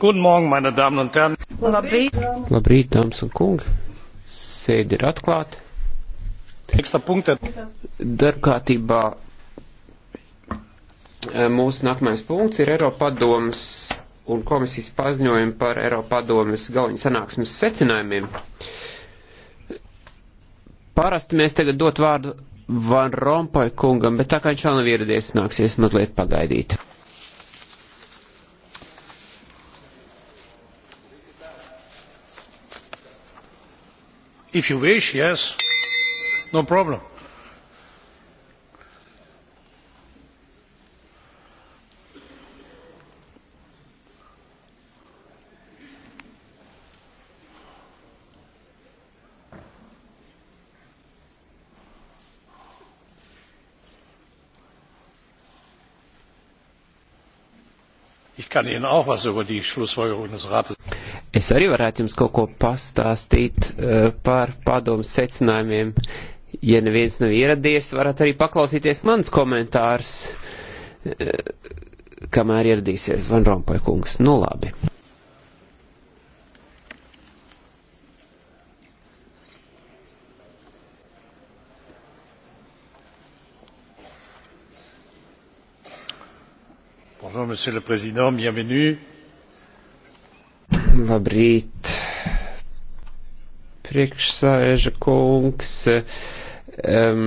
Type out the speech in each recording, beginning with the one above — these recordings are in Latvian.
Guten Morgen, meine Damen un Herren. Labrīt. Labrīt, dāmas un kungi. Sēdi ir atklāta. Darbkārtībā eh, mūsu nākamais punkts ir Eiropadomas un komisijas paziņojumi par Eiropadomas galviņu sanāksmes secinājumiem. Parasti mēs tagad dot vārdu Van Rompuy kungam, bet tā kā viņš vēl nav ieradies, nāksies mazliet pagaidīt. If you wish, yes. No problem. ich kann ihnen auch etwas über die schlussfolgerungen des rates. Es arī varētu jums kaut ko pastāstīt uh, par padomu secinājumiem. Ja neviens nav ieradies, varat arī paklausīties mans komentārs, uh, kamēr ieradīsies Van Rompuy kungs. Nu labi. Bonjour, Monsieur le Président, bienvenue. Labrīt, priekšsēža kungs. Um,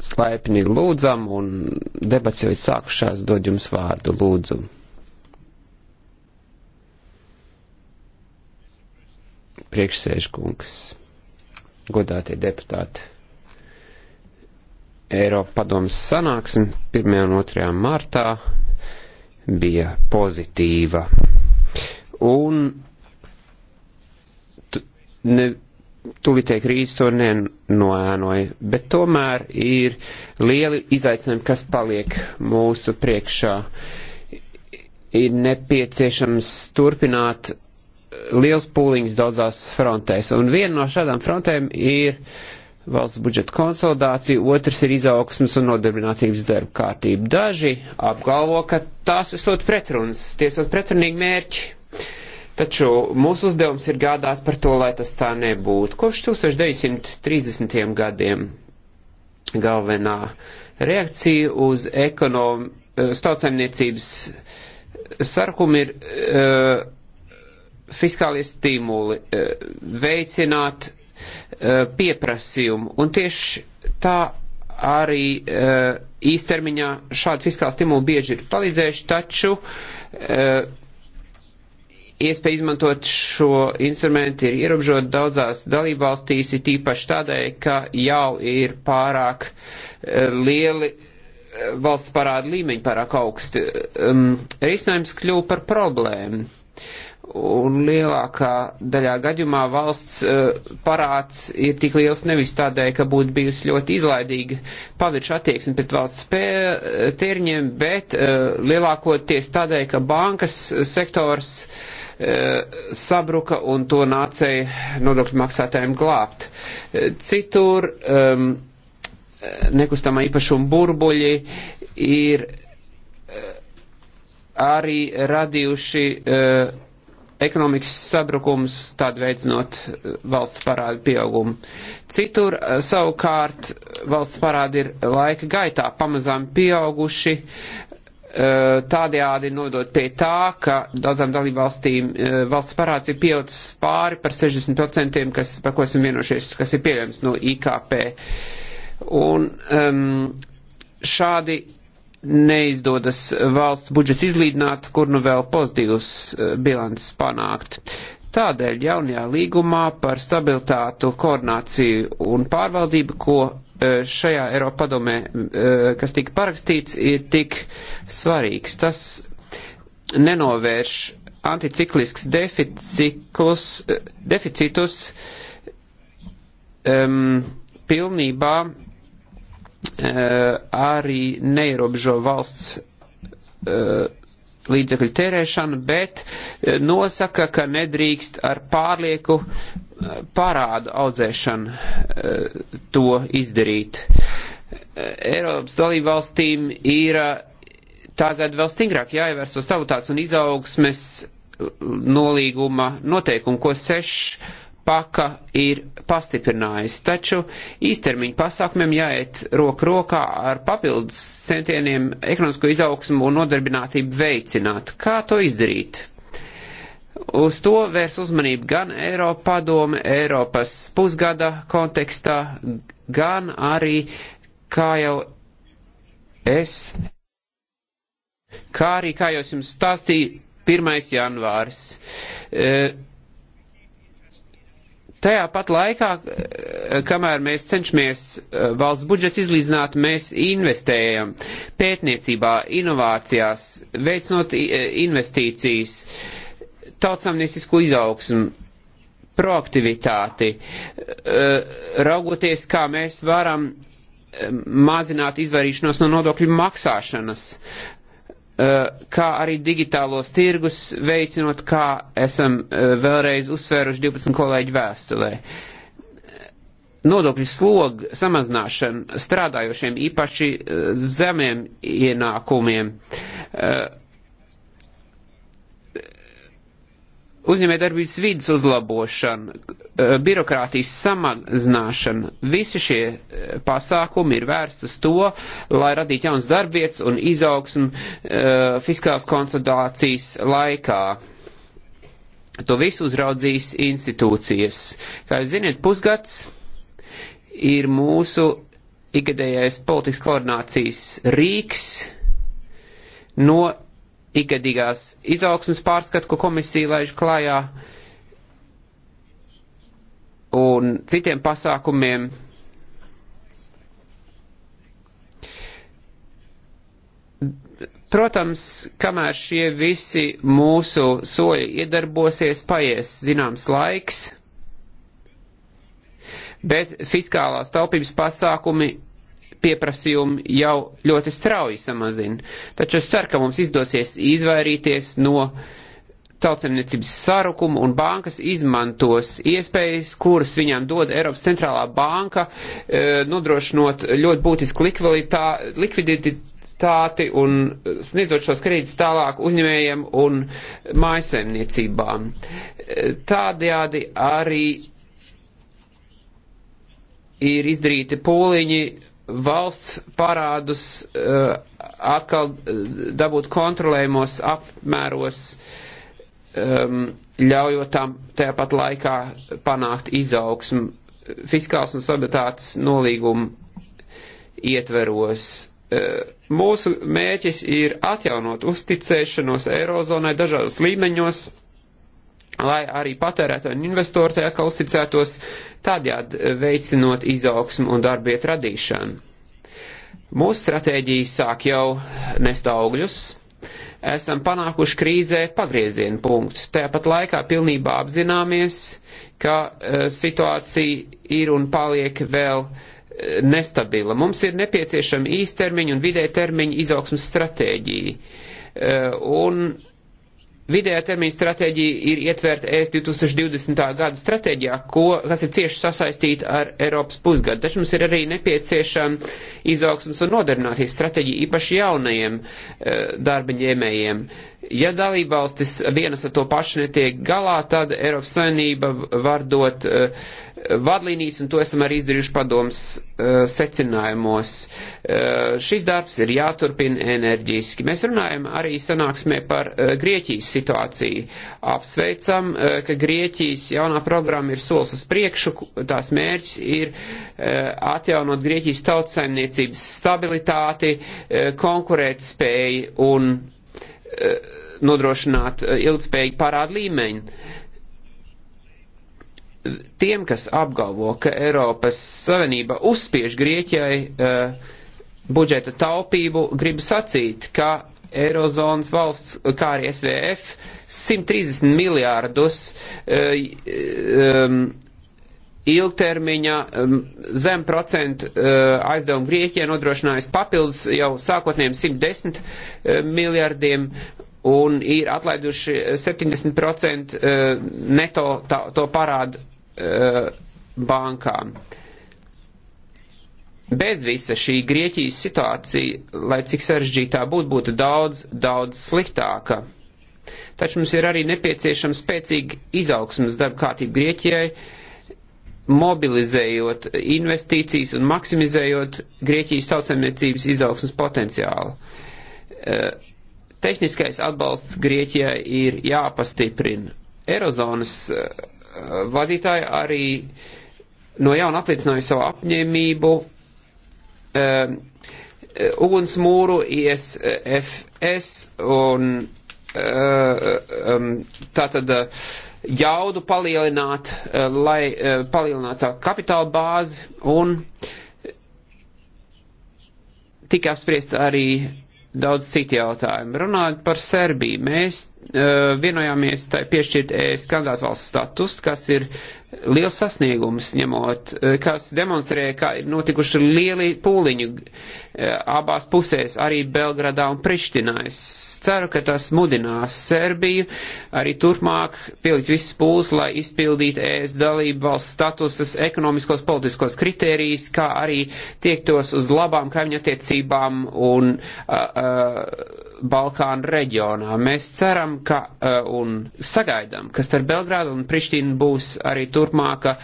slaipni lūdzam un debats jau ir sākušās, dod jums vārdu lūdzu. Priekšsēža kungs, godātie deputāti. Eiropa padomas sanāksme 1. un 2. martā bija pozitīva un ne, tuvitēji krīze to nenoēnoja, bet tomēr ir lieli izaicinājumi, kas paliek mūsu priekšā. Ir nepieciešams turpināt liels pūliņus daudzās frontēs, un viena no šādām frontēm ir valsts budžeta konsolidācija, otrs ir izaugsmas un nodarbinātības darba kārtība. Daži apgalvo, ka tās esot pretrunas, tiesot pretrunīgi mērķi, Taču mūsu uzdevums ir gādāt par to, lai tas tā nebūtu. Kopš 1930. gadiem galvenā reakcija uz ekonom, eh, stautsaimniecības sarkumu ir uh, fiskālie stimuli, uh, veicināt uh, pieprasījumu. Un tieši tā arī uh, īstermiņā šādi fiskāli stimuli bieži ir palīdzējuši, taču uh, Iespēja izmantot šo instrumentu ir ierobežot daudzās dalībvalstīs, ir tīpaši tādēļ, ka jau ir pārāk eh, lieli eh, valsts parāda līmeņi pārāk augsti. Um, risinājums kļūst par problēmu. Un lielākā daļā gadījumā valsts uh, parāds ir tik liels nevis tādēļ, ka būtu bijusi ļoti izlaidīga pavirša attieksme pret valsts tērņiem, bet uh, lielākoties tādēļ, ka bankas sektors uh, E, sabruka un to nācēja nodokļu maksātājiem glābt. E, citur um, nekustamā īpašuma burbuļi ir e, arī radījuši uh, ekonomikas sabrukums, tad veicinot valsts parādu pieaugumu. Citur savukārt valsts parādi ir laika gaitā pamazām pieauguši, Eh, tādējādi nodot pie tā, ka daudzām dalībvalstīm eh, valsts parāds ir pieaudzis pāri par 60%, kas, par ko esam vienojušies, kas ir pieļams no IKP. Un um, šādi neizdodas valsts budžets izlīdināt, kur nu vēl pozitīvs eh, bilants panākt. Tādēļ jaunajā līgumā par stabilitātu, koordināciju un pārvaldību, ko Eh, šajā Eiropa padomē, eh, kas tika parakstīts, ir tik svarīgs. Tas nenovērš anticiklisks deficiklus, eh, deficitus um, pilnībā uh, arī neierobežo valsts uh, līdzekļu tērēšanu, bet nosaka, ka nedrīkst ar pārlieku uh, parādu audzēšana eh, to izdarīt. Eh, Eiropas dalību valstīm ir eh, tagad vēl stingrāk jāievērs uz tautās un izaugsmes nolīguma noteikumu, ko sešs paka ir pastiprinājis. Taču īstermiņa pasākumiem jāiet roku rokā ar papildus centieniem ekonomisko izaugsmu un nodarbinātību veicināt. Kā to izdarīt? Uz to vērs uzmanību gan Eiropa padome, Eiropas pusgada kontekstā, gan arī, kā jau es, kā arī, kā jau es jums stāstīju, 1. janvāris. E, Tajā pat laikā, e, kamēr mēs cenšamies e, valsts budžets izlīdzināt, mēs investējam pētniecībā, inovācijās, veicinot e, investīcijas. Uh, tautsamniecisko izaugsmu, proaktivitāti, eh, raugoties, kā mēs varam eh, mazināt izvairīšanos no nodokļu maksāšanas, eh, kā arī digitālos tirgus veicinot, kā esam vēlreiz uzsvēruši 12 kolēģu vēstulē nodokļu slogu samazināšanu strādājošiem īpaši zemiem ienākumiem. Uh, uzņēmējdarbības vidas uzlabošana, eh, birokrātijas samazināšana, visi šie eh, pasākumi ir vērsti uz to, lai radītu jauns darbvietas un izaugsmu eh, fiskālas konsolidācijas laikā. To visu uzraudzīs institūcijas. Kā jūs ziniet, pusgads ir mūsu ikgadējais politikas koordinācijas rīks no ikgadīgās izaugsmas pārskatu, ko komisija laiž klājā, un citiem pasākumiem. Protams, kamēr šie visi mūsu soļi iedarbosies, paies zināms laiks, bet fiskālās taupības pasākumi pieprasījumi jau ļoti strauji samazina. Taču es ceru, ka mums izdosies izvairīties no tautsemniecības sarukuma un bankas izmantos iespējas, kuras viņām dod Eiropas centrālā banka, e, nodrošinot ļoti būtisku likviditāti un sniedzot šos kredītus tālāk uzņēmējiem un mājasemniecībām. E, tādējādi arī ir izdarīti pūliņi valsts parādus uh, atkal eh, dabūt kontrolējumos apmēros, um, ļaujot tam tāpat laikā panākt izaugsmu fiskāls un stabilitātes nolīgumu ietveros. Uh, mūsu mēķis ir atjaunot uzticēšanos Eirozonai dažādos līmeņos, lai arī patērētāji un investori tajā uzticētos uh, tādējādi veicinot izaugsmu un darbiet radīšanu. Mūsu stratēģija sāk jau nest augļus, esam panākuši krīzē pagriezienu punktu. Tāpat laikā pilnībā apzināmies, ka uh, situācija ir un paliek vēl uh, nestabila. Mums ir nepieciešama īstermiņa un vidē termiņa izaugsmas stratēģija. Uh, un Vidējā termiņa stratēģija ir ietverta e ES 2020. gada stratēģijā, ko, kas ir cieši sasaistīta ar Eiropas pusgadu. Taču mums ir arī nepieciešama izaugsmas un modernātīs stratēģija īpaši jaunajiem e, eh, darba ņēmējiem. Ja dalībvalstis vienas ar to pašu netiek galā, tad Eiropas Savienība var dot. E, vadlīnijas, un to esam arī izdarījuši padoms uh, secinājumos. Uh, šis darbs ir jāturpina enerģiski. Mēs runājam arī sanāksmē par uh, Grieķijas situāciju. Apsveicam, uh, ka Grieķijas jaunā programma ir solis uz priekšu, tās mērķis ir uh, atjaunot Grieķijas tautsaimniecības stabilitāti, uh, konkurētspēju un uh, nodrošināt uh, ilgspējīgu parādu līmeņu. Uh, tiem, kas apgalvo, ka Eiropas Savienība uzspiež Grieķijai uh, budžeta taupību, gribu sacīt, ka Eirozonas valsts, kā arī SVF, 130 miljārdus uh, um, ilgtermiņa um, zem procentu uh, aizdevumu Grieķijai nodrošinājis papildus jau sākotnējiem 110 uh, miljardiem un ir atlaiduši 70% uh, neto tā, to parādu Uh, bankām. Bez visa šī Grieķijas situācija, lai cik sarežģītā būtu, būtu daudz, daudz sliktāka. Taču mums ir arī nepieciešama spēcīga izaugsmas darba kārtība Grieķijai, mobilizējot investīcijas un maksimizējot Grieķijas tautsaimniecības izaugsmas potenciālu. Uh, tehniskais atbalsts Grieķijai ir jāpastiprina. Eirozonas uh, vadītāji arī no jauna apliecināja savu apņēmību um, ugunsmūru ISFS un uh, um, tātad uh, jaudu palielināt, uh, lai palielinātu kapitāla bāzi un tika apspriest arī daudz citu jautājumu. Runājot par Serbiju, mēs uh, vienojāmies piešķirt ES kandidātu valsts status, kas ir liels sasniegums ņemot, uh, kas demonstrē, ka ir notikuši lieli pūliņu E, abās pusēs, arī Belgradā un Prištinā. Es ceru, ka tas mudinās Serbiju arī turpmāk pielikt visas pūles, lai izpildītu ES dalību valsts statusas, ekonomiskos, politiskos kritērijus, kā arī tiektos uz labām kaimiņu attiecībām un uh, uh, Balkānu reģionā. Mēs ceram ka, uh, un sagaidām, ka starp Belgrādu un Prištinu būs arī turpmāka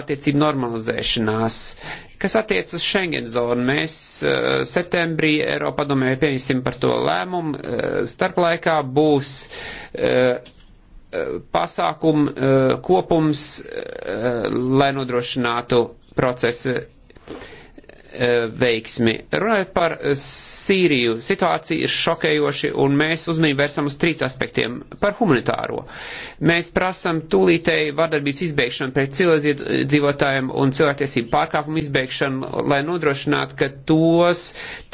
attiecību normalizēšanās. Uh, Kas attiec uz Schengen zonu, mēs uh, septembrī Eiropa domē pieņemsim par to lēmumu. Uh, starplaikā būs uh, pasākumu uh, kopums, uh, lai nodrošinātu procesa E, veiksmi. Runājot par Sīriju, situācija ir šokējoša un mēs uzmanību vērsam uz trīs aspektiem - par humanitāro. Mēs prasam tūlītēji vardarbības izbeigšanu pret cilvēcietdzīvotājiem un cilvēktiesību pārkāpumu izbeigšanu, lai nodrošinātu, ka tos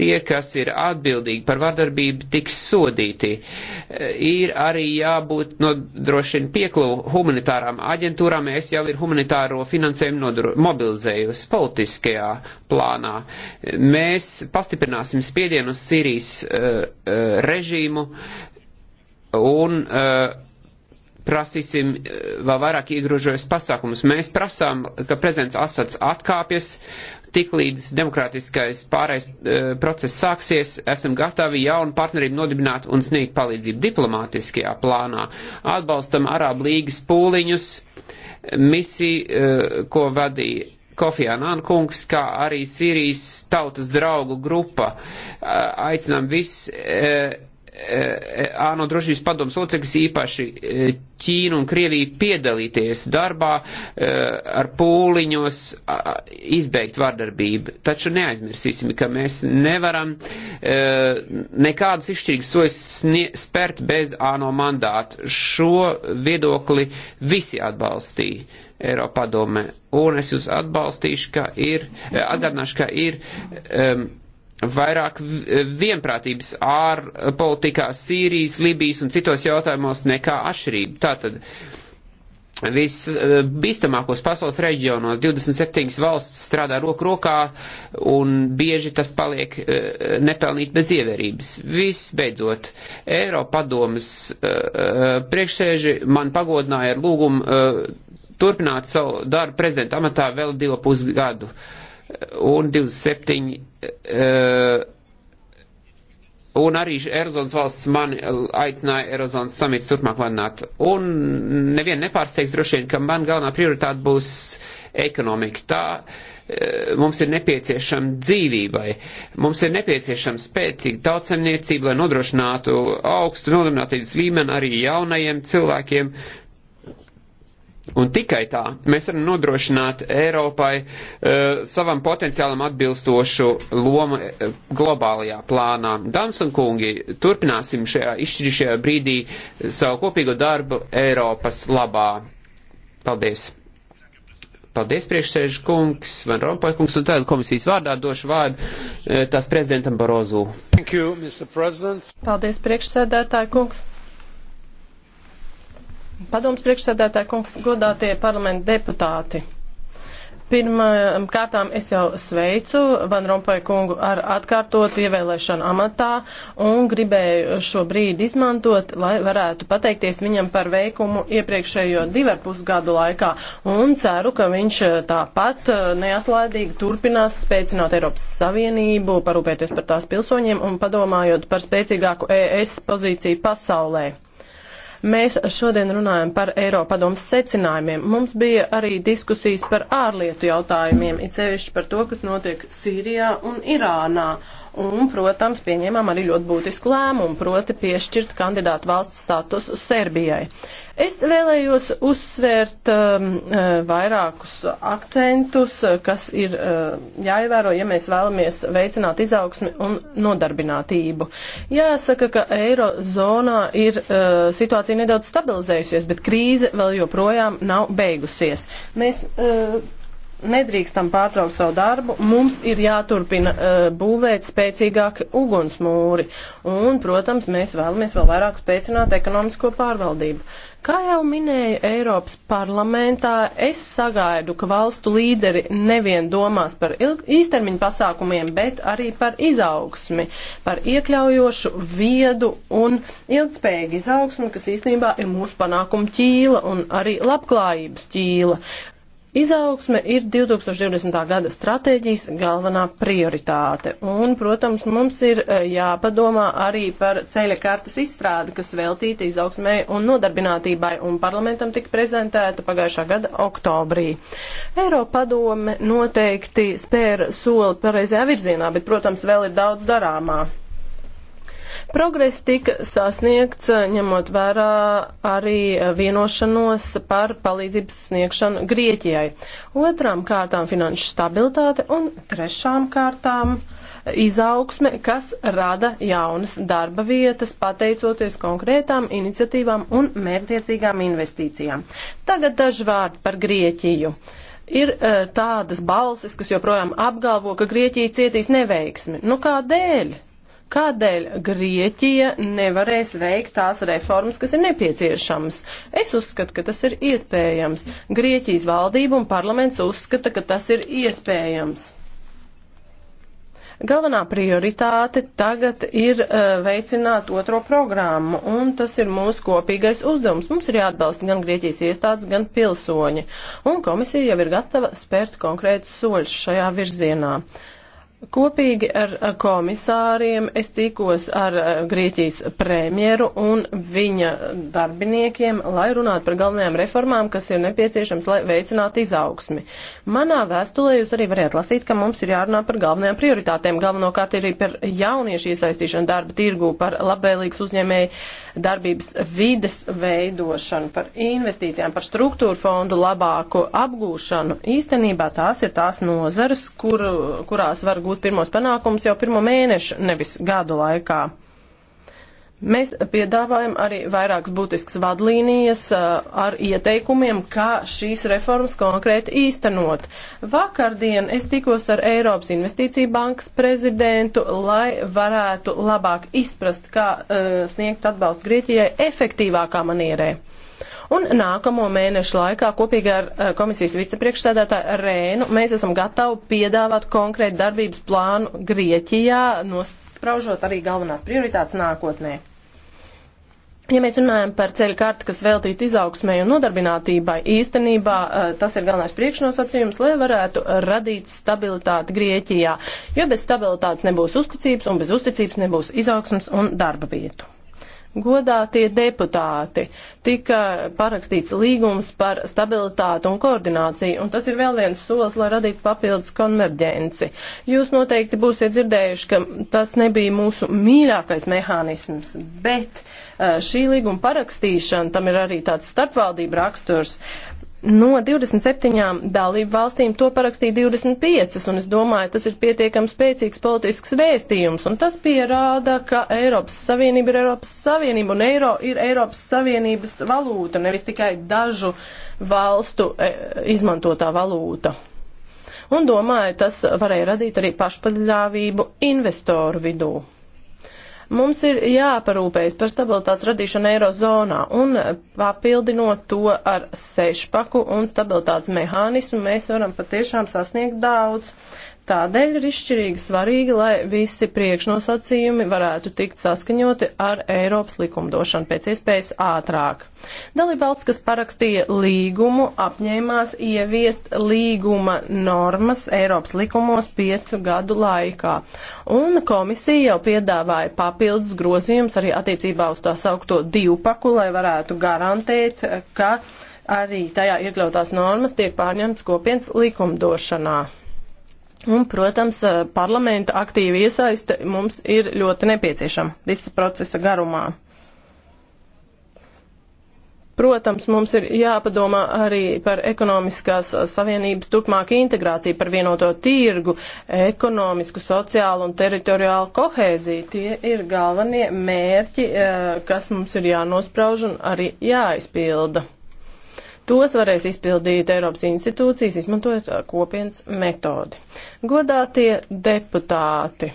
tie, kas ir atbildīgi par vardarbību, tiks sodīti. E, ir arī jābūt nodrošina piekluvu humanitārām aģentūrām. Es jau ir humanitāro finansējumu mobilizējusi politiskajā plānā Irānā. Mēs pastiprināsim spiedienu uz Sīrijas uh, uh, režīmu un uh, prasīsim vēl vairāk iegrožojas pasākumus. Mēs prasām, ka prezidents Asads atkāpjas, tiklīdz demokrātiskais pārējais e, process sāksies, esam gatavi jaunu partnerību nodibināt un sniegt palīdzību diplomātiskajā plānā. Atbalstam Arābu līgas pūliņus, misiju, e, ko vadīja Kofi Annan kungs, kā arī Sīrijas tautas draugu grupa. Aicinām visus e, e, e, ANO drošības padomus locekļus īpaši Ķīnu un Krieviju piedalīties darbā ar pūliņos izbeigt vardarbību. Taču neaizmirsīsim, ka mēs nevaram nekādus izšķirīgus soļus spērt bez ANO mandāta. Šo viedokli visi atbalstīja Eiropa padome. Un es jūs atbalstīšu, ka ir, atgādināšu, ka ir um, vairāk vienprātības ārpolitikā Sīrijas, Libijas un citos jautājumos nekā atšķirība. Tātad visbīstamākos uh, pasaules reģionos 27 valsts strādā roku rokā un bieži tas paliek uh, nepelnīt bez ievērības. Visbeidzot, Eiropadomas uh, priekšsēži man pagodināja ar lūgumu turpināt savu darbu prezidenta amatā vēl divu pusgadu un 27. Uh, eh, Un arī Eirozonas valsts mani aicināja Eirozonas samits turpmāk vadināt. Un nevien nepārsteigts droši vien, ka man galvenā prioritāte būs ekonomika. Tā e, mums ir nepieciešama dzīvībai, mums ir nepieciešama spēcīga tautsemniecība, lai nodrošinātu augstu nodarbinātības līmeni arī jaunajiem cilvēkiem, Un tikai tā mēs varam nodrošināt Eiropai uh, savam potenciālam atbilstošu lomu uh, globālajā plānā. Dāmas un kungi, turpināsim šajā izšķirīšajā brīdī eh, savu kopīgo darbu Eiropas labā. Paldies! Paldies, priekšsēžu kungs, Van Rompuy kungs, un tagad komisijas vārdā došu vārdu tās prezidentam Barozu. You, Paldies, priekšsēdētāju kungs. Padoms priekšsēdētāji kungs, godātie parlamenta deputāti. Pirmām kārtām es jau sveicu Van Rompuy kungu ar atkārtot ievēlēšanu amatā un gribēju šo brīdi izmantot, lai varētu pateikties viņam par veikumu iepriekšējo divarpus gadu laikā un ceru, ka viņš tāpat neatlaidīgi turpinās spēcināt Eiropas Savienību, parūpēties par tās pilsoņiem un padomājot par spēcīgāku ES pozīciju pasaulē. Mēs šodien runājam par Eiropadomas secinājumiem. Mums bija arī diskusijas par ārlietu jautājumiem, it sevišķi par to, kas notiek Sīrijā un Irānā un, protams, pieņēmām arī ļoti būtisku lēmumu, proti piešķirt kandidātu valsts statusu Serbijai. Es vēlējos uzsvērt um, uh, vairākus akcentus, kas ir uh, jāievēro, ja mēs vēlamies veicināt izaugsmi un nodarbinātību. Jāsaka, ka eirozonā ir uh, situācija nedaudz stabilizējusies, bet krīze vēl joprojām nav beigusies. Mēs, uh, nedrīkstam pārtraukt savu darbu, mums ir jāturpina uh, būvēt spēcīgāki ugunsmūri. Un, protams, mēs vēlamies vēl vairāk spēcināt ekonomisko pārvaldību. Kā jau minēja Eiropas parlamentā, es sagaidu, ka valstu līderi nevien domās par īstermiņu pasākumiem, bet arī par izaugsmi, par iekļaujošu, viedu un ilgspējīgu izaugsmi, kas īstenībā ir mūsu panākumu ķīla un arī labklājības ķīla. Izaugsme ir 2020. gada stratēģijas galvenā prioritāte, un, protams, mums ir eh, jāpadomā arī par ceļa kartas izstrādi, kas veltīta izaugsmē un nodarbinātībai, un parlamentam tika prezentēta pagājušā gada oktobrī. Eiropa padome noteikti spēra soli pareizajā virzienā, bet, protams, vēl ir daudz darāmā. Progress tika sasniegts, ņemot vērā arī vienošanos par palīdzības sniegšanu Grieķijai. Otrām kārtām finanšu stabilitāte un trešām kārtām izaugsme, kas rada jaunas darba vietas, pateicoties konkrētām iniciatīvām un mērtiecīgām investīcijām. Tagad daži vārdi par Grieķiju. Ir uh, tādas balsis, kas joprojām apgalvo, ka Grieķija cietīs neveiksmi. Nu kādēļ? Kādēļ Grieķija nevarēs veikt tās reformas, kas ir nepieciešamas? Es uzskatu, ka tas ir iespējams. Grieķijas valdība un parlaments uzskata, ka tas ir iespējams. Galvenā prioritāte tagad ir uh, veicināt otro programmu, un tas ir mūsu kopīgais uzdevums. Mums ir jāatbalsta gan Grieķijas iestādes, gan pilsoņi, un komisija jau ir gatava spērt konkrētus soļus šajā virzienā. Uh, Kopīgi ar komisāriem es tikos ar eh, Grieķijas premjeru un viņa darbiniekiem, lai runātu par galvenajām reformām, kas ir nepieciešams, lai veicinātu izaugsmi. Manā vēstulē jūs arī varētu lasīt, ka mums ir jārunā par galvenajām prioritātēm. Galvenokārt ir arī par jauniešu iesaistīšanu darba tirgū, par labvēlīgas uzņēmēju darbības vides veidošanu, par investīcijām, par struktūru fondu labāku apgūšanu. Īstenībā tās ir tās nozares, kur, kurās var gūt gūt pirmos panākumus jau pirmo mēnešu, nevis gadu laikā. Mēs piedāvājam arī vairākas būtiskas vadlīnijas uh, ar ieteikumiem, kā šīs reformas konkrēti īstenot. Vakardien es tikos ar Eiropas Investīcija bankas prezidentu, lai varētu labāk izprast, kā uh, sniegt atbalstu Grieķijai efektīvākā manierē. Un nākamo mēnešu laikā kopīgi ar eh, komisijas vicepriekšsēdētāju Rēnu mēs esam gatavi piedāvāt konkrētu darbības plānu Grieķijā, nospraužot arī galvenās prioritātes nākotnē. Ja mēs runājam par ceļu karti, kas veltīta izaugsmē un nodarbinātībai, īstenībā eh, tas ir galvenais priekšnosacījums, lai varētu radīt stabilitāti Grieķijā, jo bez stabilitātes nebūs uzticības un bez uzticības nebūs izaugsmas un darba vietu. Godātie deputāti, tika parakstīts līgums par stabilitātu un koordināciju, un tas ir vēl viens solis, lai radītu papildus konverģenci. Jūs noteikti būsiet dzirdējuši, ka tas nebija mūsu mīļākais mehānisms, bet šī līguma parakstīšana, tam ir arī tāds starpvaldība raksturs, No 27 dalību valstīm to parakstīja 25, un es domāju, tas ir pietiekams spēcīgs politisks vēstījums, un tas pierāda, ka Eiropas Savienība ir Eiropas Savienība, un eiro ir Eiropas Savienības valūta, nevis tikai dažu valstu e, izmantotā valūta. Un domāju, tas varēja radīt arī pašpaļāvību investoru vidū. Mums ir jāparūpējas par stabilitātes radīšanu eirozonā un papildinot to ar sešpaku un stabilitātes mehānismu mēs varam patiešām sasniegt daudz. Tādēļ ir izšķirīgi svarīgi, lai visi priekšnosacījumi varētu tikt saskaņoti ar Eiropas likumdošanu pēc iespējas ātrāk. Dalībvalsts, kas parakstīja līgumu, apņēmās ieviest līguma normas Eiropas likumos piecu gadu laikā, un komisija jau piedāvāja papildus grozījums arī attiecībā uz tā saukto divpaku, lai varētu garantēt, ka arī tajā iekļautās normas tiek pārņemtas kopienas likumdošanā. Un, protams, eh, parlamenta aktīva iesaiste mums ir ļoti nepieciešama visa procesa garumā. Protams, mums ir jāpadomā arī par ekonomiskās eh, savienības turpmāku integrāciju, par vienoto tirgu, ekonomisku, sociālu un teritoriālu kohēziju. Tie ir galvenie mērķi, eh, kas mums ir jānosprauž un arī jāizpilda. Tos varēs izpildīt Eiropas institūcijas, izmantojot uh, kopienas metodi. Godātie deputāti!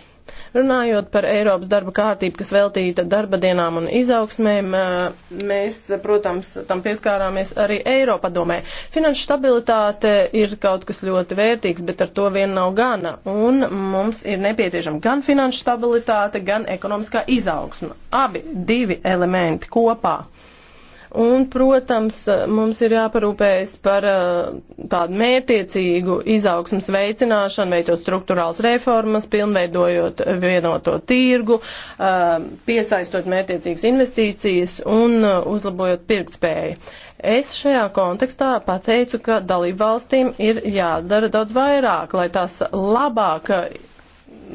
Runājot par Eiropas darba kārtību, kas veltīta darba dienām un izaugsmēm, uh, mēs, protams, tam pieskārāmies arī Eiropadomē. Finanšu stabilitāte ir kaut kas ļoti vērtīgs, bet ar to vien nav gana. Un mums ir nepieciešama gan finanšu stabilitāte, gan ekonomiskā izaugsma. Abi divi elementi kopā. Un, protams, mums ir jāparūpējas par tādu mērtiecīgu izaugsmas veicināšanu, veicot struktūrāls reformas, pilnveidojot vienoto tirgu, piesaistot mērtiecīgas investīcijas un uzlabojot pirktspēju. Es šajā kontekstā pateicu, ka dalību valstīm ir jādara daudz vairāk, lai tās labāk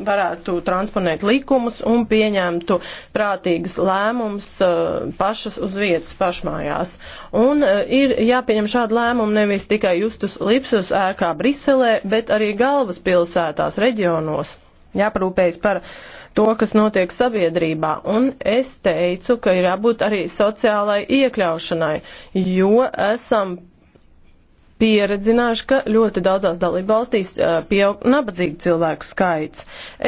varētu transponēt likumus un pieņemtu prātīgus lēmumus uh, pašas uz vietas pašmājās. Un uh, ir jāpieņem šādu lēmumu nevis tikai justus lipsus ēkā Briselē, bet arī galvaspilsētās reģionos. Jāparūpējas par to, kas notiek sabiedrībā. Un es teicu, ka ir jābūt arī sociālai iekļaušanai, jo esam pieredzinājuši, ka ļoti daudzās dalībvalstīs pieaug nabadzīgu cilvēku skaits.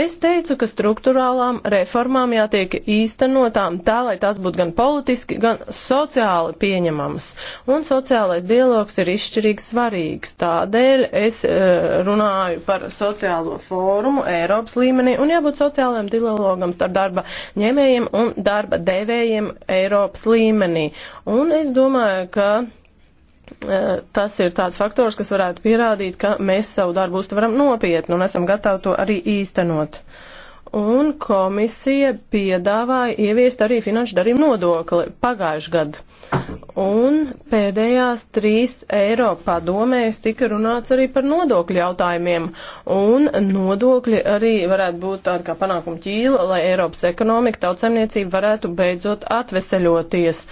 Es teicu, ka struktūrālām reformām jātiek īstenotām tā, lai tās būtu gan politiski, gan sociāli pieņemamas. Un sociālais dialogs ir izšķirīgi svarīgs. Tādēļ es runāju par sociālo fórumu Eiropas līmenī un jābūt sociālajam dialogam starp darba ņēmējiem un darba devējiem Eiropas līmenī. Un es domāju, ka Eh, tas ir tāds faktors, kas varētu pierādīt, ka mēs savu darbu uztveram nopietni un esam gatavi to arī īstenot. Un komisija piedāvāja ieviest arī finanšu darījumu nodokli pagājušajā gadā. Un pēdējās trīs Eiropā domēs tika runāts arī par nodokļu jautājumiem. Un nodokļi arī varētu būt tāda kā panākuma ķīla, lai Eiropas ekonomika, tautsaimniecība varētu beidzot atveseļoties.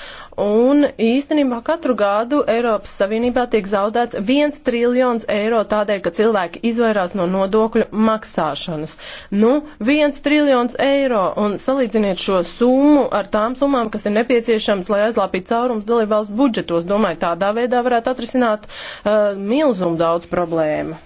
Un īstenībā katru gadu Eiropas Savienībā tiek zaudēts viens triljons eiro tādēļ, ka cilvēki izvairās no nodokļu maksāšanas. Nu, viens triljons eiro un salīdziniet šo summu ar tām summām, kas ir nepieciešams, lai aizlāpītu caurums dalībvalstu budžetos. Domāju, tādā veidā varētu atrisināt uh, milzumu daudz problēmu.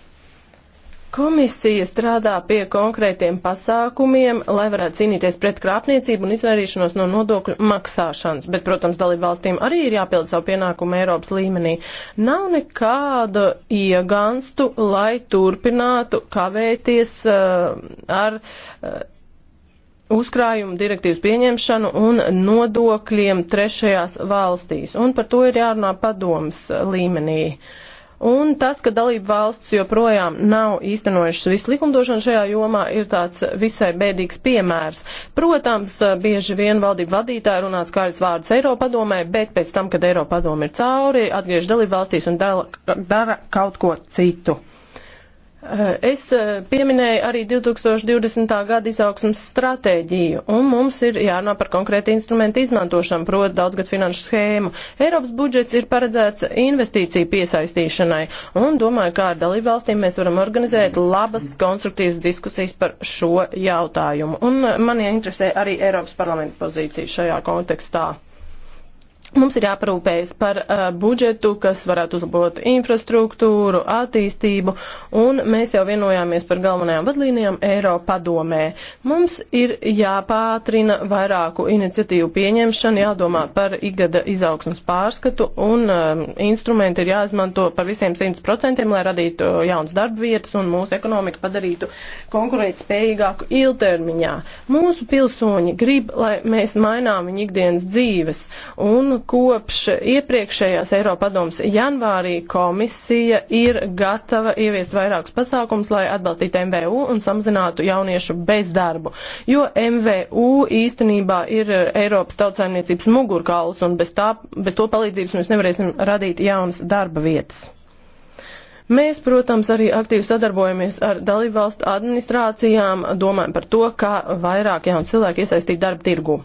Komisija strādā pie konkrētiem pasākumiem, lai varētu cīnīties pret krāpniecību un izvairīšanos no nodokļu maksāšanas, bet, protams, dalību valstīm arī ir jāpild savu pienākumu Eiropas līmenī. Nav nekāda ieganstu, lai turpinātu kavēties uh, ar. Uh, uzkrājumu direktīvas pieņemšanu un nodokļiem trešajās valstīs. Un par to ir jārunā padomas eh, līmenī. Uh, Un tas, ka dalību valsts joprojām nav īstenojušas visu likumdošanu šajā jomā, ir tāds visai bēdīgs piemērs. Protams, bieži vien valdību vadītāji runā skaļus vārdus Eiropadomē, bet pēc tam, kad Eiropadoma ir cauri, atgriež dalību valstīs un dara, dara kaut ko citu. Es eh, pieminēju arī 2020. gada izaugsmas stratēģiju, un mums ir jārunā par konkrēti instrumentu izmantošanu, proti daudzgad finanšu schēmu. Eiropas budžets ir paredzēts investīciju piesaistīšanai, un domāju, kā ar dalību valstīm mēs varam organizēt labas, konstruktīvas diskusijas par šo jautājumu. Un eh, man interesē arī Eiropas parlamenta pozīcija šajā kontekstā. Mums ir jāparūpējas par uh, budžetu, kas varētu uzlabot infrastruktūru, attīstību, un mēs jau vienojāmies par galvenajām vadlīnijām Eiropa padomē. Mums ir jāpātrina vairāku iniciatīvu pieņemšanu, jādomā par igada izaugsmas pārskatu, un uh, instrumenti ir jāizmanto par visiem 100%, lai radītu jauns darba vietas un mūsu ekonomiku padarītu konkurēt spējīgāku ilgtermiņā. Mūsu pilsoņi grib, lai mēs mainām viņu ikdienas dzīves. Un kopš iepriekšējās Eiropadomas janvārī komisija ir gatava ieviest vairākus pasākums, lai atbalstītu MVU un samazinātu jauniešu bezdarbu, jo MVU īstenībā ir Eiropas tautsājumniecības mugurkauls un bez, tā, bez to palīdzības mēs nevarēsim radīt jaunas darba vietas. Mēs, protams, arī aktīvi sadarbojamies ar dalībvalstu administrācijām, domājam par to, kā vairāk jaunu cilvēku iesaistīt darba tirgu.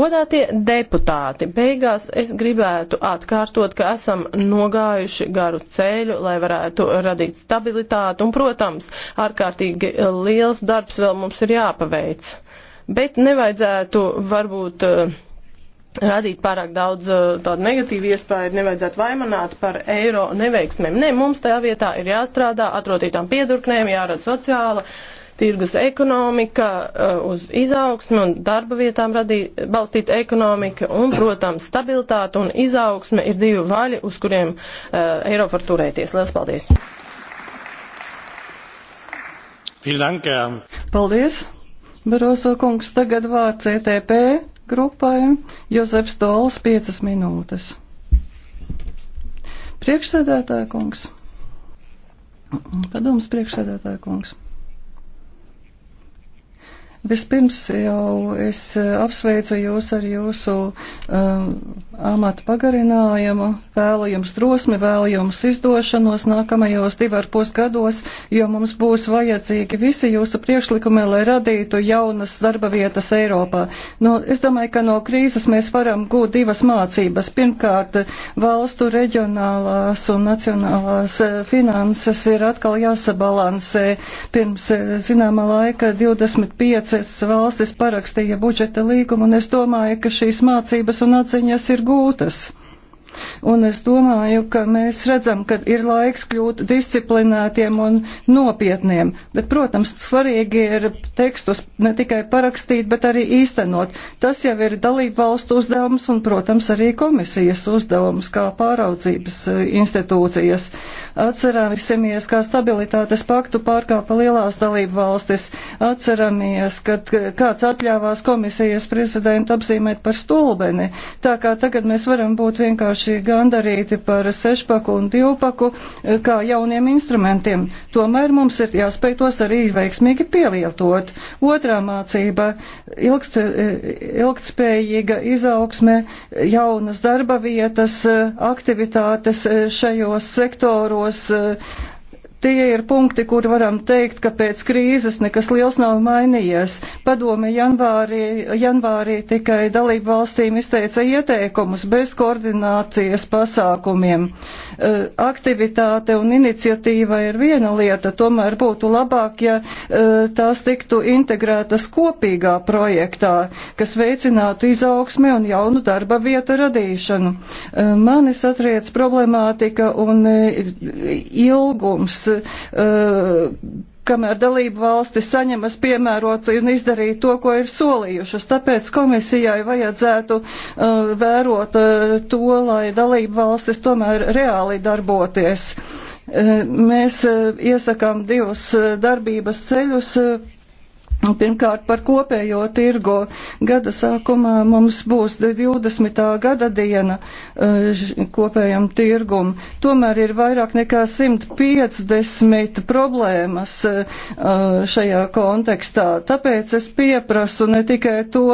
Godātie deputāti, beigās es gribētu atkārtot, ka esam nogājuši garu ceļu, lai varētu radīt stabilitāti, un, protams, ārkārtīgi liels darbs vēl mums ir jāpaveic. Bet nevajadzētu varbūt uh, radīt pārāk daudz uh, tādu negatīvu iespēju, nevajadzētu vaimanāt par eiro neveiksmēm. Nē, ne, mums tajā vietā ir jāstrādā, atrotītām piedurknēm, jārada sociāla tirgus ekonomika, uh, uz izaugsmi un darba vietām radīt, balstīt ekonomika un, protams, stabilitāte un izaugsme ir divi vaļi, uz kuriem uh, eiro var turēties. Lielas paldies! Paldies, Baroso kungs, tagad vārds ETP grupai Jozefs Dols 5 minūtes. Priekšsēdētāja kungs. Padoms priekšsēdētāja kungs. Vispirms jau es eh, apsveicu jūs ar jūsu um, amatu pagarinājumu, vēlu jums drosmi, vēlu jums izdošanos nākamajos divarpus gados, jo mums būs vajadzīgi visi jūsu priekšlikumi, lai radītu jaunas darba vietas Eiropā. No, nu, es domāju, ka no krīzes mēs varam gūt divas mācības. Pirmkārt, valstu reģionālās un nacionālās eh, finanses ir atkal jāsabalansē pirms eh, zināma laika 25 piecas valstis parakstīja budžeta līgumu, un es domāju, ka šīs mācības un atziņas ir gūtas. Un es domāju, ka mēs redzam, ka ir laiks kļūt disciplinētiem un nopietniem. Bet, protams, svarīgi ir tekstus ne tikai parakstīt, bet arī īstenot. Tas jau ir dalību valstu uzdevums un, protams, arī komisijas uzdevums kā pāraudzības eh, institūcijas. Atcerāmies, kā stabilitātes paktu pārkāpa lielās dalību valstis. Atceramies, kad kāds atļāvās komisijas prezidentu apzīmēt par stulbeni. Tā kā tagad mēs varam būt vienkārši īpaši gandarīti par sešpaku un divpaku eh, kā jauniem instrumentiem. Tomēr mums ir jāspēj tos arī veiksmīgi pielietot. Otrā mācība - ilgst, eh, ilgtspējīga izaugsme, jaunas darba vietas, eh, aktivitātes šajos sektoros Tie ir punkti, kur varam teikt, ka pēc krīzes nekas liels nav mainījies. Padome janvārī, janvārī tikai dalību valstīm izteica ieteikumus bez koordinācijas pasākumiem. Eh, aktivitāte un iniciatīva ir viena lieta, tomēr būtu labāk, ja eh, tās tiktu integrētas kopīgā projektā, kas veicinātu izaugsmi un jaunu darba vietu radīšanu. Eh, mani satriec problemātika un ilgums Uh, kamēr dalību valsti saņemas piemērot un izdarīt to, ko ir solījušas. Tāpēc komisijai vajadzētu uh, vērot uh, to, lai dalību valstis tomēr reāli darboties. Uh, mēs uh, iesakām divus uh, darbības ceļus. Uh, Un nu, pirmkārt par kopējo tirgo. Gada sākumā mums būs 20. gada diena eh, kopējam tirgum. Tomēr ir vairāk nekā 150 problēmas eh, šajā kontekstā. Tāpēc es pieprasu ne tikai to,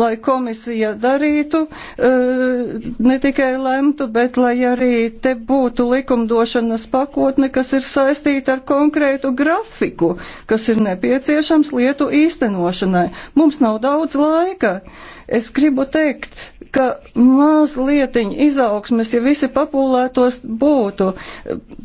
lai komisija darītu, eh, ne tikai lemtu, bet lai arī te būtu likumdošanas pakotne, kas ir saistīta ar konkrētu grafiku, kas ir nepieciešams lietu īstenošanai. Mums nav daudz laika. Es gribu teikt, ka mazlietiņa izaugsmes, ja visi papūlētos, būtu.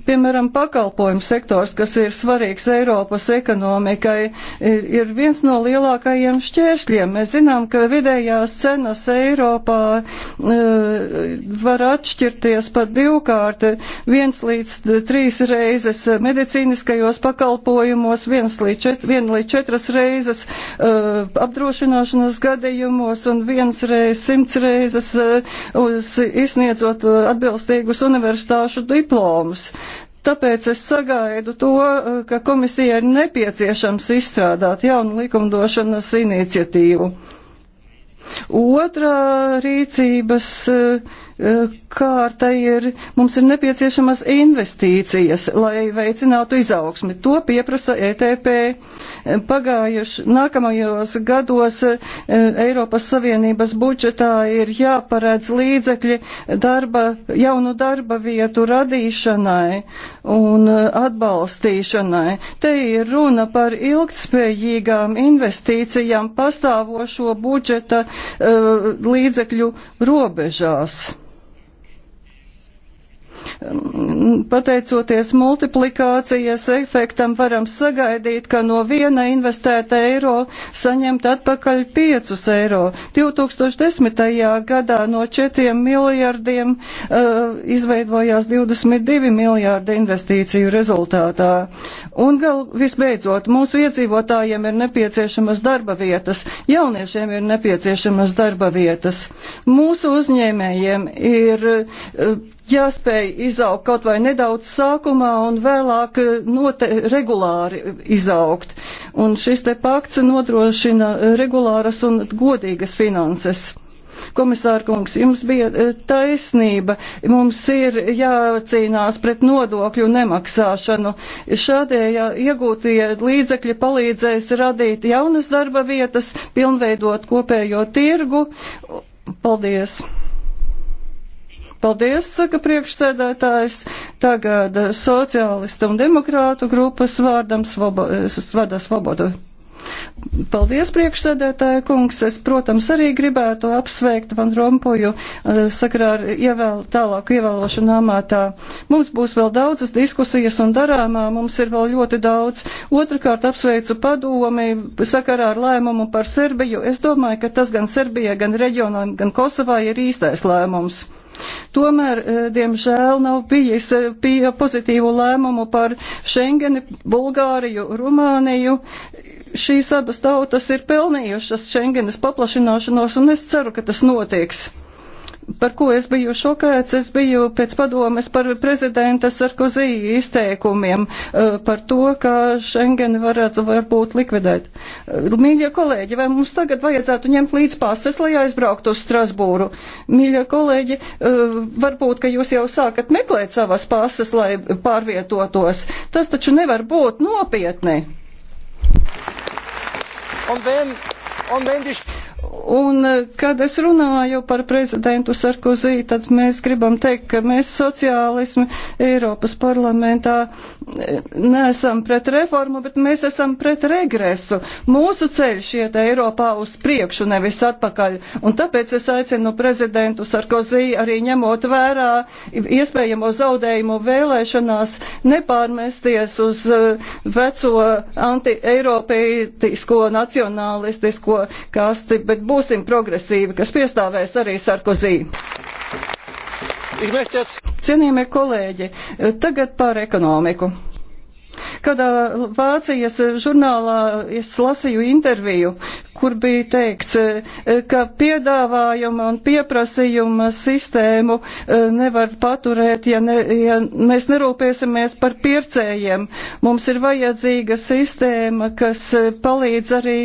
Piemēram, pakalpojumu sektors, kas ir svarīgs Eiropas ekonomikai, ir viens no lielākajiem šķēršļiem. Mēs zinām, ka vidējās cenas Eiropā e, var atšķirties pat divkārti, viens līdz trīs reizes medicīniskajos pakalpojumos, viens līdz, čet, vien līdz četras reizes e, apdrošināšanas gadījumos un viens reiz simts reizes reizes eh, uz, izsniedzot eh, atbilstīgus universitāšu diplomus. Tāpēc es sagaidu to, eh, ka komisijai ir nepieciešams izstrādāt jaunu likumdošanas iniciatīvu. Otrā rīcības uh, kārta ir, mums ir nepieciešamas investīcijas, lai veicinātu izaugsmi. To pieprasa ETP. Pagājuši nākamajos gados e, Eiropas Savienības budžetā ir jāparedz līdzekļi darba, jaunu darba vietu radīšanai un e, atbalstīšanai. Te ir runa par ilgtspējīgām investīcijām pastāvošo budžeta uh, līdzekļu robežās. Mm, pateicoties multiplikācijas efektam, varam sagaidīt, ka no viena investēta eiro saņemt atpakaļ 5 eiro. 2010. gadā no 4 miljardiem uh, izveidojās 22 miljārdi investīciju rezultātā. Un gal visbeidzot, mūsu iedzīvotājiem ir nepieciešamas darba vietas, jauniešiem ir nepieciešamas darba vietas. Mūsu uzņēmējiem ir uh, jāspēj izaugt kaut vai nedaudz sākumā un vēlāk eh, note, regulāri izaugt. Un šis te pakts nodrošina eh, regulāras un godīgas finanses. Komisāra kungs, jums bija eh, taisnība. Mums ir jācīnās pret nodokļu nemaksāšanu. Šādējā iegūtie līdzekļi palīdzēs radīt jaunas darba vietas, pilnveidot kopējo tirgu. Paldies! Paldies, saka priekšsēdētājs. Tagad sociālista un demokrātu grupas vārdam svobo, vārdā svobodu. Paldies, priekšsēdētāja kungs. Es, protams, arī gribētu apsveikt Van Rompuju eh, sakarā ar ievēl, tālāku ievēlošanu amatā. Mums būs vēl daudzas diskusijas un darāmā, mums ir vēl ļoti daudz. Otrakārt apsveicu padomi sakarā ar lēmumu par Serbiju. Es domāju, ka tas gan Serbijai, gan reģionam, gan Kosovai ir īstais lēmums. Tomēr, eh, diemžēl, nav bijis eh, pozitīvu lēmumu par Schengeni, Bulgāriju, Rumāniju. Šīs abas tautas ir pelnījušas Schengenes paplašināšanos, un es ceru, ka tas notiks par ko es biju šokēts, es biju pēc padomes par prezidenta Sarkozī izteikumiem eh, par to, ka Schengeni varētu varbūt likvidēt. Eh, mīļie kolēģi, vai mums tagad vajadzētu ņemt līdz pases, lai aizbrauktu uz Strasbūru? Mīļie kolēģi, eh, varbūt, ka jūs jau sākat meklēt savas pases, lai pārvietotos. Tas taču nevar būt nopietni. Un vien, un vien diš... Un, e, kad es runāju par prezidentu Sarkozī, tad mēs gribam teikt, ka mēs sociālismi Eiropas parlamentā e, neesam pret reformu, bet mēs esam pret regresu. Mūsu ceļš iet Eiropā uz priekšu, nevis atpakaļ. Un tāpēc es aicinu prezidentu Sarkozī arī ņemot vērā iespējamo zaudējumu vēlēšanās nepārmesties uz e, veco anti-eiropeisko nacionālistisko kasti, bet bet būsim progresīvi, kas piestāvēs arī Sarkozī. Cienījamie kolēģi, tagad par ekonomiku. Kādā Vācijas žurnālā es lasīju interviju, kur bija teikts, ka piedāvājuma un pieprasījuma sistēmu nevar paturēt, ja, ne, ja mēs nerūpēsimies par pircējiem. Mums ir vajadzīga sistēma, kas palīdz arī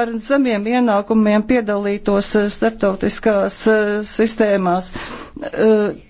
ar zemiem ienākumiem piedalītos starptautiskās sistēmās.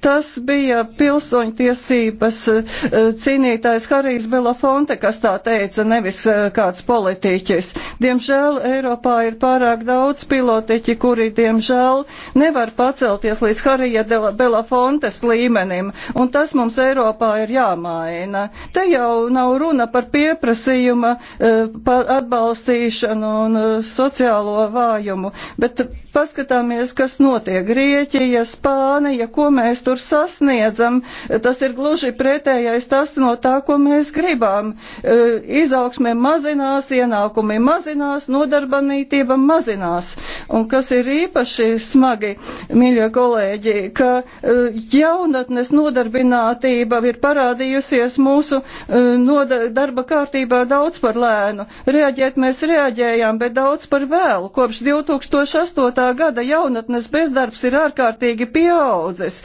Tas bija pilsoņtiesības eh, cīnītājs Harijs Belafonte, kas tā teica, nevis eh, kāds politiķis. Diemžēl Eiropā ir pārāk daudz pilotiķi, kuri, diemžēl, nevar pacelties līdz Harija Belafontes līmenim, un tas mums Eiropā ir jāmaina. Te jau nav runa par pieprasījuma eh, atbalstīšanu un sociālo vājumu, bet paskatāmies, kas notiek. Grieķija, Spānija, pieeja, ko mēs tur sasniedzam, tas ir gluži pretējais tas no tā, ko mēs gribam. E, izaugsme mazinās, ienākumi mazinās, nodarbanītība mazinās. Un kas ir īpaši smagi, mīļie kolēģi, ka e, jaunatnes nodarbinātība ir parādījusies mūsu e, darba kārtībā daudz par lēnu. Reaģēt mēs reaģējām, bet daudz par vēlu. Kopš 2008. gada jaunatnes bezdarbs ir ārkārtīgi pieaug draudzes.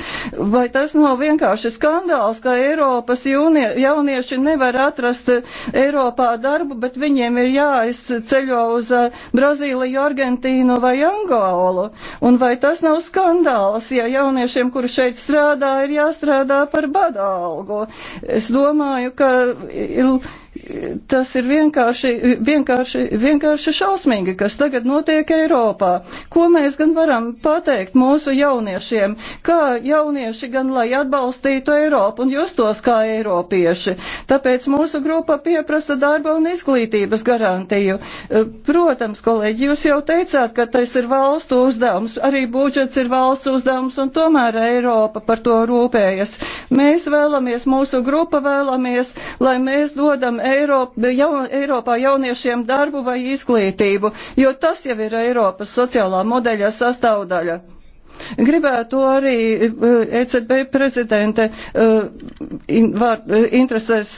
Vai tas nav vienkārši skandāls, ka Eiropas jūnie, jaunieši nevar atrast Eiropā darbu, bet viņiem ir jāizceļo uz eh, Brazīliju, Argentīnu vai Angolu? Un vai tas nav skandāls, ja jauniešiem, kuri šeit strādā, ir jāstrādā par badalgu? Es domāju, ka. Il, tas ir vienkārši, vienkārši, vienkārši šausmīgi, kas tagad notiek Eiropā. Ko mēs gan varam pateikt mūsu jauniešiem, kā jaunieši gan lai atbalstītu Eiropu un justos kā eiropieši. Tāpēc mūsu grupa pieprasa darba un izglītības garantiju. Eh, protams, kolēģi, jūs jau teicāt, ka tas ir valstu uzdevums, arī budžets ir valsts uzdevums un tomēr Eiropa par to rūpējas. Mēs vēlamies, mūsu grupa vēlamies, lai mēs dodam Eiropu Eiropa, jaun, Eiropā jauniešiem darbu vai izglītību, jo tas jau ir Eiropas sociālā modeļa sastāvdaļa. Gribētu arī ECB eh, e prezidente eh, eh, interesēs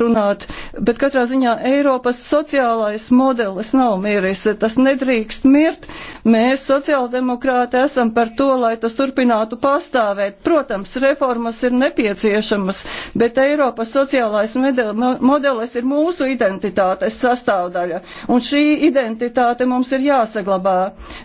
runāt, bet katrā ziņā Eiropas sociālais modelis nav miris. Tas nedrīkst mirt. Mēs, sociāldemokrāti, esam par to, lai tas turpinātu pastāvēt. Protams, reformas ir nepieciešamas, bet Eiropas sociālais modelis ir mūsu identitātes sastāvdaļa. Un šī identitāte mums ir jāsaglabā.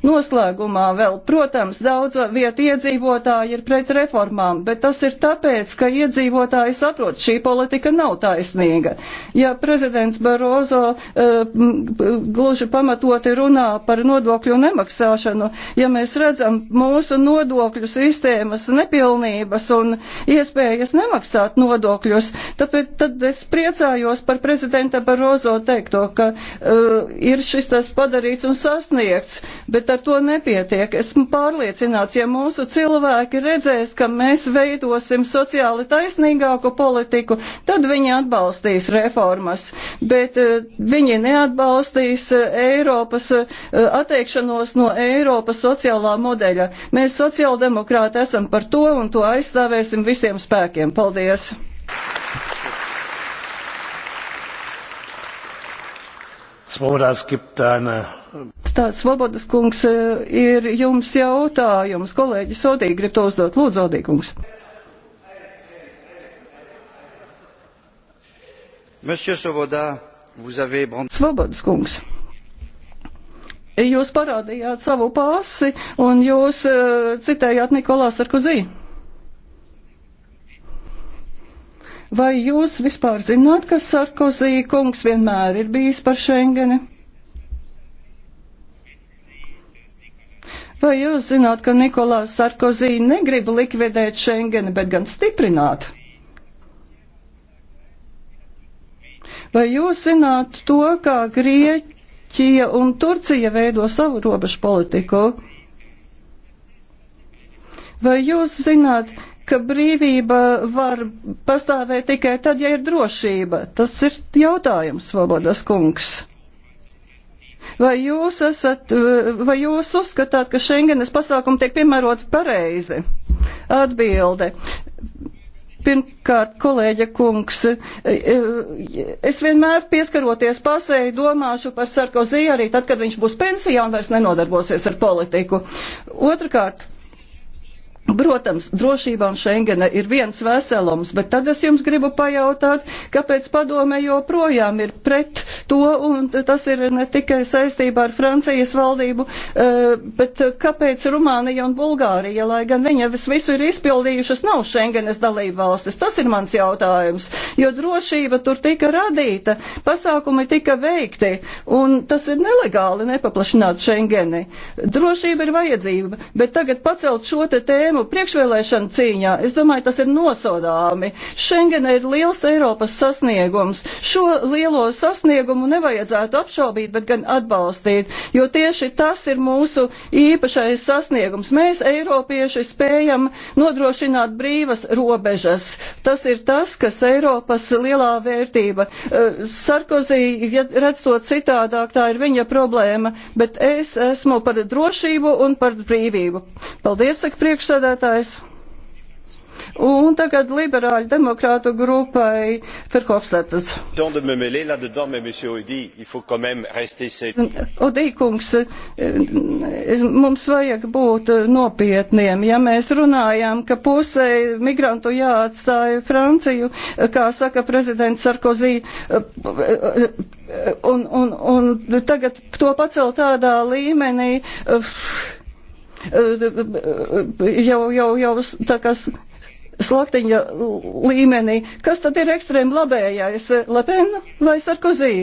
Noslēgumā vēl, protams, daudz vietu iedzīvotāji ir pret reformām, bet tas ir tāpēc, ka iedzīvotāji saprot, šī politika nav taisnīga. Ja prezidents Barozo eh, gluži pamatoti runā par nodokļu nemaksāšanu, ja mēs redzam mūsu nodokļu sistēmas nepilnības un iespējas nemaksāt nodokļus, tāpēc tad es priecājos par prezidenta Barozo teikto, ka uh, ir šis tas padarīts un sasniegts, bet ar to nepietiek. Esmu pārliecināts, rezultāts. Ja mūsu cilvēki redzēs, ka mēs veidosim sociāli taisnīgāku politiku, tad viņi atbalstīs reformas. Bet eh, viņi neatbalstīs eh, Eiropas eh, atteikšanos no Eiropas sociālā modeļa. Mēs sociāldemokrāti esam par to un to aizstāvēsim visiem spēkiem. Paldies! Tāds Svobodas kungs e, ir jums jautājums. Kolēģi Sodīgi grib to uzdot. Lūdzu, Sodīgi kungs. Svoboda, avez... Svobodas kungs. Jūs parādījāt savu pasi un jūs e, citējāt Nikolās Sarkozī. Vai jūs vispār zināt, ka Sarkozī kungs vienmēr ir bijis par Schengeni? Vai jūs zināt, ka Nikolās Sarkozī negrib likvidēt Schengeni, bet gan stiprināt? Vai jūs zināt to, kā Grieķija un Turcija veido savu robežu politiku? Vai jūs zināt, ka brīvība var pastāvēt tikai tad, ja ir drošība. Tas ir jautājums, Svobodas kungs. Vai jūs, esat, vai jūs uzskatāt, ka Schengenes pasākumi tiek piemēroti pareizi? Atbilde. Pirmkārt, kolēģa kungs, es vienmēr pieskaroties pasēju domāšu par Sarkozī arī tad, kad viņš būs pensijā un vairs nenodarbosies ar politiku. Otrakārt, Nu, protams, drošība un Schengena ir viens veselums, bet tad es jums gribu pajautāt, kāpēc padome joprojām ir pret to, un tas ir ne tikai saistībā ar Francijas valdību, eh, bet kāpēc Rumānija un Bulgārija, lai gan viņa visu ir izpildījušas, nav Schengenes dalība valstis? Tas ir mans jautājums, jo drošība tur tika radīta, pasākumi tika veikti, un tas ir nelegāli nepaplašināt Schengeni. Drošība ir vajadzība, bet tagad pacelt šo te tēmu priekšvēlēšana cīņā. Es domāju, tas ir nosodāmi. Schengena ir liels Eiropas sasniegums. Šo lielo sasniegumu nevajadzētu apšaubīt, bet gan atbalstīt, jo tieši tas ir mūsu īpašais sasniegums. Mēs, Eiropieši, spējam nodrošināt brīvas robežas. Tas ir tas, kas Eiropas lielā vērtība. Eh, Sarkozī, ja redz to citādāk, tā ir viņa problēma, bet es esmu par drošību un par brīvību. Paldies, saka priekšsēdētājs priekšsēdētājs. Un tagad liberāļu demokrātu grupai Ferhofstadtas. Odīkungs, mums vajag būt nopietniem. Ja mēs runājam, ka pusē migrantu jāatstāja Franciju, kā saka prezidents Sarkozī, un, un, un tagad to pacelt tādā līmenī. Uh, jau, jau, jau tā kā slaktiņa līmenī. Kas tad ir ekstrēma labējais? Lepena vai Sarkozī?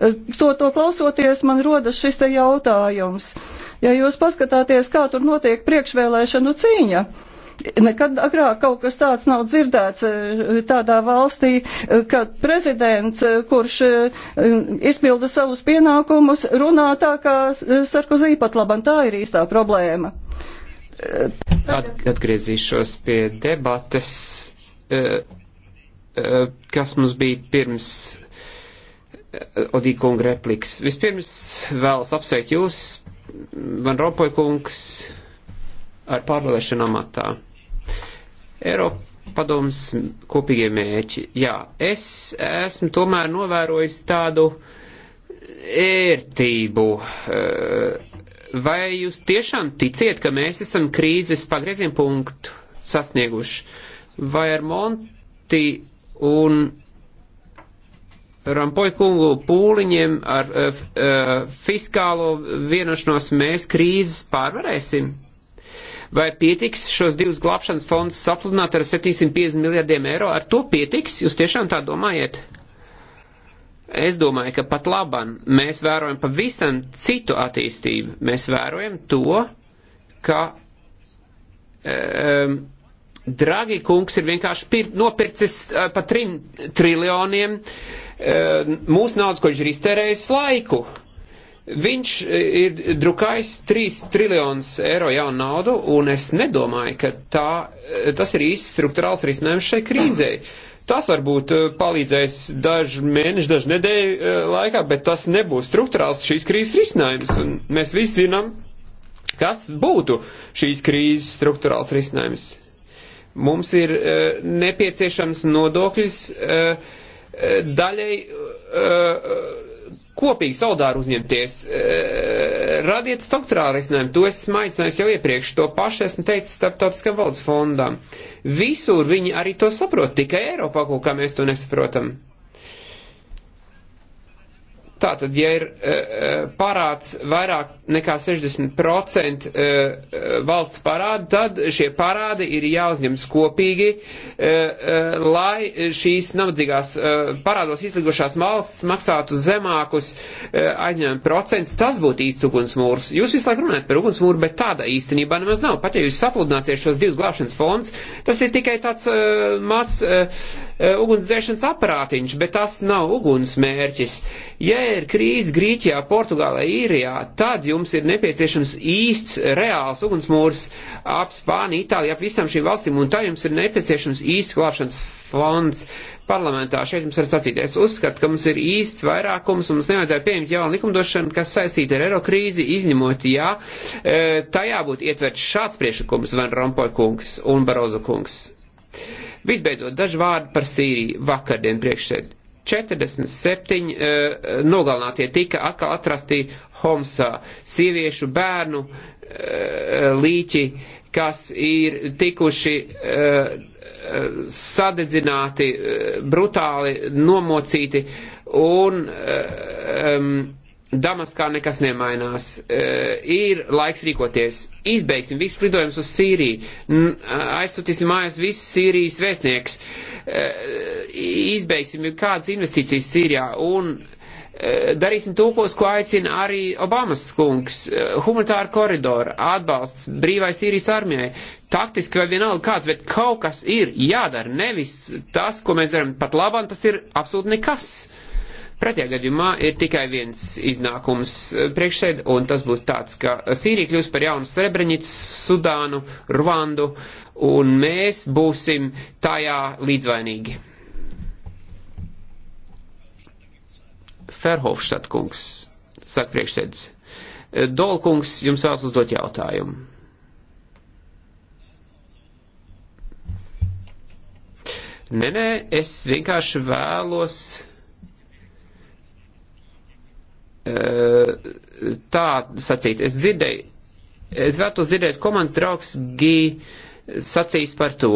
To, to klausoties, man rodas šis te jautājums. Ja jūs paskatāties, kā tur notiek priekšvēlēšanu cīņa, Nekad agrāk kaut kas tāds nav dzirdēts eh, tādā valstī, eh, kad prezidents, eh, kurš izpilda savus pienākumus, runā tā kā Sarkozī pat labam. Tā ir īstā problēma. At, atgriezīšos pie debates, kas mums bija pirms Odīkunga repliks. Vispirms vēlas apsveikt jūs, Van Ropoja kungs, ar pārvēlēšanu amatā. Eiropa padoms kopīgie mēķi. Jā, es esmu tomēr novērojis tādu ērtību. Eh, vai jūs tiešām ticiet, ka mēs esam krīzes pagrieziena punktu sasnieguši? Vai ar Monti un Rampoja kungu pūliņiem ar uh, fiskālo vienošanos mēs krīzes pārvarēsim? Vai pietiks šos divus glābšanas fondus sapludināt ar 750 miljardiem eiro? Ar to pietiks? Jūs tiešām tā domājat? Es domāju, ka pat labam mēs vērojam pavisam citu attīstību. Mēs vērojam to, ka um, Dragi kungs ir vienkārši pir, nopircis uh, pa trim triljoniem uh, mūsu naudas, ko viņš ir iztērējis laiku. Uh, Viņš e, ir drukājis 3 triljonus eiro jaunu naudu, un es nedomāju, ka tā, e, tas ir īsts struktūrāls risinājums šai krīzei. Tas varbūt e, palīdzēs dažu mēnešu, dažu nedēļu laikā, bet tas nebūs struktūrāls šīs krīzes risinājums. Un mēs visi zinām, kas būtu šīs krīzes struktūrāls risinājums. Mums ir uh, nepieciešams nodokļus uh, daļai. Uh, kopīgi solidāri uzņemties, e, radiet struktūrālu risinājumu, to esmu aicinājis jau iepriekš, to pašu esmu teicis starptautiskam valdes fondam. Visur viņi arī to saprot, tikai Eiropā kaut kā mēs to nesaprotam. Tātad, ja ir e, e, parāds vairāk nekā 60% e, valsts parāda, tad šie parādi ir jāuzņems kopīgi, lai šīs nabadzīgās parādos izlikušās valsts maksātu zemākus aizņēmumu procentus. Tas būtu īsts ugunsmūrs. Jūs visu laiku runājat par ugunsmūru, bet tāda īstenībā nemaz nav. Pat ja jūs sapludināsiet šos divus glābšanas fondus, tas ir tikai tāds mazs ugunsdzēšanas aparātiņš, bet tas nav ugunsmērķis. Ja ja ir krīze Grīķijā, Portugālē, Īrijā, tad jums ir nepieciešams īsts, reāls ugunsmūrs ap Spāniju, Itāliju, ap visām šīm valstīm, un tā jums ir nepieciešams īsts klāšanas fonds parlamentā. Šeit jums var sacīt, es uzskatu, ka mums ir īsts vairākums, un mums nevajadzētu pieņemt jaunu likumdošanu, kas saistīta ar eiro krīzi, izņemot, e, jā, tajā būtu ietverts šāds priekšlikums, Van Rompuy kungs un Barozo kungs. Visbeidzot, daži vārdi par Sīriju vakardien priekšsēdi. 47 uh, eh, nogalinātie tika atkal atrasti Homsā. Sieviešu bērnu uh, līķi, kas ir tikuši uh, sadedzināti, uh, brutāli nomocīti un uh, um, Damaskā nekas nemainās. Uh, ir laiks rīkoties. Izbeigsim visus lidojumus uz Sīriju. Aizsūtīsim mājās visus Sīrijas vēstnieks. Uh, izbeigsim kādas investīcijas Sīrijā. Un uh, darīsim tūkos, ko aicina arī Obamas kungs. Uh, humanitāra koridora, atbalsts brīvai Sīrijas armijai. Taktiski vai vienalga kāds, bet kaut kas ir jādara. Nevis tas, ko mēs darām pat labam, tas ir absolūti nekas. Uh, Pretējā gadījumā ir tikai viens iznākums eh, priekšsēd, un tas būs tāds, ka Sīrija kļūs par jaunu Srebrenicu, Sudānu, Rwandu, un mēs būsim tajā līdzvainīgi. Ferhofštad kungs, saka priekšsēdz. Eh, Dolkungs jums vēlas uzdot jautājumu. Nē, nē, es vienkārši vēlos tā sacīt. Es dzirdēju, es vēl to dzirdēt, ko mans draugs Gī sacīs par to.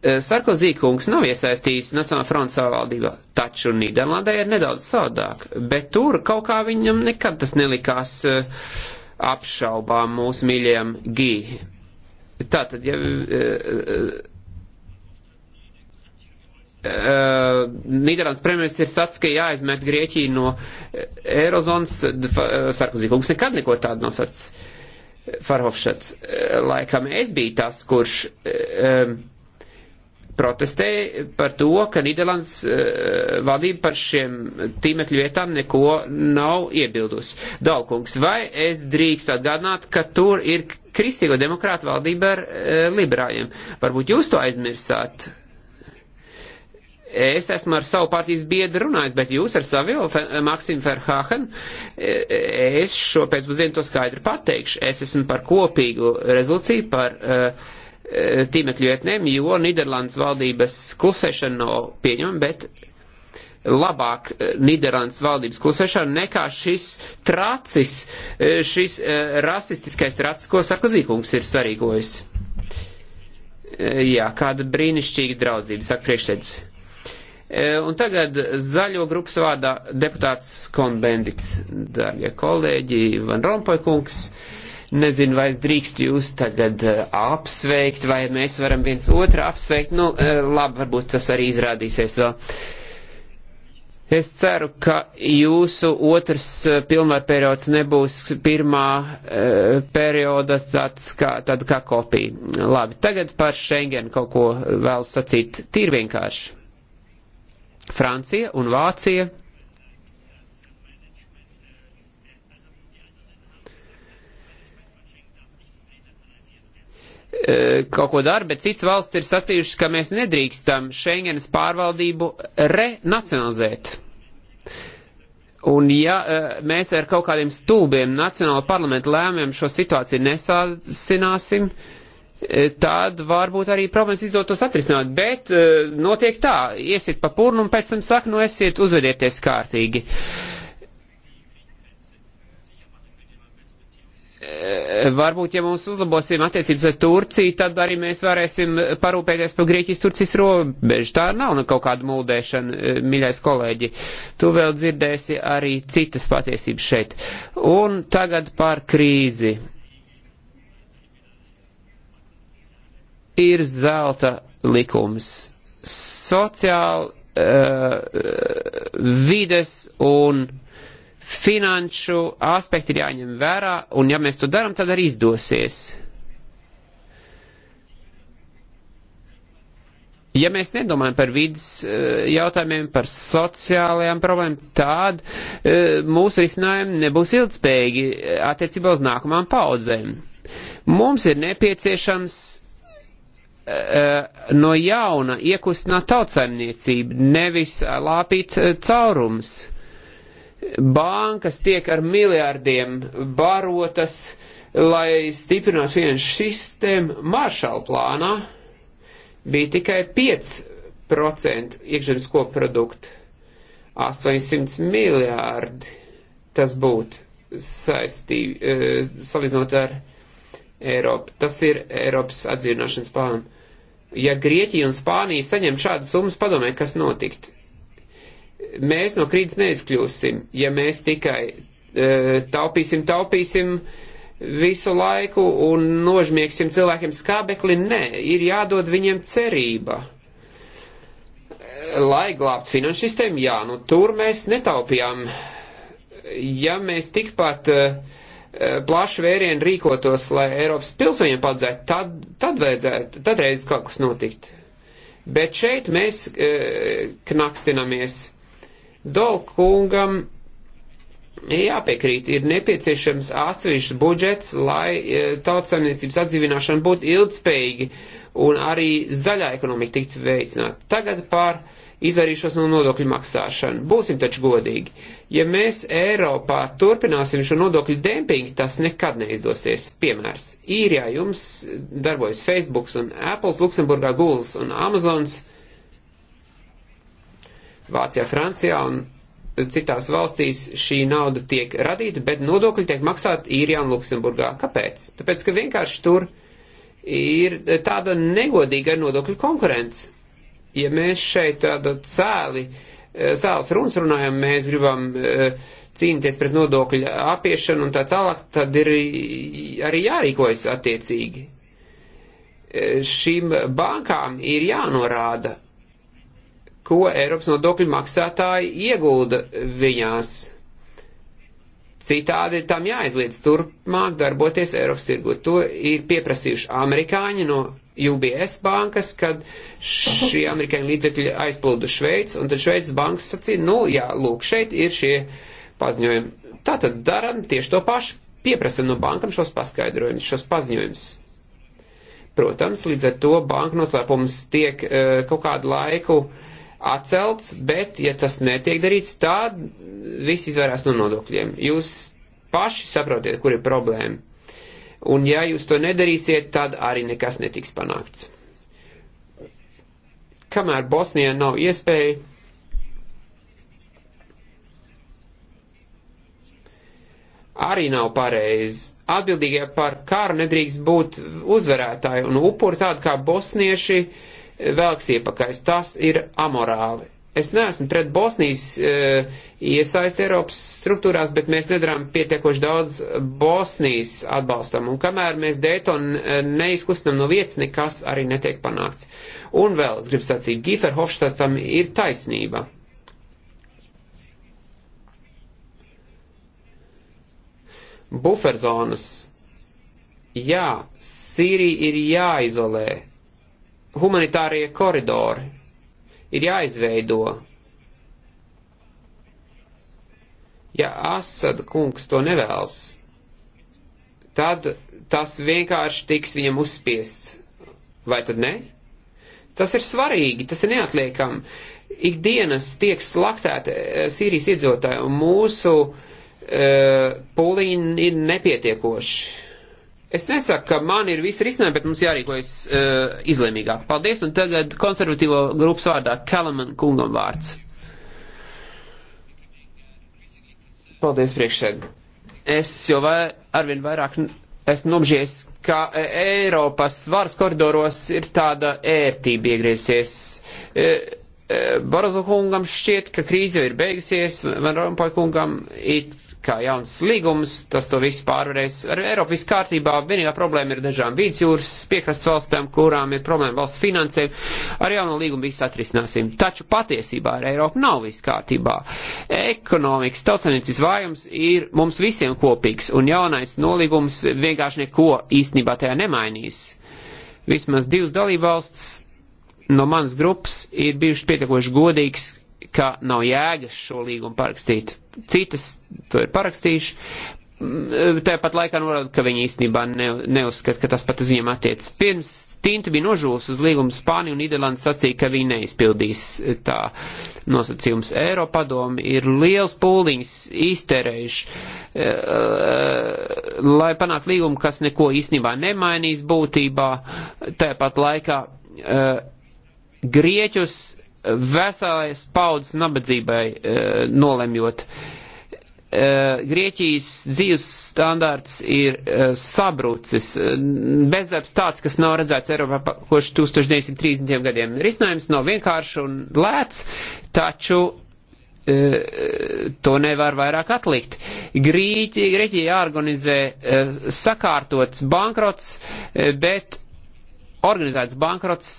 Sarkozī kungs nav iesaistīts Nacionālā fronta savaldībā, taču Nīderlandē ir nedaudz savādāk, bet tur kaut kā viņam nekad tas nelikās apšaubām mūsu mīļajam Gī. Tātad, ja Uh, Nīderlandes premjerministrs ir sacījis, ka jāizmet Grieķiju no eh, Eirozonas. Uh, Sarkozī kungs nekad neko tādu nav sacījis. Farhofšats uh, laikam es biju tas, kurš um, protestēja par to, ka Nīderlandes uh, valdība par šiem tīmekļu vietām neko nav iebildusi. Dalkungs, vai es drīkst atgādināt, ka tur ir kristīgo demokrātu valdība ar uh, liberāļiem? Varbūt jūs to aizmirsāt? Uh, Es esmu ar savu partijas biedru runājis, bet jūs ar savu, Maksim Ferhāhen, e, e, es šo pēcpusdienu to skaidri pateikšu. Es esmu par kopīgu rezolūciju, par uh, tīmekļu vietnēm, jo Niderlandes valdības klusēšana nav pieņemama, bet labāk Niderlandes valdības klusēšana nekā šis tracis, šis uh, rasistiskais tracis, ko Sarkozī kungs ir sarīkojis. Uh, jā, kāda brīnišķīga draudzība, saka priekšsēdus. E, un tagad zaļo grupas vārdā deputāts Konbendits, dārgie kolēģi, Van Rompojkungs. Nezinu, vai es drīkstu jūs tagad e, apsveikt, vai mēs varam viens otru apsveikt. Nu, e, labi, varbūt tas arī izrādīsies vēl. Es ceru, ka jūsu otrs pilnvaru periods nebūs pirmā e, perioda tāds kā, tāda kā kopija. Labi, tagad par Schengen kaut ko vēl sacīt. Tīri vienkārši. Francija un Vācija e, kaut ko dara, bet cits valsts ir sacījušas, ka mēs nedrīkstam Schengenas pārvaldību renacionalizēt. Un ja e, mēs ar kaut kādiem stulbiem nacionāla parlamenta lēmumiem šo situāciju nesāsināsim, uh, E, tad varbūt arī problēmas izdotos atrisināt, bet e, notiek tā, iesiet pa purnu un pēc tam saka, nu esiet, uzvedieties kārtīgi. E, varbūt, ja mums uzlabosim attiecības ar Turciju, tad arī mēs varēsim parūpēties par Grieķijas-Turcijas robežu. Tā nav nu kaut kāda muldēšana, mīļais kolēģi. Tu vēl dzirdēsi arī citas patiesības šeit. Un tagad par krīzi. ir zelta likums. Sociāli, uh, eh, vides un finanšu aspekti ir jāņem vērā, un ja mēs to darām, tad arī izdosies. Ja mēs nedomājam par vidas eh, jautājumiem, par sociālajām problēmām, tad eh, mūsu risinājumi nebūs ilgspējīgi attiecībā uz nākamām paudzēm. Mums ir nepieciešams Eh, no jauna iekustināt tautsaimniecību, nevis lāpīt eh, caurums. Bankas tiek ar miljārdiem barotas, lai stiprinātu finanšu sistēmu. Maršala plānā bija tikai 5% iekšzemes koprodukta. 800 miljārdi tas būtu saistīvi, eh, salīdzinot ar Eiropu. Tas ir Eiropas atdzīvināšanas plānu Ja Grieķija un Spānija saņem šādas summas, padomē, kas notikt. Mēs no krītas neizkļūsim, ja mēs tikai e, taupīsim, taupīsim visu laiku un nožmiegsim cilvēkiem skābekli. Nē, ir jādod viņiem cerība lai glābtu finanšistiem, jā, nu tur mēs netaupījām. Ja mēs tikpat uh, E, plašu vērienu rīkotos, lai Eiropas pilsoņiem padzētu, tad, tad vajadzētu, tad reiz kaut kas notikt. Bet šeit mēs e, knakstinamies. Dolkungam jāpiekrīt, ir nepieciešams atsevišķs budžets, lai e, tautsaimniecības atdzīvināšana būtu ilgspējīga un arī zaļā ekonomika tiktu veicināta. Tagad par izvairīšos no nodokļu maksāšanu. Būsim taču godīgi. Ja mēs Eiropā turpināsim šo nodokļu dempingu, tas nekad neizdosies. Piemērs. Īrijā jums darbojas Facebooks un Apples, Luksemburgā Guls un Amazons, Vācijā, Francijā un citās valstīs šī nauda tiek radīta, bet nodokļi tiek maksāti Īrijā un Luksemburgā. Kāpēc? Tāpēc, ka vienkārši tur ir tāda negodīga nodokļu konkurence ja mēs šeit tādu cēli, eh, cēlas runas runājam, mēs gribam eh, cīnīties pret nodokļu apiešanu un tā tālāk, tad ir arī jārīkojas attiecīgi. Eh, šīm bankām ir jānorāda, ko Eiropas nodokļu maksātāji iegulda viņās. Citādi tam jāizliedz turpmāk darboties Eiropas tirgu. To ir pieprasījuši amerikāņi no UBS bankas, kad šie amerikāņu līdzekļi aizplūda Šveic, un tad Šveicas bankas sacīja, nu jā, lūk, šeit ir šie paziņojumi. Tātad daram tieši to pašu, pieprasam no bankam šos paskaidrojumus, šos paziņojumus. Protams, līdz ar to banka noslēpums tiek uh, kaut kādu laiku atcelts, bet, ja tas netiek darīts, tad viss izvairās no nodokļiem. Jūs paši saprotiet, kur ir problēma un ja jūs to nedarīsiet, tad arī nekas netiks panākts. Kamēr Bosnijā nav iespēja, arī nav pareizi. Atbildīgie par karu nedrīkst būt uzvarētāji, un upuri tādi kā bosnieši velks iepakaļ. Tas ir amorāli. Es neesmu pret Bosnijas e, iesaisti Eiropas struktūrās, bet mēs nedarām pietiekoši daudz Bosnijas atbalstam. Un kamēr mēs Dayton eh, neizkustinam no vietas, nekas arī netiek panākts. Un vēl, es gribu sacīt, Gifer Hofštatam ir taisnība. Buferzonas. Jā, Sīrija ir jāizolē. Humanitārie koridori ir jāizveido. Ja Asad kungs to nevēlas, tad tas vienkārši tiks viņam uzspiests. Vai tad ne? Tas ir svarīgi, tas ir neatliekami. Ikdienas tiek slaktēta eh, Sīrijas iedzīvotāja, un mūsu uh, eh, pūliņi ir nepietiekoši. Es nesaku, ka man ir visi risinājumi, bet mums jārīkojas uh, izlēmīgāk. Paldies, un tagad konservatīvo grupas vārdā Kalaman kungam vārds. Paldies, priekšsēd. Es jau vai, arvien vairāk esmu nomžies, ka e, Eiropas varas koridoros ir tāda ērtība iegriezies. E, e, Barozo kungam šķiet, ka krīze jau ir beigusies, Van Rompuy kungam it kā jauns līgums, tas to visu pārvarēs. Ar Eiropu viss kārtībā, vienīgā problēma ir dažām vidusjūras piekrastes valstām, kurām ir problēma valsts finansēm. Ar jauno līgumu viss atrisināsim. Taču patiesībā ar Eiropu nav viss kārtībā. Ekonomikas tautsamniecības vājums ir mums visiem kopīgs, un jaunais nolīgums vienkārši neko īstenībā tajā nemainīs. Vismaz divas dalībvalsts no manas grupas ir bijušas pietiekoši godīgas ka nav jēgas šo līgumu parakstīt. Citas to ir parakstījuši. Mm, tāpat laikā norāda, ka viņi īstenībā ne, neuzskata, ka tas pat uz viņiem attiec. Pirms Tinta bija nožūs uz līgumu Spāniju un Nīderlanda sacīja, ka viņi neizpildīs eh, tā nosacījums. Eiropadomi ir liels pūliņš izterējuši, eh, eh, lai panāktu līgumu, kas neko īstenībā nemainīs būtībā. Tāpat laikā Grieķus veselais paudzes nabadzībai e, nolemjot. E, Grieķijas dzīves standārts ir e, sabrucis, bezdarbs tāds, kas nav redzēts Eiropā kopš 1930. gadiem. Risinājums nav vienkāršs un lēts, taču e, to nevar vairāk atlikt. Grieķi, Grieķija jāorganizē e, sakārtots bankrots, e, bet organizēts bankrots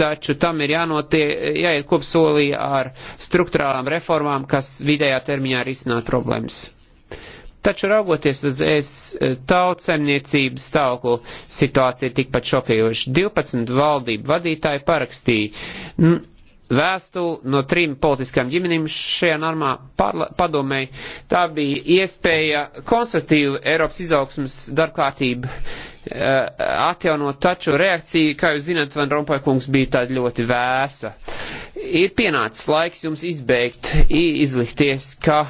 taču tam ir jānotie, jāiet kopsolī ar struktūrālām reformām, kas vidējā termiņā risināt problēmas. Taču raugoties uz es e, tautsemniecības stāvoklu, situācija ir tikpat šokējoša. 12 valdību vadītāji parakstīja vēstuli no trim politiskām ģimenīm šajā normā padomēji. Tā bija iespēja konstruktīvu Eiropas izaugsmas darbkārtību Eh, atjaunot, taču reakcija, kā jūs zināt, Van Rompuy kungs bija tāda ļoti vēsa. Ir pienācis laiks jums izbeigt, izlikties, ka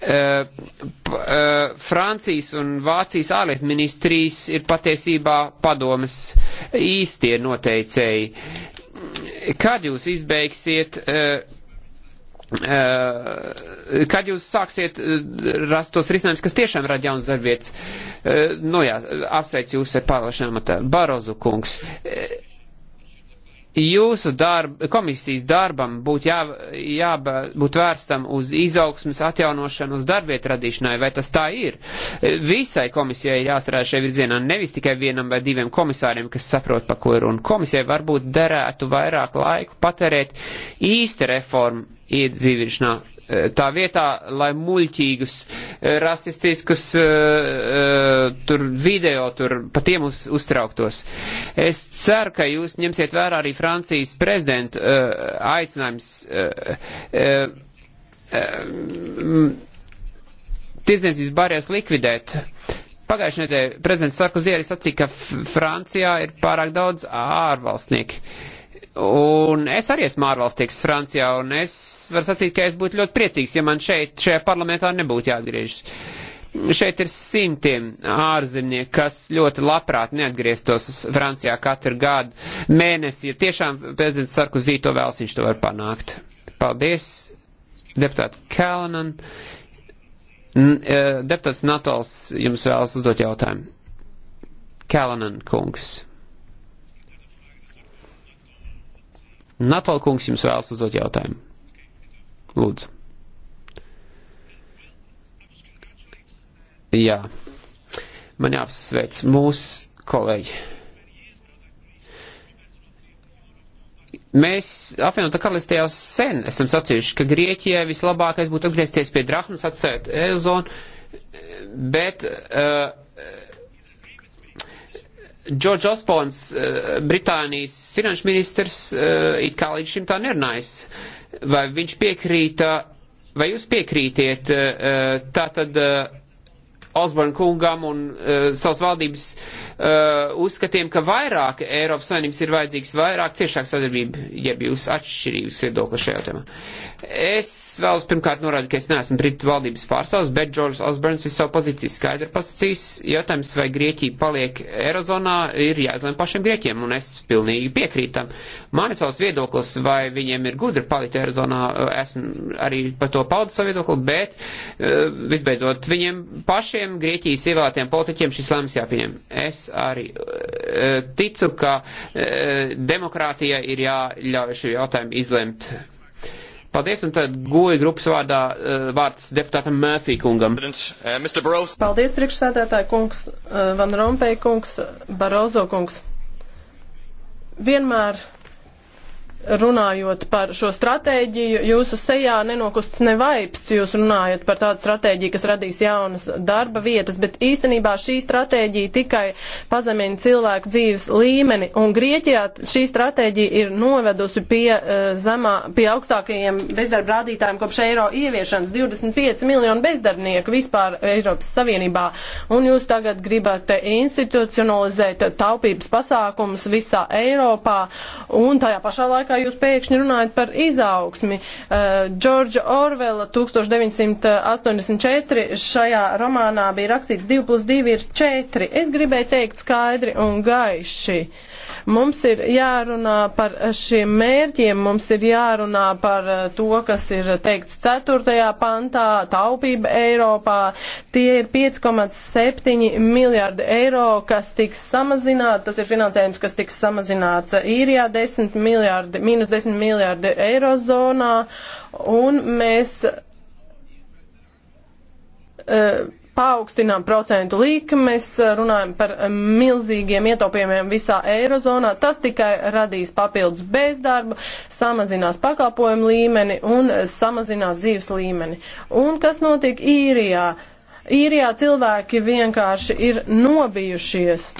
Uh, uh, Francijas un Vācijas ārlietu ministrijas ir patiesībā padomas īstie noteicēji. Kad jūs izbeigsiet uh, Eh, kad jūs sāksiet eh, rast tos risinājumus, kas tiešām rada jaunas darbvietas, eh, nu jā, apsveic jūs ar pārlašanām, Barozu kungs jūsu darb, komisijas darbam būtu jā, jābūt vērstam uz izaugsmas atjaunošanu, uz darbvietu radīšanai, vai tas tā ir? Visai komisijai jāstrādā šajā virzienā, nevis tikai vienam vai diviem komisāriem, kas saprot, pa ko ir runa. Komisijai varbūt derētu vairāk laiku patērēt īsta reforma iedzīvišanā, tā vietā, lai muļķīgus, eh, rasistiskus uh, tur video tur par tiem uz, uztrauktos. Es ceru, ka jūs ņemsiet vērā arī Francijas prezidenta uh, aicinājums. Uh, Tiesniecības barjeras likvidēt. Pagājušajā nedēļā prezidents Sarkozieris sacīja, ka Francijā ir pārāk daudz ārvalstnieku. Uh, Un es arī esmu ārvalstīgs Francijā, un es varu sacīt, ka es būtu ļoti priecīgs, ja man šeit, šajā parlamentā nebūtu jāatgriežas. Šeit ir simtiem ārzemnieku, kas ļoti labprāt neatgrieztos Francijā katru gadu. Mēnesi, ja tiešām prezidents Sarkozī to vēlas, viņš to var panākt. Paldies, deputāti Kalanan. E, deputāts Natals jums vēlas uzdot jautājumu. Kalanan kungs. Natalkungs jums vēlas uzdot jautājumu. Lūdzu. Jā. Man jāapsveic mūsu kolēģi. Mēs apvienotā karalistē jau sen esam sacījuši, ka Grieķijai vislabākais būtu atgriezties pie drahmas, atcelt eirozonu, bet uh, Džordž Osborns, eh, Britānijas finanšu ministrs, eh, it kā līdz šim tā nerunājis. Vai viņš piekrīta, vai jūs piekrītiet eh, tātad Osborna kungam un savas valdības uzskatiem, ka vairāk Eiropas Savienības ir vajadzīgs, vairāk ciešāk sadarbība, jeb jūs atšķirības viedokli šajā jautājumā? Es vēlos pirmkārt norādīt, ka es neesmu Britu valdības pārstāvs, bet Džordžs Osborns ir savu pozīciju skaidri pasacījis. Jautājums, vai Grieķija paliek Eirozonā, ir jāizlem pašiem Grieķiem, un es pilnīgi piekrītam. Man ir savs viedoklis, vai viņiem ir gudri palikt Eirozonā, esmu arī par to paudu savu viedokli, bet eh, visbeidzot, viņiem pašiem Grieķijas ievēlētiem politiķiem šis lēmums jāpieņem. Es arī eh, ticu, ka eh, demokrātija ir jāļauj šo jautājumu izlemt. Paldies, un tad goja grupas vārdā eh, vārds deputātam Murphy kungam. Eh, Paldies, priekšsēdētāji kungs, eh, Van Rompēj kungs, Barozo kungs. Vienmēr runājot par šo stratēģiju, jūsu sejā nenokusts nevaipsts, jūs runājat par tādu stratēģiju, kas radīs jaunas darba vietas, bet īstenībā šī stratēģija tikai pazemina cilvēku dzīves līmeni, un Grieķijā šī stratēģija ir novedusi pie, uh, zemā, pie augstākajiem bezdarba rādītājiem kopš eiro ieviešanas - 25 miljonu bezdarbnieku vispār Eiropas Savienībā, un jūs tagad gribat institucionalizēt taupības pasākumus visā Eiropā, un tajā pašā laikā laikā jūs pēkšņi runājat par izaugsmi. Eh, Džordža uh, Orvela 1984 šajā romānā bija rakstīts 2 plus 2 ir 4. Es gribēju teikt skaidri un gaiši. Uh, Mums ir jārunā par šiem mērķiem, mums ir jārunā par eh, to, kas ir teikts 4. pantā, taupība Eiropā. Tie ir 5,7 miljārdi eiro, kas tiks samazināti, tas ir finansējums, kas tiks samazināts īrijā 10 miljārdi, mīnus 10 miljārdi eirozonā, un mēs. Uh, paaugstinām procentu likmes, eh, runājam par eh, milzīgiem ietaupījumiem visā eirozonā. Tas tikai radīs papildus bezdarbu, samazinās pakalpojumu līmeni un eh, samazinās dzīves līmeni. Un kas notiek īrijā? Īrijā cilvēki vienkārši ir nobijušies.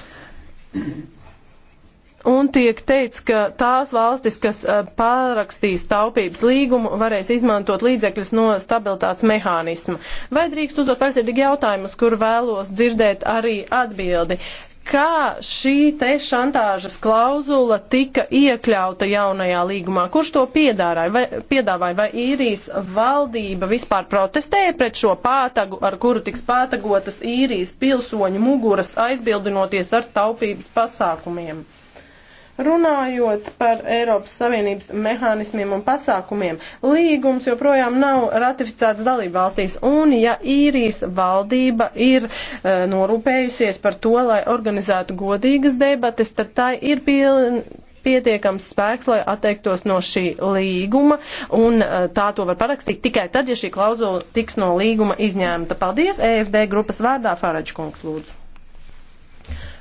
Un tiek teikts, ka tās valstis, kas pārakstīs taupības līgumu, varēs izmantot līdzekļus no stabilitātes mehānisma. Vai drīkst uzdot vairsirdīgi jautājumus, kur vēlos dzirdēt arī atbildi? Kā šī te šantāžas klauzula tika iekļauta jaunajā līgumā? Kurš to piedārāja, vai, piedāvāja? Vai īrijas valdība vispār protestēja pret šo pātagu, ar kuru tiks pātagotas īrijas pilsoņu muguras aizbildinoties ar taupības pasākumiem? Runājot par Eiropas Savienības mehānismiem un pasākumiem, līgums joprojām nav ratificēts dalību valstīs, un ja īrijas valdība ir uh, norūpējusies par to, lai organizētu godīgas debates, tad tai ir piln pietiekams spēks, lai atteiktos no šī līguma, un uh, tā to var parakstīt tikai tad, ja šī klauzula tiks no līguma izņēmta. Paldies, EFD grupas vārdā Fāraģkungs lūdzu.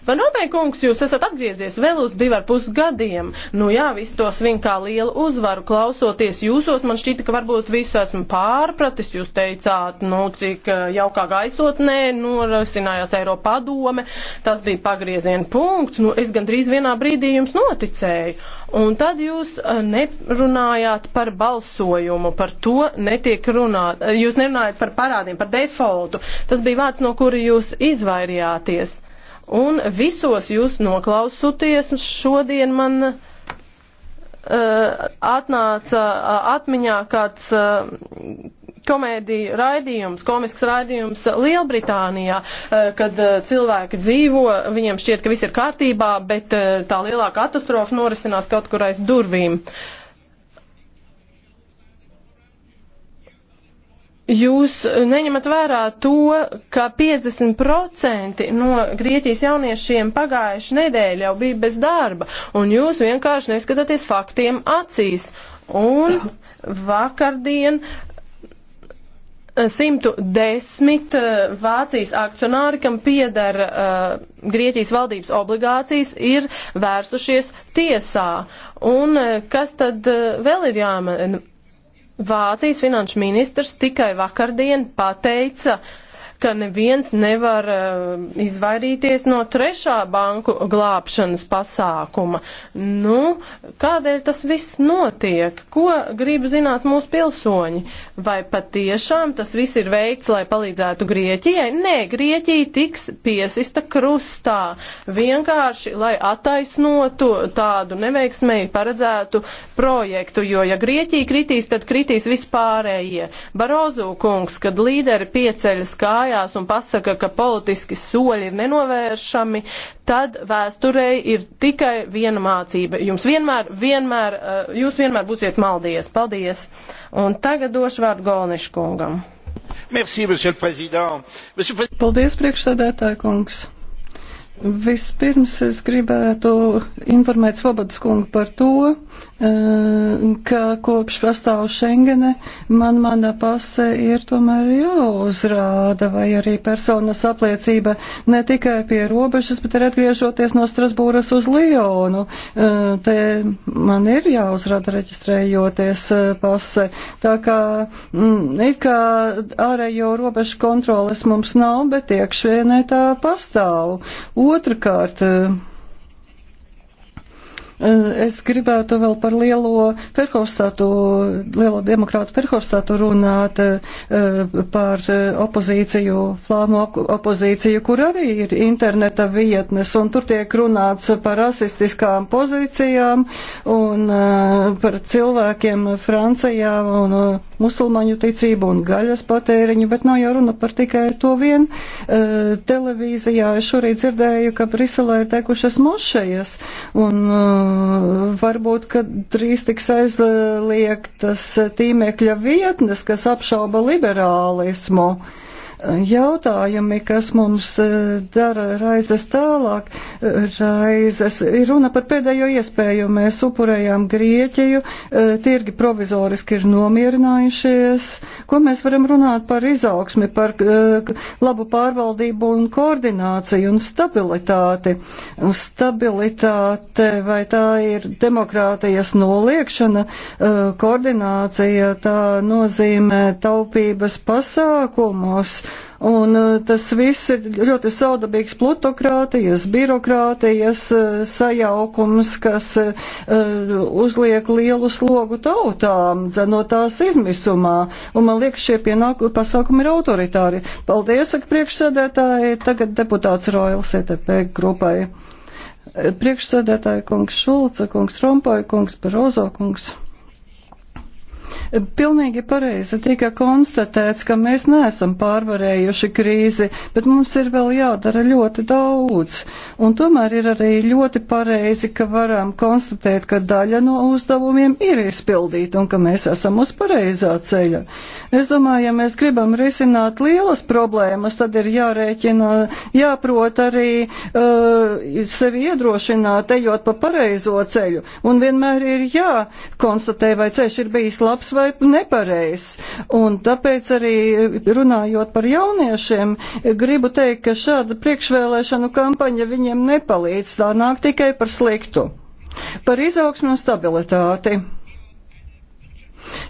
Van Rompēkungs, jūs esat atgriezies vēl uz divar pusgadiem. Nu jā, visu to svin kā lielu uzvaru klausoties jūsos. Man šķita, ka varbūt visu esmu pārpratis. Jūs teicāt, nu cik eh, jaukā gaisotnē norisinājās Eiropa padome. Tas bija pagrieziena punkts. Nu es gandrīz vienā brīdī jums noticēju. Un tad jūs eh, nerunājāt par balsojumu, par to netiek runāt. Eh, jūs nerunājat par parādiem, par defaultu. Tas bija vārds, no kura jūs izvairījāties. Un visos jūs noklausoties šodien man uh, atnāca uh, atmiņā kāds uh, komēdija raidījums, komisks raidījums Lielbritānijā, uh, kad uh, cilvēki dzīvo, viņiem šķiet, ka viss ir kārtībā, bet uh, tā lielā katastrofa norisinās kaut kur aiz durvīm. Uh, Jūs neņemat vērā to, ka 50% no Grieķijas jauniešiem pagājuši nedēļa jau bija bez darba, un jūs vienkārši neskatāties faktiem acīs. Un vakardien 110 eh, Vācijas akcionāri, kam piedara uh, eh, Grieķijas valdības obligācijas, ir vērsušies tiesā. Un uh, kas tad uh, vēl ir jāmēģina? Vācijas finanšu ministrs tikai vakardien pateica, uh, ka neviens nevar uh, izvairīties no trešā banku glābšanas pasākuma. Nu, kādēļ tas viss notiek? Ko grib zināt mūsu pilsoņi? Vai patiešām tas viss ir veikts, lai palīdzētu Grieķijai? Nē, Grieķija tiks piesista krustā. Vienkārši, lai attaisnotu tādu neveiksmēju paredzētu projektu, jo ja Grieķija kritīs, tad kritīs vispārējie. Barozu kungs, kad līderi pieceļas kājas, kājās un pasaka, ka politiski soļi ir nenovēršami, tad vēsturei ir tikai viena mācība. Jums vienmēr, vienmēr, eh, jūs vienmēr būsiet maldies. Paldies! Un tagad došu vārdu Golniškungam. Merci, monsieur le président. Monsieur... Paldies, priekšsēdētāja kungs. Vispirms es gribētu informēt Svobodas kungu par to, Ehm, ka kopš pastāv Schengene man mana pase ir tomēr jāuzrāda vai arī personas apliecība ne tikai pie robežas, bet arī atgriežoties no Strasbūras uz Lionu. Ehm, te man ir jāuzrāda reģistrējoties eh, pase. Tā kā mm, it kā ārējo robežu kontroles mums nav, bet iekšēnē tā pastāv. Otrakārt, ehm, Eh, es gribētu vēl par lielo perhofstātu, lielo demokrātu perhofstātu runāt eh, par eh, opozīciju, flāmu opozīciju, kur arī ir interneta vietnes, un tur tiek runāts par rasistiskām pozīcijām un par cilvēkiem Francijā un musulmaņu ticību un gaļas patēriņu, bet nav jau runa par tikai to vien. Televīzijā es šorīt dzirdēju, ka Briselē ir tekušas mošejas. Un, varbūt, ka drīz tiks aizliegtas tīmekļa vietnes, kas apšauba liberālismu. Uh, Jautājumi, kas mums e, dara raizes tālāk, e, raizes ir runa par pēdējo iespēju. Mēs upurējām Grieķiju, e, tirgi provizoriski ir nomierinājušies. Ko mēs varam runāt par izaugsmi, par labu pārvaldību un koordināciju un stabilitāti? Stabilitāte vai tā ir demokrātijas noliekšana, koordinācija, tā nozīmē taupības pasākumus, Un uh, tas viss ir ļoti saudabīgs plutokrātijas, birokrātijas uh, sajaukums, kas uh, uzliek lielu slogu tautām, no tās izmisumā. Un man liekas, šie pienāku pasākumi ir autoritāri. Paldies, saka priekšsēdētāji, tagad deputāts Royals ETP grupai priekšsēdētāja kungs Šulca, kungs Rompoja, kungs Barozo kungs. Pilnīgi pareizi tika konstatēts, ka mēs neesam pārvarējuši krīzi, bet mums ir vēl jādara ļoti daudz. Un tomēr ir arī ļoti pareizi, ka varam konstatēt, ka daļa no uzdevumiem ir izpildīta un ka mēs esam uz pareizā ceļa. Es domāju, ja mēs gribam risināt lielas problēmas, tad ir jārēķina, jāprot arī uh, sevi iedrošināt, ejot pa pareizo ceļu. Un vienmēr ir jākonstatē, vai ceļš ir bijis labs labs vai nepareizs. Un tāpēc arī eh, runājot par jauniešiem, gribu teikt, ka šāda priekšvēlēšanu kampaņa viņiem nepalīdz. Tā nāk tikai par sliktu. Par izaugsmu un stabilitāti.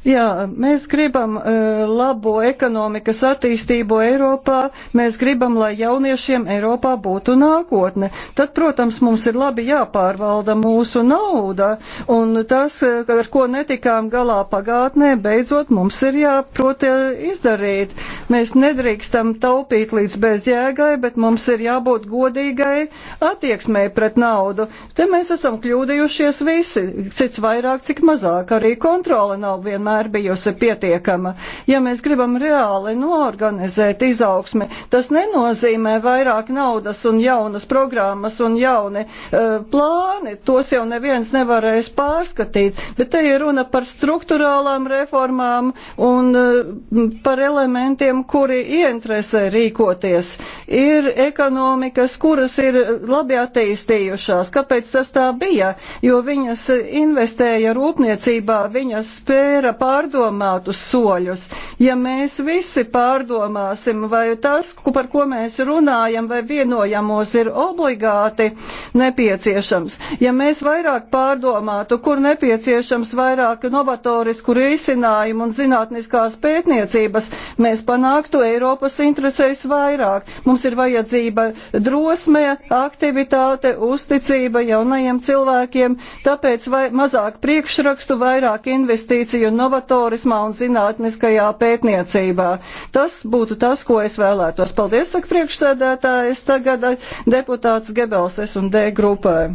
Jā, mēs gribam uh, labo ekonomikas attīstību Eiropā, mēs gribam, lai jauniešiem Eiropā būtu nākotne. Tad, protams, mums ir labi jāpārvalda mūsu nauda, un tas, eh, ar ko netikām galā pagātnē, beidzot mums ir jāprot eh, izdarīt. Mēs nedrīkstam taupīt līdz bezjēgai, bet mums ir jābūt godīgai attieksmē pret naudu. Te mēs esam kļūdījušies visi, cits vairāk, cik mazāk. Arī kontrole nav vienmēr bijusi pietiekama. Ja mēs gribam reāli noorganizēt izaugsmi, tas nenozīmē vairāk naudas un jaunas programmas un jauni uh, plāni. Tos jau neviens nevarēs pārskatīt, bet te ir runa par struktūrālām reformām un uh, par elementiem, kuri ieinteresē rīkoties. Ir ekonomikas, kuras ir labi attīstījušās. Kāpēc tas tā bija? Jo viņas investēja rūpniecībā, viņas spēja spēra pārdomātus soļus. Ja mēs visi pārdomāsim, vai tas, par ko mēs runājam vai vienojamos, ir obligāti nepieciešams, ja mēs vairāk pārdomātu, kur nepieciešams vairāk novatorisku risinājumu un zinātniskās pētniecības, mēs panāktu Eiropas interesēs vairāk. Mums ir vajadzība drosme, aktivitāte, uzticība jaunajiem cilvēkiem, tāpēc vai, mazāk priekšrakstu, vairāk investīciju investīciju novatorismā un zinātniskajā pētniecībā. Tas būtu tas, ko es vēlētos. Paldies, saka priekšsēdētājs, tagad eh, deputāts Gebels S un D grupai.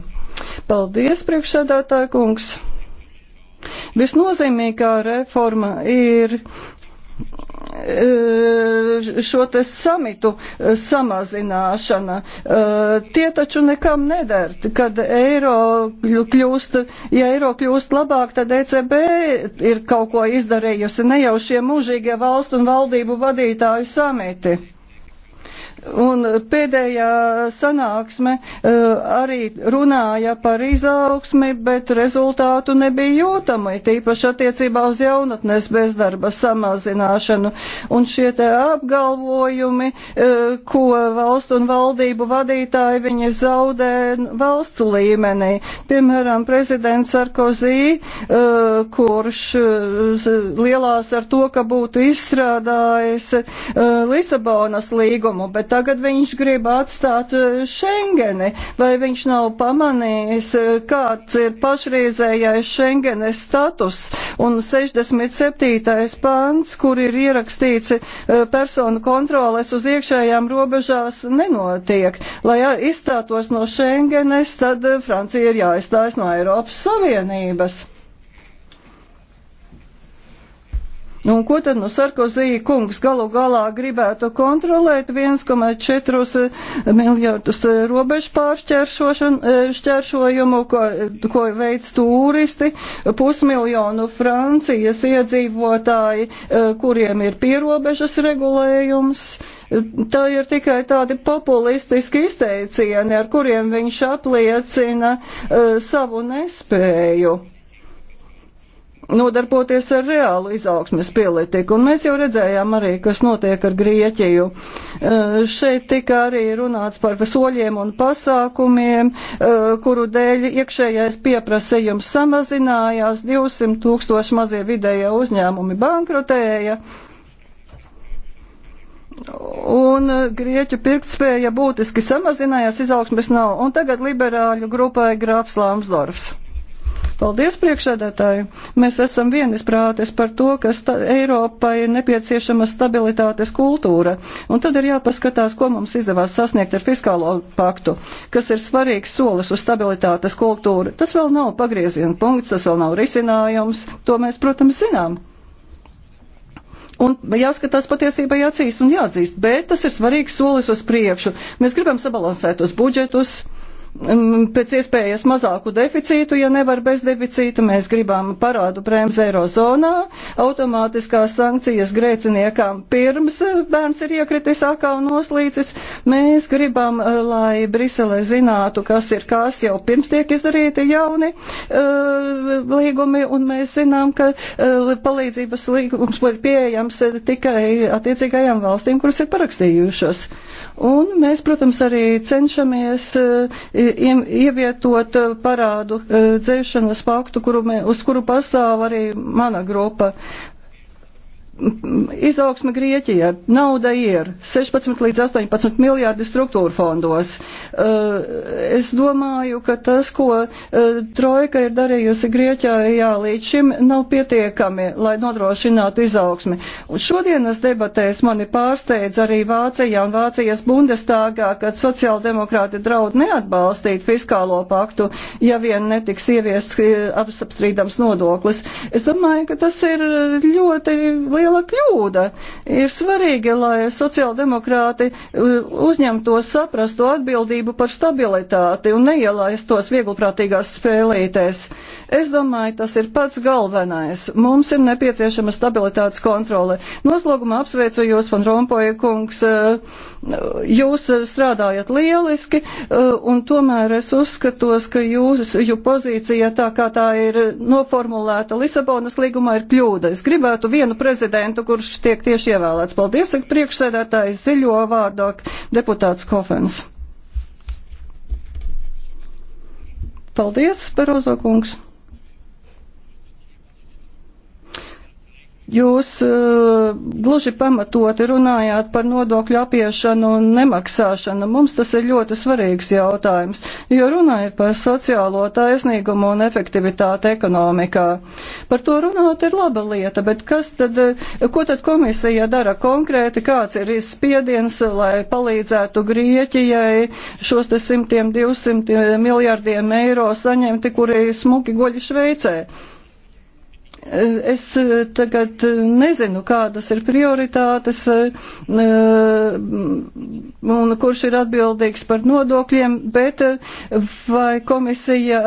Paldies, priekšsēdētāja kungs. Visnozīmīgākā reforma ir E, šo te samitu e, samazināšana. E, tie taču nekam neder. Kad eiro kļūst, ja eiro kļūst labāk, tad ECB ir kaut ko izdarījusi, ne jau šie mūžīgie valstu un valdību vadītāju samiti. Un pēdējā sanāksme eh, arī runāja par izaugsmi, bet rezultātu nebija jūtama, tīpaši attiecībā uz jaunatnes bezdarba samazināšanu. Un šie te apgalvojumi, eh, ko valstu un valdību vadītāji viņi zaudē valstu līmenī. Piemēram, prezidents Sarkozī, eh, kurš lielās ar to, ka būtu izstrādājis Lisabonas līgumu, bet tagad viņš grib atstāt eh, Schengeni. Vai viņš nav pamanījis, eh, kāds ir pašreizējais Schengenes status un 67. pants, kur ir ierakstīts eh, personu kontroles uz iekšējām robežās nenotiek. Lai izstātos no Schengenes, tad Francija ir jāizstājas no Eiropas Savienības. Un ko tad nu Sarkozī kungs galu galā gribētu kontrolēt 1,4 eh, miljardus eh, robežu pāršķēršojumu, eh, ko, ko veids turisti, pusmiljonu Francijas iedzīvotāji, kuriem ir pierobežas regulējums. Tā ir tikai tādi populistiski izteicieni, ar kuriem viņš apliecina uh, savu nespēju nodarboties ar reālu izaugsmes pielitiku. Un mēs jau redzējām arī, kas notiek ar Grieķiju. Šeit tika arī runāts par soļiem un pasākumiem, kuru dēļ iekšējais pieprasījums samazinājās, 200 tūkstoši mazie vidējie uzņēmumi bankrotēja. Un grieķu pirktspēja būtiski samazinājās, izaugsmes nav. Un tagad liberāļu grupai grāfs Lāmsdorfs. Paldies, priekšsēdētāji! Mēs esam vienisprātis par to, ka Eiropai ir nepieciešama stabilitātes kultūra, un tad ir jāpaskatās, ko mums izdevās sasniegt ar fiskālo paktu, kas ir svarīgs solis uz stabilitātes kultūru. Tas vēl nav pagrieziena punkts, tas vēl nav risinājums, to mēs, protams, zinām un jāskatās patiesībai acīs un jāatzīst, bet tas ir svarīgs solis uz priekšu. Mēs gribam sabalansēt uz budžetus, Mm, pēc iespējas mazāku deficītu, ja nevar bez deficīta. Mēs gribam parādu prēmas eirozonā, automātiskās sankcijas grēciniekām pirms eh, bērns ir iekritis akā un noslīcis. Mēs gribam, eh, lai Brisele zinātu, kas ir kas jau pirms tiek izdarīti jauni uh, līgumi, un mēs zinām, ka uh, palīdzības līgums ir pieejams tikai attiecīgajām valstīm, kuras ir parakstījušas. Uh, Un mēs, protams, arī cenšamies e, ievietot e, parādu e, dzēšanas paktu, kuru mē, uz kuru pastāv arī mana grupa izaugsme Grieķijā, nauda ir 16 līdz 18 miljārdi struktūra fondos. Eh, es domāju, ka tas, ko eh, Trojka ir darījusi Grieķijā līdz šim, nav pietiekami, lai nodrošinātu izaugsmi. Un šodienas debatēs mani pārsteidz arī Vācijā un Vācijas bundestāgā, kad sociāldemokrāti draud neatbalstīt fiskālo paktu, ja vien netiks ieviests eh, apstrīdams nodoklis. Es domāju, ka tas ir ļoti liela kļūda. Ir svarīgi, lai sociāldemokrāti uzņemtos saprastu atbildību par stabilitāti un neielaistos vieglprātīgās spēlītēs. Es domāju, tas ir pats galvenais. Mums ir nepieciešama stabilitātes kontrole. Noslogumā apsveicu jūs, Van Rompoja kungs. Eh, jūs strādājat lieliski, eh, un tomēr es uzskatos, ka jūs, jūsu pozīcija tā kā tā ir noformulēta Lisabonas līgumā ir kļūda. Es gribētu vienu prezidentu, kurš tiek tieši ievēlēts. Paldies, saka priekšsēdētājs ziļo vārdāk deputāts Kofens. Paldies, Perozo kungs. Jūs uh, gluži pamatoti runājāt par nodokļu apiešanu un nemaksāšanu. Mums tas ir ļoti svarīgs jautājums, jo runa ir par sociālo taisnīgumu un efektivitāti ekonomikā. Par to runāt ir laba lieta, bet kas tad, eh, ko tad komisija dara konkrēti, kāds ir izspiediens, lai palīdzētu Grieķijai šos te simtiem, divsimtiem miljardiem eiro saņemti, kuri smuki guļi Šveicē? Es eh, tagad eh, nezinu, kādas ir prioritātes eh, un kurš ir atbildīgs par nodokļiem, bet vai komisija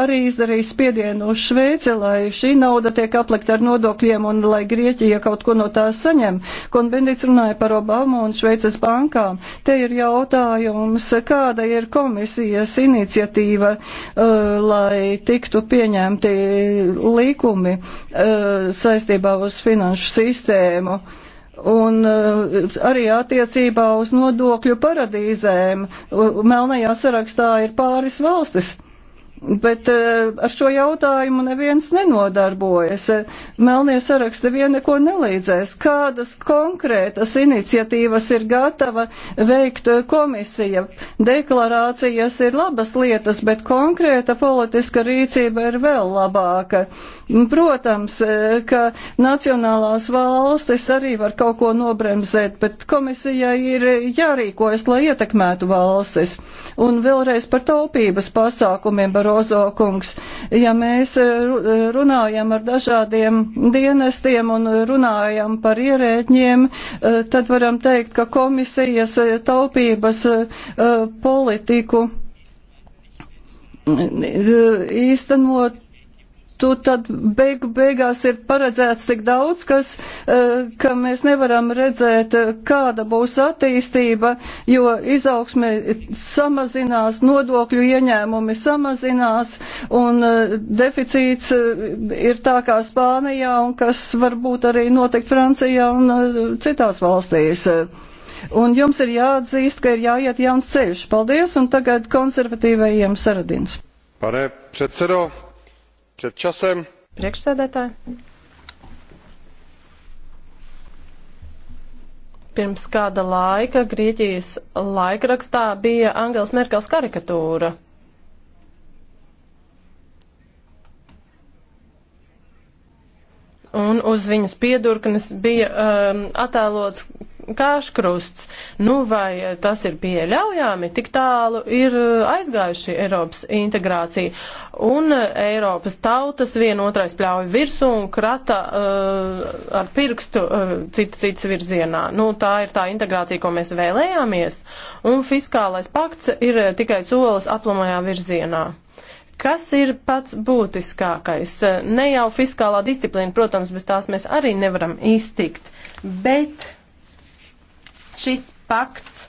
arī izdarīs spiedienu uz Šveici, lai šī nauda tiek aplikta ar nodokļiem un lai Grieķija kaut ko no tā saņem? Konbendits runāja par Obamu un Šveices bankām. Te ir jautājums, kāda ir komisijas iniciatīva, lai tiktu pieņemti līkumi lēmumi eh, saistībā uz finanšu sistēmu un eh, arī attiecībā uz nodokļu paradīzēm. Melnajā sarakstā ir pāris valstis. Bet eh, ar šo jautājumu neviens nenodarbojas. Melnie saraksti vien neko nelīdzēs. Kādas konkrētas iniciatīvas ir gatava veikt eh, komisija? Deklarācijas ir labas lietas, bet konkrēta politiska rīcība ir vēl labāka. Protams, eh, ka nacionālās valstis arī var kaut ko nobremzēt, bet komisijai ir jārīkojas, lai ietekmētu valstis. Un vēlreiz par taupības pasākumiem, par Barozo kungs. Ja mēs eh, eh, runājam ar dažādiem dienestiem un runājam par ierēģiem, eh, tad varam teikt, ka komisijas taupības politiku īstenot tu tad beigu beigās ir paredzēts tik daudz, kas, eh, ka mēs nevaram redzēt, eh, kāda būs attīstība, jo izaugsme samazinās, nodokļu ieņēmumi samazinās un eh, deficīts ir tā kā Spānijā un kas varbūt arī notikt Francijā un citās valstīs. Un jums ir jāatzīst, ka ir jāiet jauns ceļš. Paldies, un tagad konservatīvajiem saradins. Pane předsedo, Pred časem. Priekšsēdētāji. Pirms kāda laika Grieķijas laikrakstā bija Angels Merkels karikatūra. un uz viņas piedurknes bija um, attēlots kāškrusts. Nu, vai tas ir pieļaujami? Tik tālu ir aizgājuši Eiropas integrācija. Un Eiropas tautas vienotrais pļauj virsū un krata uh, ar pirkstu uh, cita cits virzienā. Nu, tā ir tā integrācija, ko mēs vēlējāmies. Un fiskālais pakts ir tikai solis aplamajā virzienā. Kas ir pats būtiskākais? Ne jau fiskālā disciplīna, protams, bez tās mēs arī nevaram iztikt, bet Šis pakts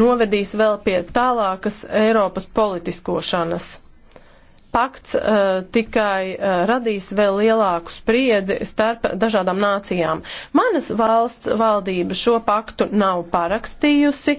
novedīs vēl pie tālākas Eiropas politiskošanas pakts uh, tikai uh, radīs vēl lielāku spriedzi starp dažādām nācijām. Manas valsts valdība šo paktu nav parakstījusi.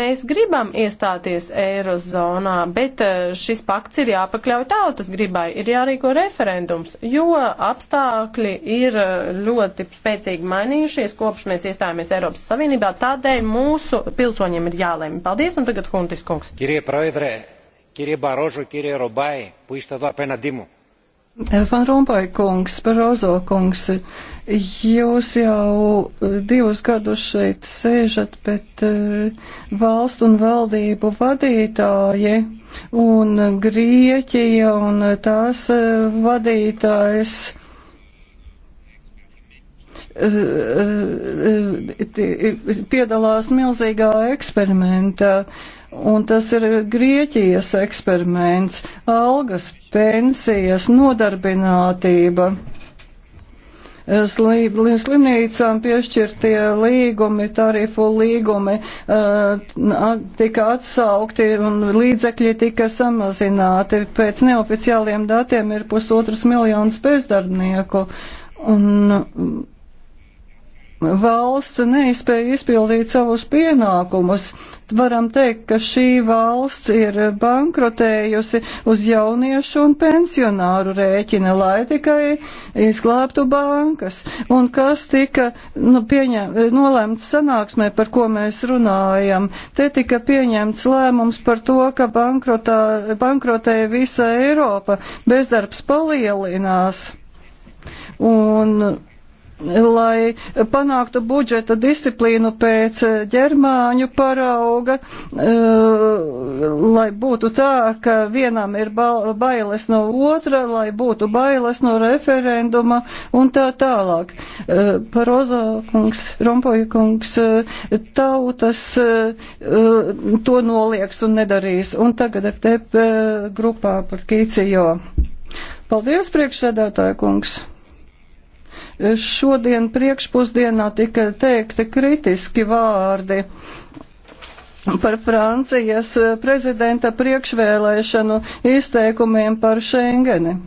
Mēs gribam iestāties Eirozonā, bet uh, šis pakts ir jāpakļauj tautas gribai, ir jārīko referendums, jo apstākļi ir ļoti spēcīgi mainījušies kopš mēs iestājāmies Eiropas Savienībā. Tādēļ mūsu pilsoņiem ir jālēma. Paldies, un tagad Huntis kungs. Kirie, proedrē. Κύριε Μπαρόζο, κύριε Ρομπάη, που είστε εδώ απέναντί μου. Van Rompuy kungs, Barozo kungs, jūs jau divus gadus šeit sēžat, bet e, valstu un valdību vadītāji un Grieķija un tās e, vadītājs e, piedalās milzīgā eksperimentā un tas ir Grieķijas eksperiments - algas, pensijas, nodarbinātība. Sli, slimnīcām piešķirtie līgumi, tarifu līgumi uh, tika atsaukti un līdzekļi tika samazināti. Pēc neoficiāliem datiem ir pusotras miljonas bezdarbnieku. Un, valsts neizspēja izpildīt savus pienākumus. Varam teikt, ka šī valsts ir bankrotējusi uz jauniešu un pensionāru rēķina, lai tikai izglābtu bankas. Un kas tika nu, pieņem, nolēmts sanāksmē, par ko mēs runājam? Te tika pieņemts lēmums par to, ka bankrotā, bankrotēja visa Eiropa, bezdarbs palielinās. Un lai panāktu budžeta disciplīnu pēc ģermāņu parauga, eh, lai būtu tā, ka vienam ir bailes no otra, lai būtu bailes no referenduma un tā tālāk. Eh, Parozo kungs, Rompoja kungs, eh, tautas to nolieks un nedarīs. Un tagad FTP grupā par Kīcijo. Paldies, priekšsēdētāja kungs! Šodien priekšpusdienā tika teikti kritiski vārdi par Francijas prezidenta priekšvēlēšanu izteikumiem par Schengeni.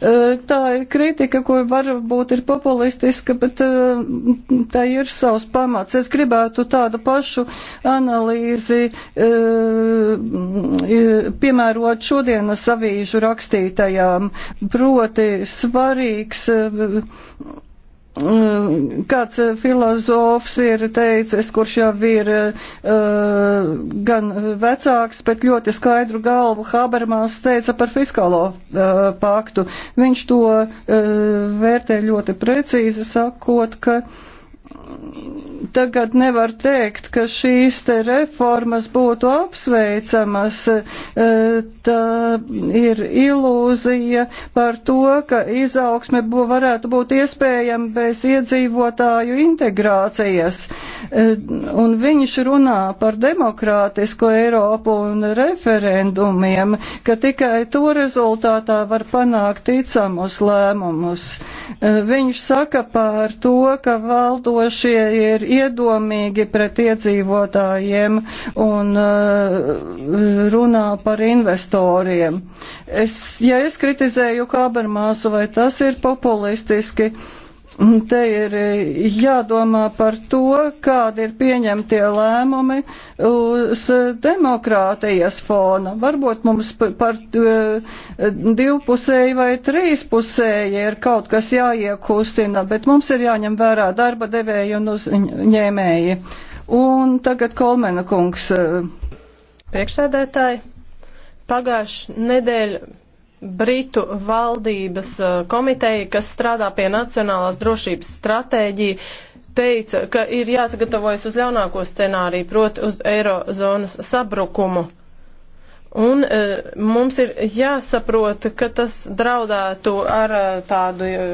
Tā ir kritika, ko varbūt ir populistiska, bet tā ir savs pamats. Es gribētu tādu pašu analīzi piemērot šodienas avīžu rakstītajām. Proti svarīgs Kāds eh, filozofs ir teicis, kurš jau ir uh, gan vecāks, bet ļoti skaidru galvu Habermas teica par fiskālo uh, paktu. Viņš to uh, vērtē ļoti precīzi, sakot, ka uh, tagad nevar teikt, ka šīs te reformas būtu apsveicamas. E, tā ir ilūzija par to, ka izaugsme varētu būt iespējama bez iedzīvotāju integrācijas. E, un viņš runā par demokrātisko Eiropu un referendumiem, ka tikai to rezultātā var panākt ticamus lēmumus. E, viņš saka par to, ka valdošie ir iedzīvotāji iedomīgi pret iedzīvotājiem un eh, runā par investoriem. Es, ja es kritizēju Kabermāsu, vai tas ir populistiski? Mm, te ir e, jādomā par to, kādi ir pieņemtie lēmumi uz demokrātijas fona. Varbūt mums par e, divpusēji vai trīspusēji ir kaut kas jāiekustina, bet mums ir jāņem vērā darba devēji un uzņēmēji. Un tagad Kolmena kungs. E. Priekšsēdētāji, pagājuši nedēļa Britu valdības uh, komiteja, kas strādā pie nacionālās drošības stratēģija, teica, ka ir jāsagatavojas uz ļaunāko scenāriju, proti uz eirozonas sabrukumu. Un e, mums ir jāsaprot, ka tas draudētu ar uh, tādu e,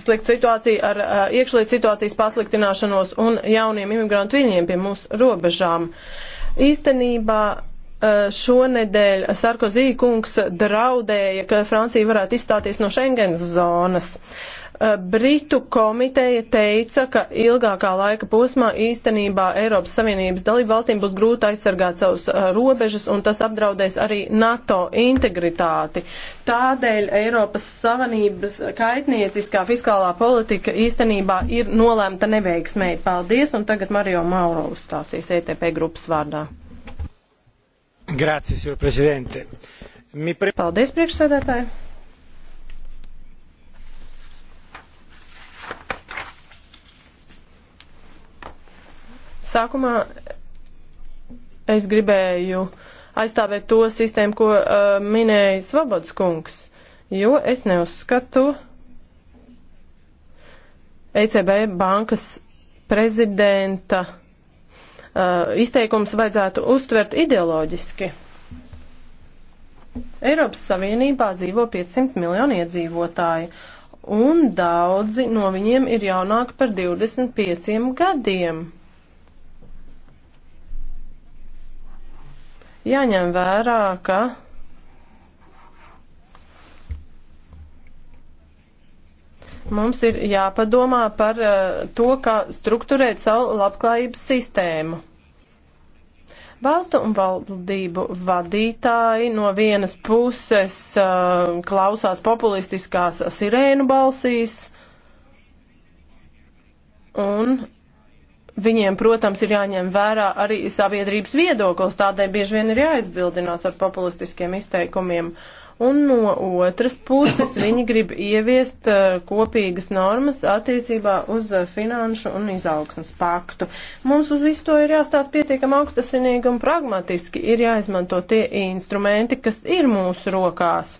sliktu situāciju, ar e, iekšlietu situācijas pasliktināšanos un jauniem imigrantu viļņiem pie mūsu robežām. Īstenībā Eh, šonedēļ Sarkozī kungs draudēja, ka Francija varētu izstāties no Schengens zonas. Eh, Britu komiteja teica, ka ilgākā laika posmā īstenībā Eiropas Savienības dalību valstīm būs grūti aizsargāt savus eh, robežas, un tas apdraudēs arī NATO integritāti. Tādēļ Eiropas Savienības kaitnieciskā fiskālā politika īstenībā ir nolēmta neveiksmēji. Paldies, un tagad Mario Mauro uzstāsies ETP grupas vārdā. Grazie, signor Presidente. Mi pre... Paldies, priekšsēdētāji. Sākumā es gribēju aizstāvēt to sistēmu, ko uh, minēja Svabods kungs, jo es neuzskatu ECB bankas prezidenta Uh, izteikums vajadzētu uztvert ideoloģiski. Eiropas Savienībā dzīvo 500 miljoni iedzīvotāji, un daudzi no viņiem ir jaunāki par 25 gadiem. Jāņem vērā, ka Mums ir jāpadomā par eh, to, kā strukturēt savu labklājības sistēmu. Valstu un valdību vadītāji no vienas puses uh, klausās populistiskās sirēnu balsīs, un viņiem, protams, ir jāņem vērā arī sabiedrības viedoklis, tādēļ bieži vien ir jāizbildinās ar populistiskiem izteikumiem. Uh, un no otras puses viņi grib ieviest uh, kopīgas normas attiecībā uz uh, finanšu un izaugsmas paktu. Mums uz visu to ir jāstāsta pietiekam augstasinīgi un pragmatiski, ir jāizmanto tie instrumenti, kas ir mūsu rokās.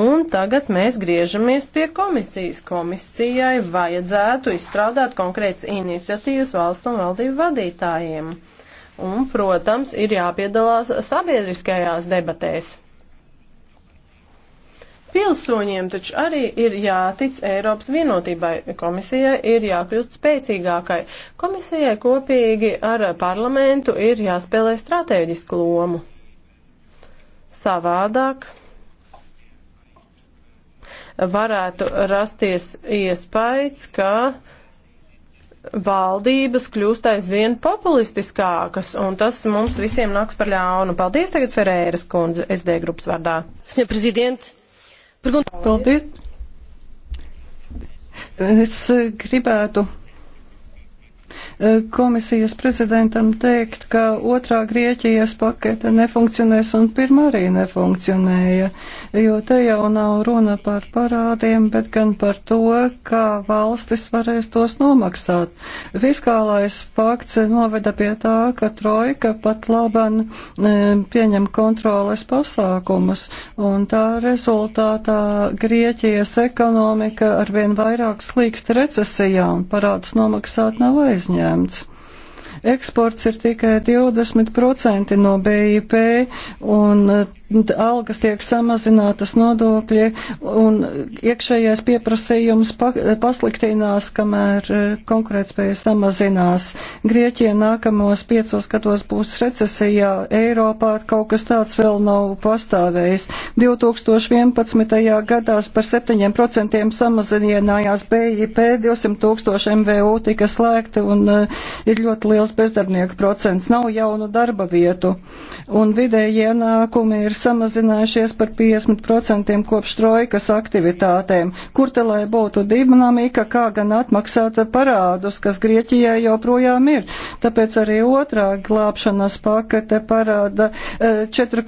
Un tagad mēs griežamies pie komisijas. Komisijai vajadzētu izstrādāt konkrētas iniciatīvas valstu un valdību vadītājiem. Un, protams, ir jāpiedalās sabiedriskajās debatēs. Pilsoņiem taču arī ir jātic Eiropas vienotībai. Komisijai ir jākļūst spēcīgākai. Komisijai kopīgi ar parlamentu ir jāspēlē strateģisku lomu. Savādāk varētu rasties iespējas, ka valdības kļūst aizvien populistiskākas, un tas mums visiem nāks par ļaunu. Paldies tagad Ferēras kundze SD grupas vārdā. Sņa prezidents! Paldies! Es gribētu Eh, komisijas prezidentam teikt, ka otrā Grieķijas pakete nefunkcionēs un pirmā arī nefunkcionēja, jo te jau nav runa par parādiem, bet gan par to, kā valstis varēs tos nomaksāt. Fiskālais pakts noveda pie tā, ka trojka pat laban eh, pieņem kontroles pasākumus, un tā rezultātā Grieķijas ekonomika arvien vairāk slīkst recesijā un parādus nomaksāt nav aiz aizņemts. Eksports ir tikai 20% no BIP, un algas tiek samazinātas nodokļi un iekšējais pieprasījums pasliktinās, kamēr e, konkurētspēja samazinās. Grieķija nākamos piecos gados būs recesijā, Eiropā kaut kas tāds vēl nav pastāvējis. 2011. gadā par 7% samazinājās BIP, 200 tūkstoši MVU tika slēgti un e, ir ļoti liels bezdarbnieku procents. Nav jaunu darba vietu un vidēji ienākumi ir samazinājušies par 50% kopš trojkas aktivitātēm. Kur te lai būtu dinamika, kā gan atmaksāt parādus, kas Grieķijai joprojām ir. Tāpēc arī otrā glābšanas pakete parāda 4,5%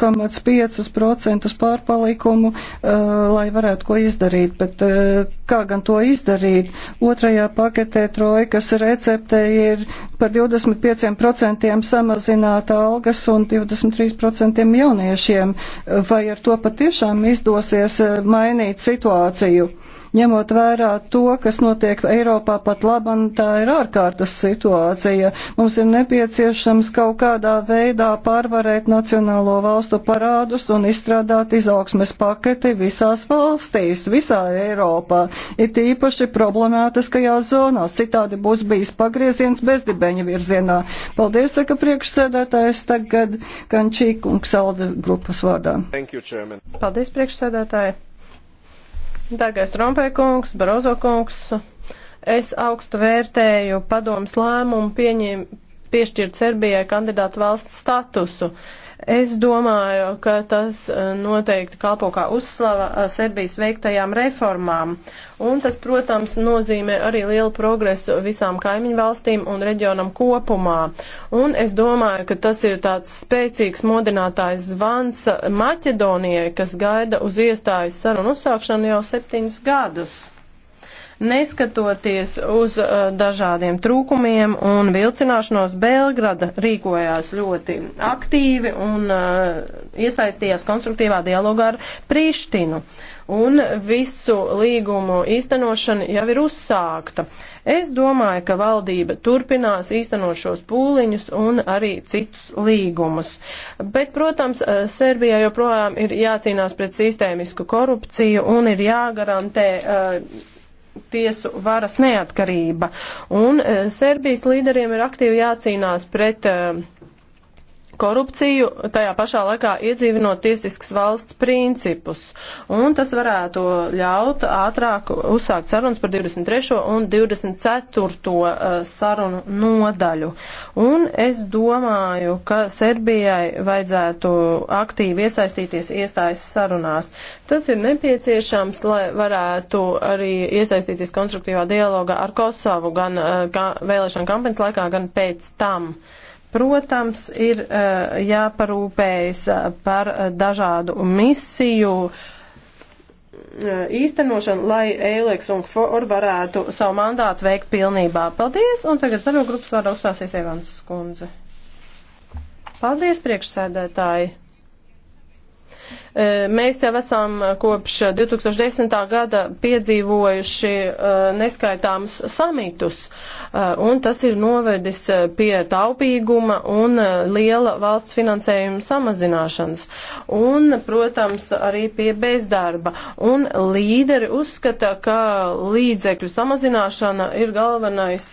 e, pārpalikumu, e, lai varētu ko izdarīt. Bet e, kā gan to izdarīt? Otrajā paketē trojkas recepte ir par 25% samazināt algas un 23% jauniešiem vai ar to patiešām izdosies eh, mainīt situāciju. Ņemot vērā to, kas notiek Eiropā pat labam, tā ir ārkārtas situācija. Mums ir nepieciešams kaut kādā veidā pārvarēt nacionālo valstu parādus un izstrādāt izaugsmes paketi visās valstīs, visā Eiropā. Ir tīpaši problemātiskajās zonās, citādi būs bijis pagrieziens bezdibeņa virzienā. Paldies, saka priekšsēdētājs, tagad Kančīkungs Alde grupas vārdā. Thank you, chairman. Paldies, priekšsēdētāji. Dargais Rompēkungs, Barozo kungs, es augstu vērtēju padomas lēmumu pieņēmumu piešķirt Serbijai kandidātu valsts statusu. Es domāju, ka tas eh, noteikti kalpo kā uzslava eh, Serbijas veiktajām reformām. Un tas, protams, nozīmē arī lielu progresu visām kaimiņu valstīm un reģionam kopumā. Un es domāju, ka tas ir tāds spēcīgs modinātājs zvans Maķedonijai, kas gaida uz iestājas sarunu uzsākšanu jau septiņus gadus. Neskatoties uz uh, dažādiem trūkumiem un vilcināšanos, Belgrada rīkojās ļoti aktīvi un uh, iesaistījās konstruktīvā dialogā ar Prištinu. Un visu līgumu īstenošana jau ir uzsākta. Es domāju, ka valdība turpinās īstenot šos pūliņus un arī citus līgumus. Bet, protams, uh, Serbijā joprojām ir jācīnās pret sistēmisku korupciju un ir jāgarantē uh, tiesu varas neatkarība. Un eh, Serbijas līderiem ir aktīvi jācīnās pret uh, korupciju, tajā pašā laikā iedzīvinot tiesiskas valsts principus. Un tas varētu ļaut ātrāk uzsākt sarunas par 23. un 24. Eh, sarunu nodaļu. Un es domāju, ka Serbijai vajadzētu aktīvi iesaistīties iestājas sarunās. Tas ir nepieciešams, lai varētu arī iesaistīties konstruktīvā dialogā ar Kosovu gan ka, eh, vēlēšana kampaņas laikā, gan pēc tam. Uh, Protams, ir eh, jāparūpējas eh, par eh, dažādu misiju īstenošanu, lai Eileks un For varētu savu mandātu veikt pilnībā. Paldies, un tagad zaļo grupas vārdā uzstāsies Evans Skundze. Paldies, priekšsēdētāji! Mēs jau esam kopš 2010. gada piedzīvojuši neskaitāmus samitus, un tas ir novedis pie taupīguma un liela valsts finansējuma samazināšanas, un, protams, arī pie bezdarba. Un līderi uzskata, ka līdzekļu samazināšana ir galvenais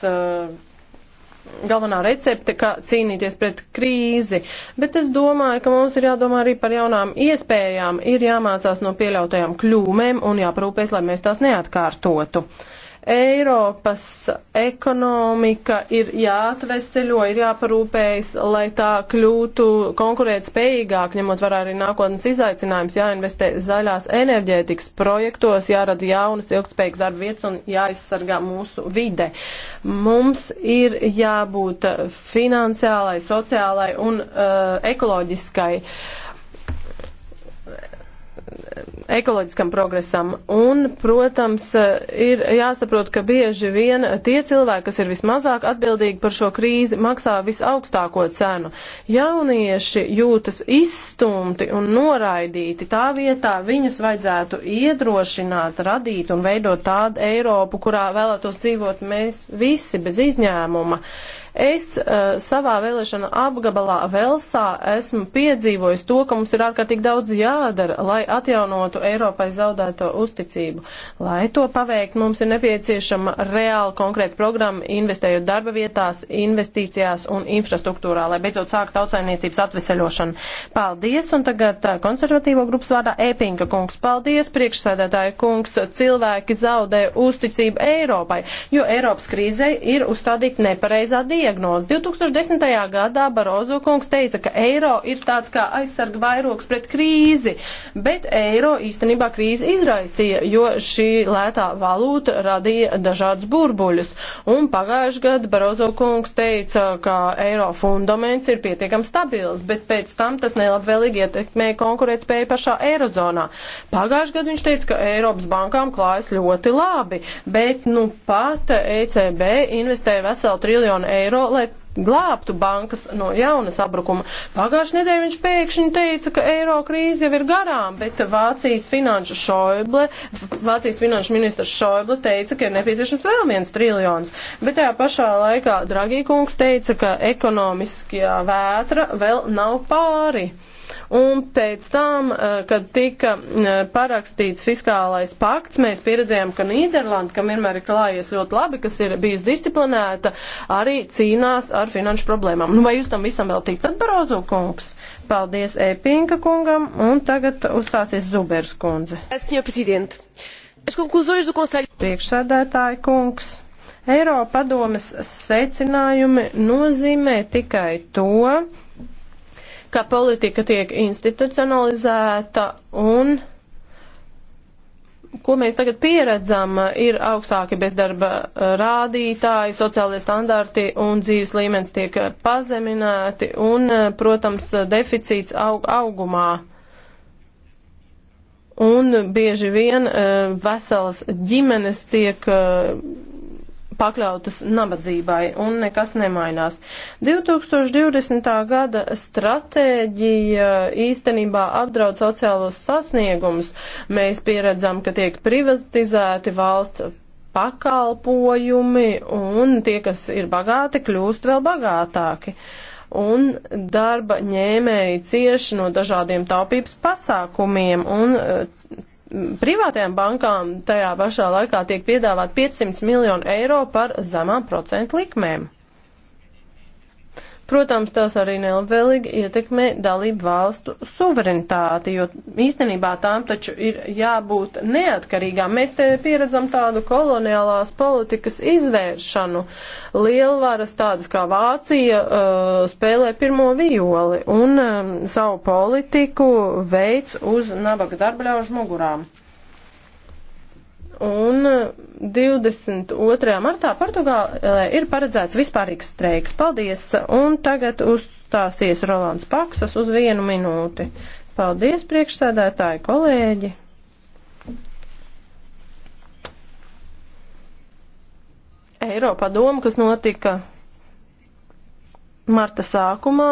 galvenā recepte, kā cīnīties pret krīzi, bet es domāju, ka mums ir jādomā arī par jaunām iespējām, ir jāmācās no pieļautajām kļūmēm un jāparūpēs, lai mēs tās neatkārtotu. Uh, Eiropas ekonomika ir jāatveseļo, ir jāparūpējas, lai tā kļūtu konkurēt spējīgāk, ņemot vērā arī nākotnes izaicinājums, jāinvestē zaļās enerģētikas projektos, jārada jaunas ilgspējīgas darba vietas un jāizsargā mūsu vide. Mums ir jābūt finansiālai, sociālai un uh, ekoloģiskai uh, ekoloģiskam progresam. Un, protams, ir jāsaprot, ka bieži vien tie cilvēki, kas ir vismazāk atbildīgi par šo krīzi, maksā visaugstāko cenu. Jaunieši jūtas izstumti un noraidīti. Tā vietā viņus vajadzētu iedrošināt, radīt un veidot tādu Eiropu, kurā vēlētos dzīvot mēs visi bez izņēmuma. Uh, Es uh, savā vēlēšana apgabalā Velsā esmu piedzīvojis to, ka mums ir ārkārtīgi daudz jādara, lai atjaunotu Eiropai zaudēto uzticību. Lai to paveikt, mums ir nepieciešama reāla konkrēta programma, investējot darba vietās, investīcijās un infrastruktūrā, lai beidzot sākt tautsainiecības atveseļošanu. Paldies, un tagad uh, konservatīvo grupas vārdā Epinka kungs. Paldies, priekšsēdētāja kungs, cilvēki zaudē uzticību Eiropai, jo Eiropas krīzei ir uzstādīta nepareizā diena diagnozi. 2010. gadā Barozo kungs teica, ka eiro ir tāds kā aizsarga vairoks pret krīzi, bet eiro īstenībā krīzi izraisīja, jo šī lētā valūta radīja dažādas burbuļus. Un pagājuši gadu Barozo kungs teica, ka eiro fundaments ir pietiekami stabils, bet pēc tam tas nelabvēlīgi ietekmēja konkurētspēju pašā eirozonā. Pagājuši gadu viņš teica, ka Eiropas bankām klājas ļoti labi, bet nu pat ECB investēja veselu triljonu eiro eiro, lai glābtu bankas no jaunas abrukuma. Pagājušajā nedēļā viņš pēkšņi teica, ka eiro krīze jau ir garām, bet Vācijas finanšu šoible, Vācijas finanšu ministrs šoible teica, ka ir nepieciešams vēl viens triljons. Bet tajā pašā laikā Dragīkungs teica, ka ekonomiskajā vētra vēl nav pāri. Un pēc tam, eh, kad tika eh, parakstīts fiskālais pakts, mēs pieredzējām, ka Nīderlanda, kam vienmēr ir klājies ļoti labi, kas ir bijusi disciplinēta, arī cīnās ar finanšu problēmām. Nu, vai jūs tam visam vēl ticat, Barozo kungs? Paldies Epinka kungam, un tagad uzstāsies Zubers kundze. Priekšsēdētāji kungs. Eiropadomes secinājumi nozīmē tikai to, ka politika tiek institucionalizēta un ko mēs tagad pieredzam, ir augstāki bezdarba rādītāji, sociālie standarti un dzīves līmenis tiek pazemināti un, protams, deficīts aug augumā. Un bieži vien eh, veselas ģimenes tiek eh, pakļautas nabadzībai un nekas nemainās. 2020. gada stratēģija īstenībā apdraud sociālos sasniegumus. Mēs pieredzam, ka tiek privatizēti valsts pakalpojumi un tie, kas ir bagāti, kļūst vēl bagātāki. Un darba ņēmēji cieši no dažādiem taupības pasākumiem un privātajām bankām tajā pašā laikā tiek piedāvāt 500 miljonu eiro par zemām procentu likmēm. Protams, tas arī nelabvēlīgi ietekmē dalību valstu suverenitāti, jo īstenībā tām taču ir jābūt neatkarīgām. Mēs te pieredzam tādu koloniālās politikas izvēršanu. Lielvaras tādas kā Vācija uh, spēlē pirmo violi un um, savu politiku veids uz nabaga darbļaužu mugurām. Un 22. Uh, martā Portugālē ir paredzēts vispārīgs streiks. Paldies! Un tagad uzstāsies Rolands Paksas uz vienu minūti. Paldies, priekšsēdētāji, kolēģi! Eiropā doma, kas notika marta sākumā,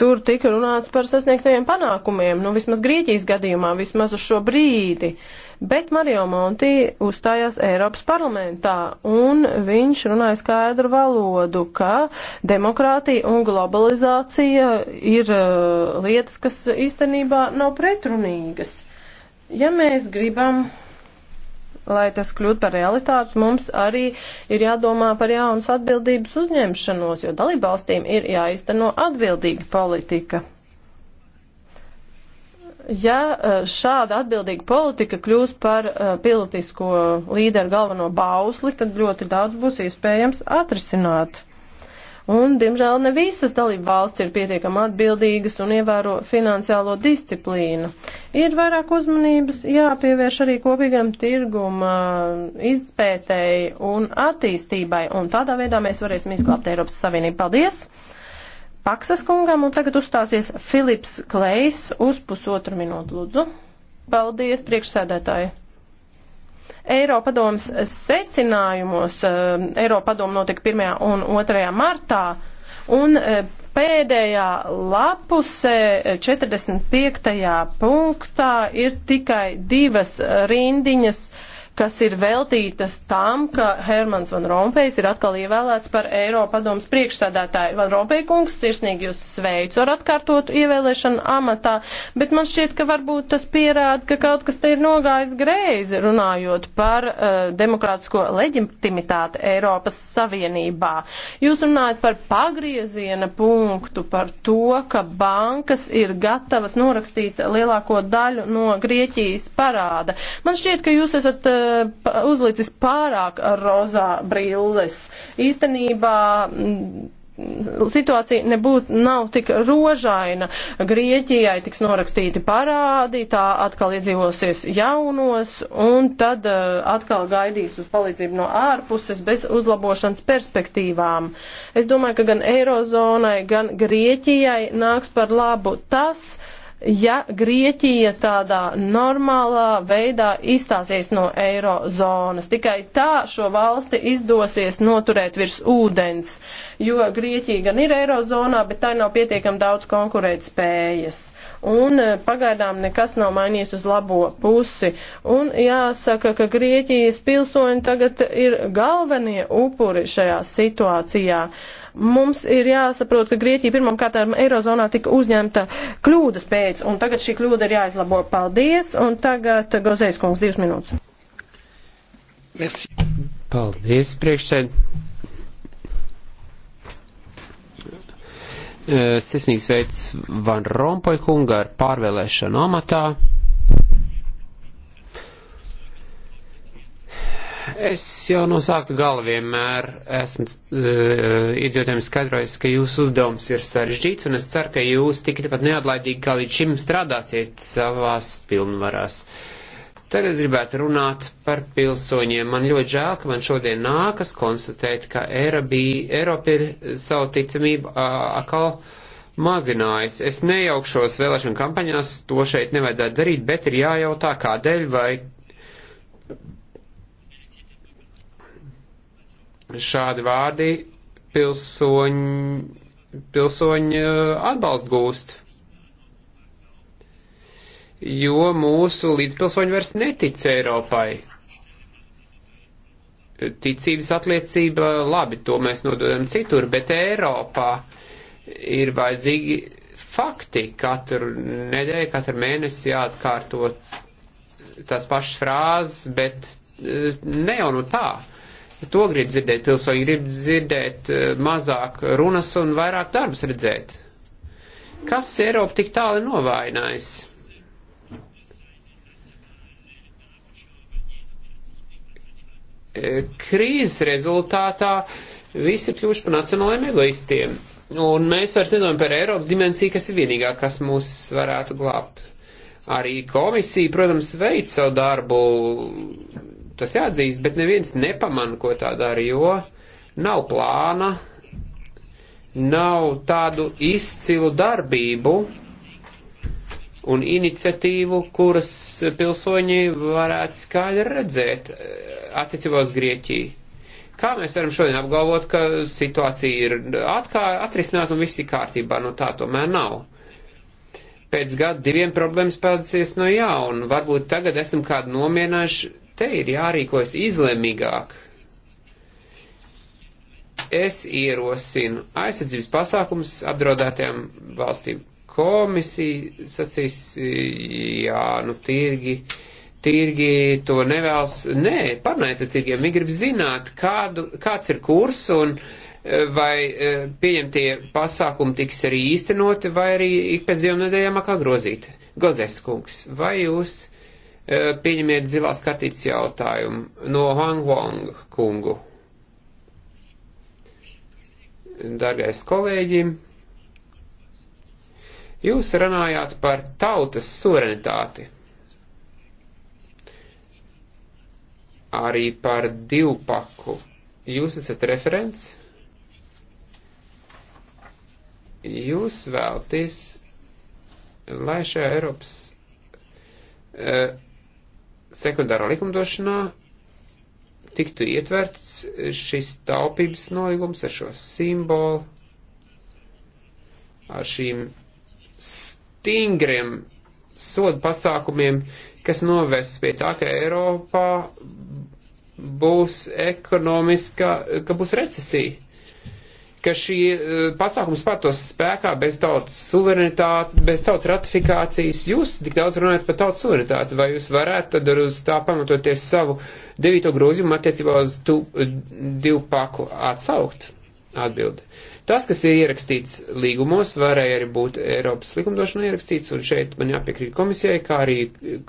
tur tika runāts par sasniegtajiem panākumiem, nu vismaz Grieķijas gadījumā, vismaz uz šo brīdi. Bet Mario Monti uzstājās Eiropas parlamentā un viņš runāja skaidru valodu, ka demokrātija un globalizācija ir uh, lietas, kas īstenībā nav pretrunīgas. Ja mēs gribam lai tas kļūtu par realitāti, mums arī ir jādomā par jaunas atbildības uzņemšanos, jo dalībvalstīm ir jāizteno atbildīga politika. Ja e, šāda atbildīga politika kļūs par e, pilotisko līderu galveno bausli, tad ļoti daudz būs iespējams atrisināt. Un, diemžēl, ne visas dalība valsts ir pietiekami atbildīgas un ievēro finansiālo disciplīnu. Ir vairāk uzmanības jāpievērš arī kopīgam tirguma izpētēji un attīstībai, un tādā veidā mēs varēsim izglābt Eiropas Savienību. Paldies! Paksas kungam, un tagad uzstāsies Filips Klejs uz pusotru minūtu, lūdzu. Paldies, priekšsēdētāji! Eiropadomas secinājumos, eh, Eiropadoma notika 1. un 2. martā, un eh, pēdējā lapusē, 45. Eh, punktā, ir tikai divas rindiņas uh, kas ir veltītas tam, ka Hermans Van Rompējs ir atkal ievēlēts par Eiropadomas priekšsādātāju. Van Rompējkungs sirsnīgi jūs sveicu ar atkārtotu ievēlēšanu amatā, bet man šķiet, ka varbūt tas pierāda, ka kaut kas te ir nogājis greizi, runājot par uh, demokrātisko leģitimitāti Eiropas Savienībā. Jūs runājat par pagrieziena punktu, par to, ka bankas ir gatavas norakstīt lielāko daļu no Grieķijas parāda. Man šķiet, ka jūs esat uh, uzlicis pārāk rozā brilles. Īstenībā mm, situācija nebūtu nav tik rožaina. Grieķijai tiks norakstīti parādi, tā atkal iedzīvosies jaunos, un tad uh, atkal gaidīs uz palīdzību no ārpuses bez uzlabošanas perspektīvām. Es domāju, ka gan Eirozonai, gan Grieķijai nāks par labu tas, uh, ja Grieķija tādā normālā veidā izstāsies no eirozonas. Tikai tā šo valsti izdosies noturēt virs ūdens, jo Grieķija gan ir eirozonā, bet tai nav pietiekam daudz konkurēt spējas. Un eh, pagaidām nekas nav mainījies uz labo pusi. Un jāsaka, ka Grieķijas pilsoņi tagad ir galvenie upuri šajā situācijā. Uh, Mums ir jāsaprot, ka Grieķija pirmkārt Eirozonā tika uzņemta kļūdas pēc, un tagad šī kļūda ir jāizlabo. Paldies, un tagad eh, Gozējs kungs divas minūtes. Merci. Paldies, priekšsēd. Eh, Sesnīgs veids Van Rompoj kunga ar pārvēlēšanu amatā. Es jau no sākta gala vienmēr esmu uh, iedzīvotājiem skaidrojis, ka jūsu uzdevums ir sarežģīts, un es ceru, ka jūs tik tepat neatlaidīgi kā līdz šim strādāsiet savās pilnvarās. Tagad gribētu runāt par pilsoņiem. Man ļoti žēl, ka man šodien nākas konstatēt, ka Eiropa ir savu ticamību uh, atkal mazinājis. Es nejaukšos vēlēšana kampaņās, to šeit nevajadzētu darīt, bet ir jājautā, kādēļ vai šādi vārdi pilsoņi, pilsoņi eh, atbalstu gūst. Jo mūsu līdzpilsoņi vairs netic Eiropai. Ticības atliecība labi, to mēs nododam citur, bet Eiropā ir vajadzīgi fakti. Katru nedēļu, katru mēnesi jāatkārto tās pašas frāzes, bet eh, ne jau nu tā. Uh, To grib dzirdēt pilsoņi, grib dzirdēt eh, mazāk runas un vairāk darbs redzēt. Kas Eiropu tik tālu novājinājis? Eh, krīzes rezultātā visi ir kļuvuši par nacionālajiem egoistiem. Un mēs vairs nedomājam par Eiropas dimensiju, kas ir vienīgā, kas mūs varētu glābt. Arī komisija, protams, veic savu darbu, tas jāatzīst, bet neviens nepamana, ko tā dara, jo nav plāna, nav tādu izcilu darbību un iniciatīvu, kuras pilsoņi varētu skaļi redzēt eh, attiecībā uz Grieķiju. Kā mēs varam šodien apgalvot, ka situācija ir atrisināta un viss ir kārtībā? Nu tā tomēr nav pēc gada diviem problēmas pēdasies no jauna. Varbūt tagad esam kādu nomierinājuši, Te ir jārīkojas izlemīgāk. Es ierosinu aizsardzības pasākums apdraudētajām valstīm. Komisija sacīs, jā, nu tirgi, tirgi to nevēlas. Nē, parunājiet ar tirgiem. Viņi grib zināt, kādu, kāds ir kurs un eh, vai eh, pieņemtie pasākumi tiks arī īstenoti, vai arī ik pēc divām nedēļām atkal grozīti. Gozēs kungs, vai jūs Eh, pieņemiet zilās kartītes jautājumu no Hang Wong kungu. Dargais kolēģi, jūs runājāt par tautas suverenitāti, arī par divpaku. Jūs esat referents? jūs vēlties, lai šajā Eiropas uh, sekundārā likumdošanā tiktu ietverts šis taupības nolīgums ar šo simbolu, ar šīm stingriem sodu pasākumiem, kas novest pie tā, ka Eiropā būs ekonomiska, ka būs recesija ka šī eh, pasākums pārtos spēkā bez tautas suverenitātes, bez tautas ratifikācijas. Jūs tik daudz runājat par tautas suverenitāti, vai jūs varētu tad uz tā pamatoties savu devīto grozījumu attiecībā uz tu, eh, divu paku atsaukt? Atbildi. Tas, kas ir ierakstīts līgumos, varēja arī būt Eiropas likumdošanā ierakstīts, un šeit man jāpiekrīt komisijai, kā arī eh,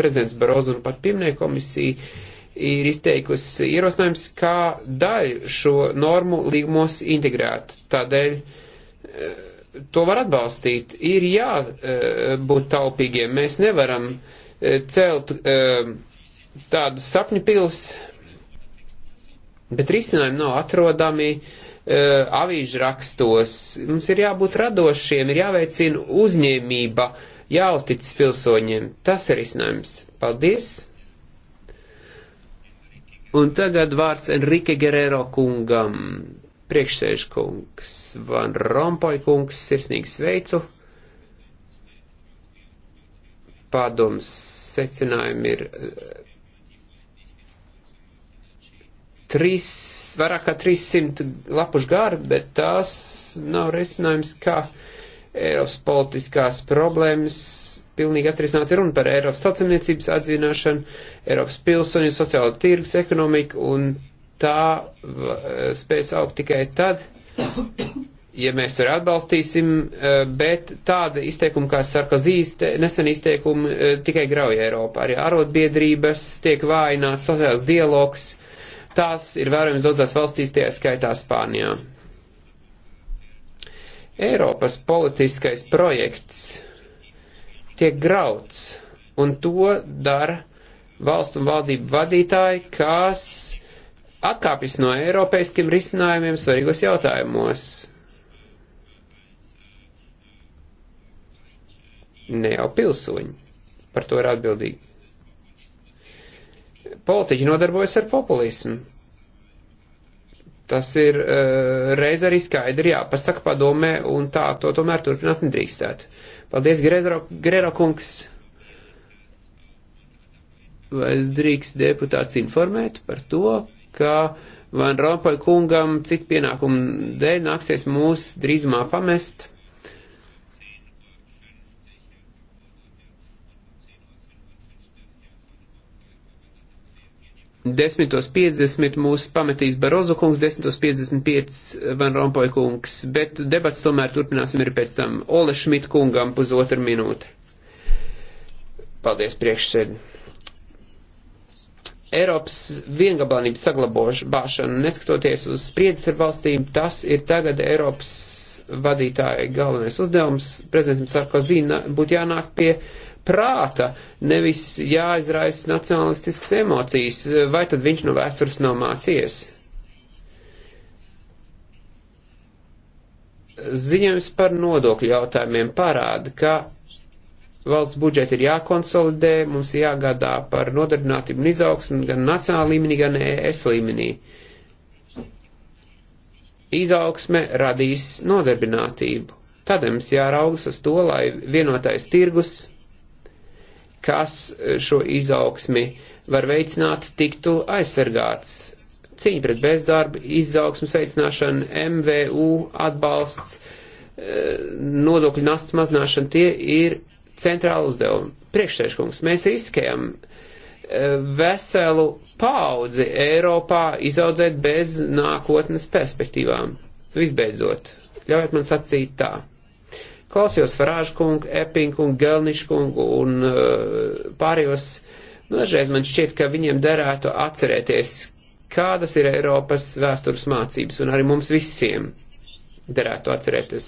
prezidents Barozu un pat pieminēja komisiju ir izteikusi ierosinājums, kā daļu šo normu līgumos integrēt. Tādēļ eh, to var atbalstīt. Ir jābūt eh, taupīgiem. Mēs nevaram eh, celt tādu sapņu pils, bet risinājumi nav atrodami avīžu rakstos. Mums ir jābūt radošiem, ir jāveicina uzņēmība, jāuztic pilsoņiem. Tas ir risinājums. Paldies! Un tagad vārds Enrique Guerrero kungam, priekšsēžkungs, Van Rompuy kungs, sirsnīgi sveicu. Pārdoms secinājumi ir eh, trīs, vairāk kā 300 lapušu gari, bet tās nav risinājums, kā Eiropas politiskās problēmas pilnīgi atrisināt runa par Eiropas tautsamiecības atzināšanu, Eiropas pilsoņu, sociālo tirgus ekonomiku, un tā eh, spēs augt tikai tad, ja mēs to atbalstīsim, eh, bet tāda izteikuma kā Sarkozīs nesen izteikumi eh, tikai grauja Eiropu. Arī arotbiedrības tiek vājināts, sociāls dialogs, tās ir vērojams daudzās valstīs, tie skaitā Spānijā. Eiropas politiskais projekts tiek grauts, un to dara valstu un valdību vadītāji, kas atkāpjas no eiropeiskiem risinājumiem svarīgos jautājumos. Ne jau pilsoņi par to ir atbildīgi. Politiķi nodarbojas ar populismu. Tas ir uh, reiz arī skaidri jāpasaka padomē, un tā to tomēr turpināt nedrīkstētu. Paldies, Grezro, Grero kungs. Vai es drīkst deputāts informēt par to, ka Van Rompuy kungam citu pienākumu dēļ nāksies mūs drīzumā pamest? 10.50 mūs pametīs Barozo kungs, 10.55 Van Rompuy kungs, bet debats tomēr turpināsim ir pēc tam Ole Šmit kungam pusotru minūti. Paldies priekšsēdi. Eiropas viengabalnības saglabāšana, neskatoties uz spriedzes ar valstīm, tas ir tagad Eiropas vadītāja galvenais uzdevums. Prezidentam Sarkozī būtu jānāk pie uh, prāta, nevis jāizraisa nacionalistiskas emocijas, vai tad viņš no vēstures nav mācījies. Ziņojums par nodokļu jautājumiem parāda, ka valsts budžeti ir jākonsolidē, mums jāgādā par nodarbinātību un izaugsmu gan nacionālā līmenī, gan ES līmenī. Izaugsme radīs nodarbinātību. Tad mums jāraugas uz to, lai vienotais tirgus kas eh, šo izaugsmi var veicināt, tiktu aizsargāts. Cīņa pret bezdarbu, izaugsmas veicināšana, MVU atbalsts, eh, nodokļu nastas mazināšana, tie ir centrāli uzdevumi. Priekšsēškungs, mēs riskējam eh, veselu paudzi Eiropā izaudzēt bez nākotnes perspektīvām. Visbeidzot, ļaujiet man sacīt tā klausījos Farāžu kungu, Epingu kungu, Gelnišu kungu un uh, pārējos. Dažreiz man šķiet, ka viņiem derētu atcerēties, kādas ir Eiropas vēstures mācības, un arī mums visiem derētu atcerēties.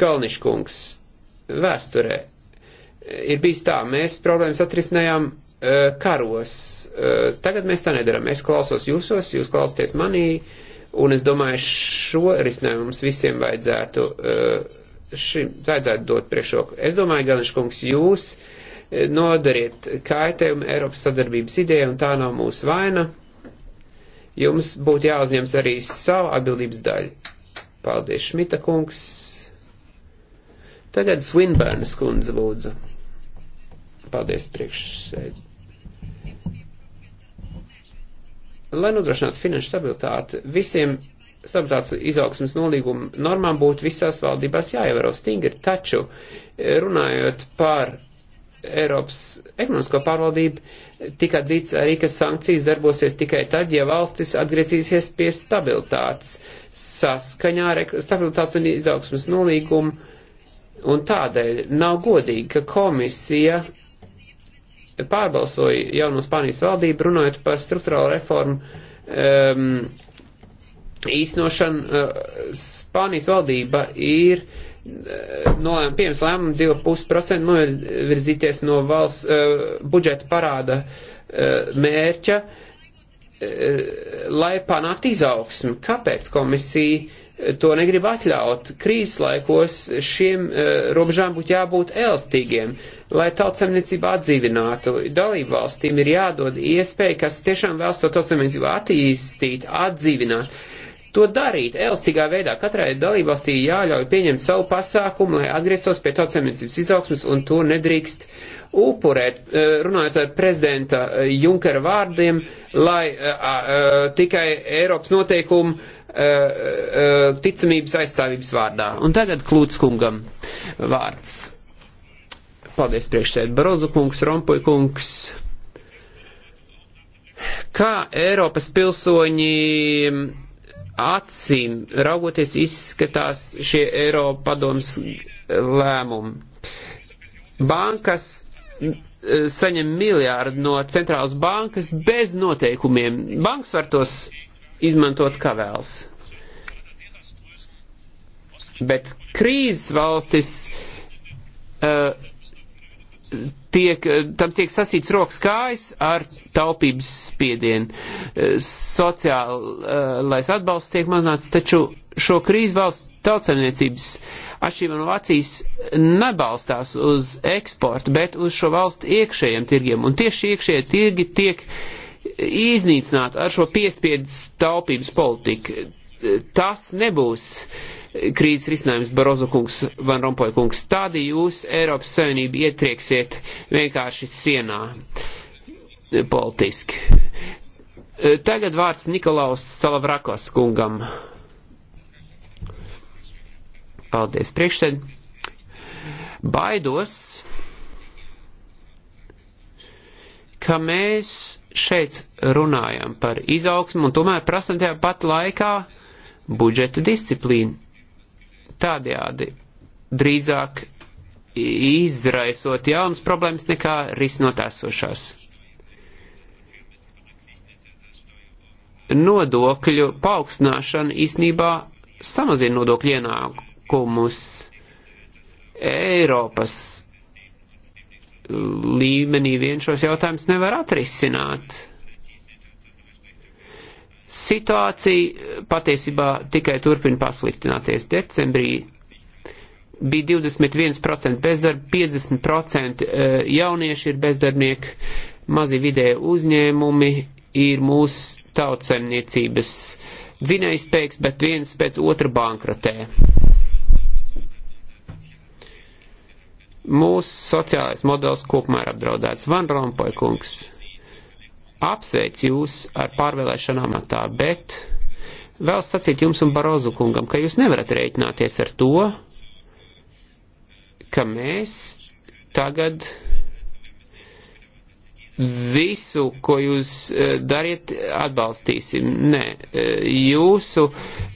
Galnišu kungs vēsturē ir bijis tā, mēs problēmas atrisinājām uh, karos. Uh, tagad mēs tā nedaram. Es klausos jūsos, jūs klausties manī, un es domāju, šo risinājumu mums visiem vajadzētu. Uh, šim vajadzētu dot priekšroku. Es domāju, Ganiškungs, jūs eh, nodariet kaitējumu Eiropas sadarbības idejai, un tā nav mūsu vaina. Jums būtu jāuzņems arī savu atbildības daļu. Paldies, Šmita kungs. Tagad Svinbērnas kundze lūdzu. Paldies, priekšsēdētāji. Lai nodrošinātu finanšu stabilitāti, visiem stabilitātes izaugsmas nolīguma normām būtu visās valdībās jāievēro stingri, taču eh, runājot par Eiropas ekonomisko pārvaldību, tika atzīts arī, ka sankcijas darbosies tikai tad, ja valstis atgriezīsies pie stabilitātes saskaņā ar stabilitātes un izaugsmas nolīgumu, un tādēļ nav godīgi, ka komisija pārbalsoja jauno Spānijas valdību runājot par struktūrālu reformu um, īstenošanu eh, Spānijas valdība ir eh, nolēma pieņems lēmumu 2,5% novirzīties no valsts uh, budžeta parāda uh, mērķa, uh, lai panāktu izaugsmu. Kāpēc komisija to negrib atļaut? Krīzes laikos šiem uh, robežām būtu jābūt elastīgiem, lai tautsemniecību atdzīvinātu. Dalību valstīm ir jādod iespēja, kas tiešām vēlas to tautsemniecību attīstīt, atdzīvināt. Uh, to darīt elastīgā veidā. Katrai dalībvalstī jāļauj pieņemt savu pasākumu, lai atgrieztos pie tautsēmniecības izaugsmas, un to nedrīkst upurēt, eh, runājot ar prezidenta eh, Junkera vārdiem, lai eh, a, a, tikai Eiropas noteikumu ticamības aizstāvības vārdā. Un tagad Klūts kungam vārds. Paldies priekšsēd Barozu kungs, Rompuj kungs. Kā Eiropas pilsoņi acīm raugoties izskatās šie Eiropadoms lēmumi. Bankas e, saņem miljārdu no centrālas bankas bez noteikumiem. Banks var tos izmantot kā vēls. Bet krīzes valstis uh, tiek, tam tiek sasīts rokas kājas ar taupības spiedienu. Sociālais atbalsts tiek mazināts, taču šo krīzi valsts tautsaimniecības atšķirībā no Vācijas nebalstās uz eksportu, bet uz šo valstu iekšējiem tirgiem. Un tieši iekšējie tirgi tiek iznīcināti ar šo piespiedu taupības politiku. Tas nebūs uh, krīzes risinājums, Barozo kungs, Van Rompoja kungs. Tādi jūs Eiropas Savienību ietrieksiet vienkārši sienā politiski. Tagad vārds Nikolaus Salavrakos kungam. Paldies, priekšsēd. Baidos, ka mēs šeit runājam par izaugsmu un tomēr prasam tajā pat laikā budžeta disciplīnu tādējādi drīzāk izraisot jaunas problēmas nekā risinot esošās. Nodokļu paaugstināšana īsnībā samazina nodokļu ienākumus Eiropas līmenī vien šos jautājumus nevar atrisināt. Situācija patiesībā tikai turpina pasliktināties. Decembrī bija 21% bezdarba, 50% e, jaunieši ir bezdarbnieki, mazi vidēji uzņēmumi ir mūsu tautsemniecības dzinējspēks, bet viens pēc otra bankrotē. Mūsu sociālais modelis kopumā ir apdraudēts. Van Rompuy kungs apsveic jūs ar pārvēlēšanu amatā, bet vēl sacīt jums un Barozu kungam, ka jūs nevarat rēķināties ar to, ka mēs tagad visu, ko jūs e, dariet, atbalstīsim. Nē, e, jūsu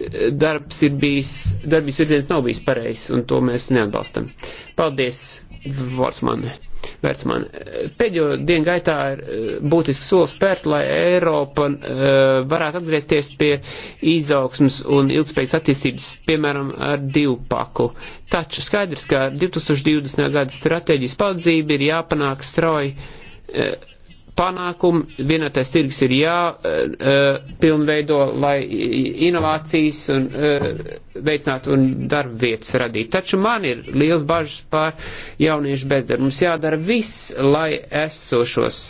e, darbs ir bijis, darbības virziens nav bijis pareizs, un to mēs neatbalstam. Paldies, Vorsmane! Vērtsman. Pēdējo dienu gaitā ir e, būtisks solis spērt, lai Eiropa e, varētu atgriezties pie izaugsmas un ilgspējas attīstības, piemēram, ar divu paku. Taču skaidrs, ka 2020. gada stratēģijas padzība ir jāpanāk strauji e, panākumi vienotais tirgs ir jāpilnveido, uh, lai inovācijas un uh, veicinātu un darba vietas radītu. Taču man ir liels bažas par jauniešu bezdarbu. Mums jādara viss, lai esošos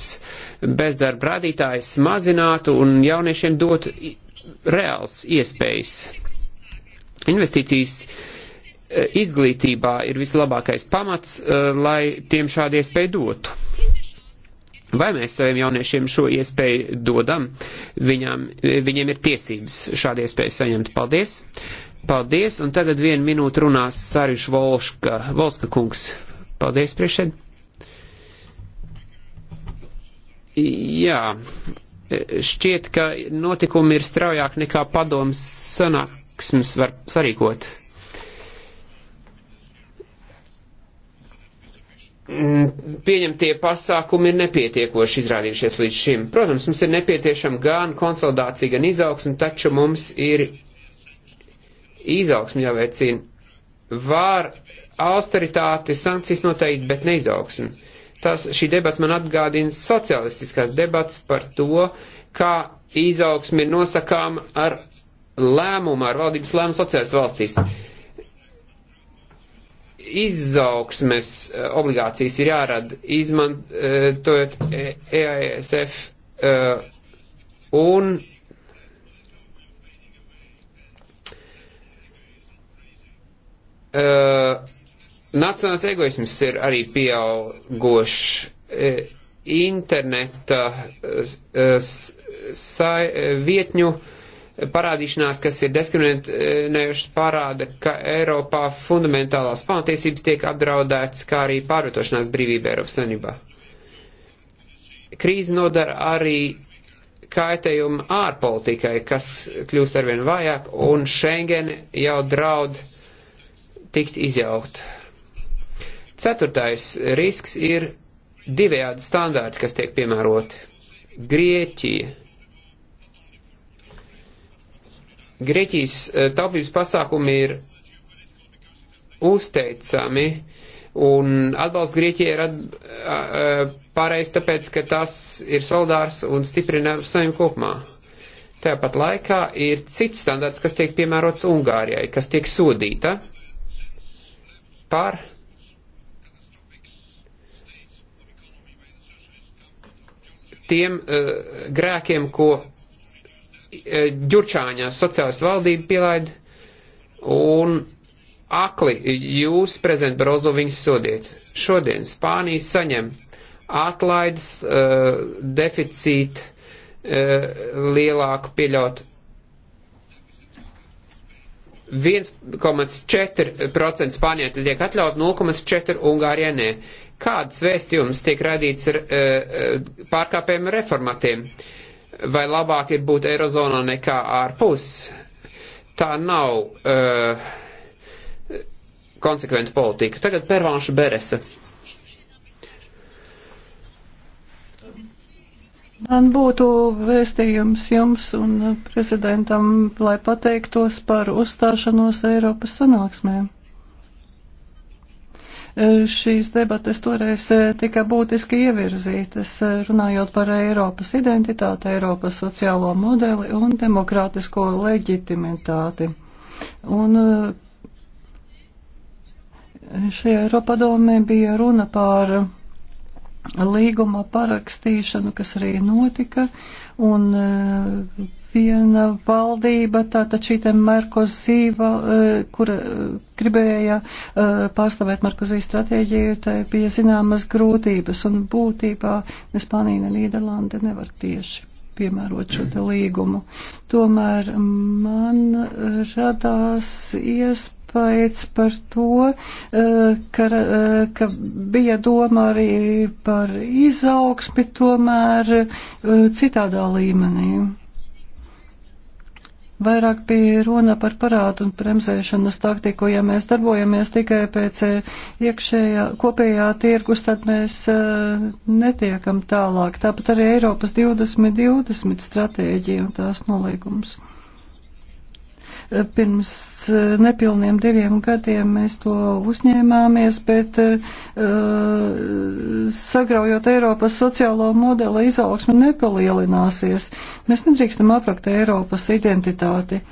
bezdarba radītājs mazinātu un jauniešiem dotu reāls iespējas. Investīcijas izglītībā ir vislabākais pamats, uh, lai tiem šādi iespēju dotu Vai mēs saviem jauniešiem šo iespēju dodam? Viņam, viņiem ir tiesības šādu iespēju saņemt. Paldies! Paldies! Un tagad vienu minūtu runās Sariš Volška, Volska kungs. Paldies, priekšēd! Jā, šķiet, ka notikumi ir straujāk nekā padoms sanāksmes var sarīkot. Mm, pieņemtie pasākumi ir nepietiekoši izrādījušies līdz šim. Protams, mums ir nepieciešama gan konsolidācija, gan izaugsme, taču mums ir izaugsme jāveicina. Var austeritāti, sankcijas noteikti, bet neizaugsme. Tas, šī debata man atgādina socialistiskās debats par to, kā izaugsme ir nosakām ar lēmumu, ar valdības lēmumu sociālās valstīs. Uh, izaugsmes eh, obligācijas ir jārada izmantojot eh, EASF e eh, un nacionāls egoisms ir arī pieaugošs. Interneta vietņu uh, parādīšanās, kas ir diskriminējušas, parāda, ka Eiropā fundamentālās pamatiesības tiek apdraudētas, kā arī pārvietošanās brīvība Eiropas Savienībā. Krīze nodara arī kaitējumu ārpolitikai, kas kļūst arvien vājāk, un Schengen jau draud tikt izjaukt. Ceturtais risks ir divējādi standārti, kas tiek piemēroti. Grieķija Grieķijas eh, taupības pasākumi ir uzteicami, un atbalsts Grieķijai ir at, pareizs tāpēc, ka tas ir solidārs un stiprina saviem kopumā. Tāpat laikā ir cits standarts, kas tiek piemērots Ungārijai, kas tiek sodīta par tiem uh, grēkiem, ko E, Ģurčāņā sociālistu valdību pielaid un akli jūs, prezident Brozo, viņus sodiet. Šodien Spānija saņem atlaides uh, e, deficītu uh, e, lielāku pieļaut 1,4% Spānijā tad tiek atļaut, 0,4% Ungārijā nē. Kādas vēstījumas tiek radīts ar uh, pārkāpējiem reformatiem? Uh, vai labāk ir būt Eirozonā nekā ārpus. Tā nav uh, konsekventa politika. Tagad pervānša Beresa. Man būtu vēstījums jums un prezidentam, lai pateiktos par uzstāšanos Eiropas sanāksmēm. Eh, šīs debates toreiz eh, tika būtiski ievirzītas, eh, runājot par Eiropas identitāti, Eiropas sociālo modeli un demokrātisko leģitimitāti. Un šajā Eiropadomē bija runa par līguma parakstīšanu, kas arī notika, un viena valdība, tātad šī te Merkozīva, e, kura e, gribēja e, pārstāvēt Merkozī stratēģiju, tai bija zināmas grūtības, un būtībā ne Spānija, ne Nīderlanda nevar tieši piemērot šo te līgumu. Tomēr man radās iespējas par to, ka, ka bija doma arī par izaugsmi tomēr citādā līmenī. Vairāk bija runa par parādu un bremzēšanas taktiku. Ja mēs darbojamies tikai pēc eh, iekšējā kopējā tirgus, tad mēs uh, netiekam tālāk. Tāpat arī Eiropas 2020 stratēģija un tās nolīgums. Pirms eh, nepilniem diviem gadiem mēs to uzņēmāmies, bet eh, sagraujot Eiropas sociālo modeli, izaugsme nepalielināsies. Mēs nedrīkstam aprakt Eiropas identitāti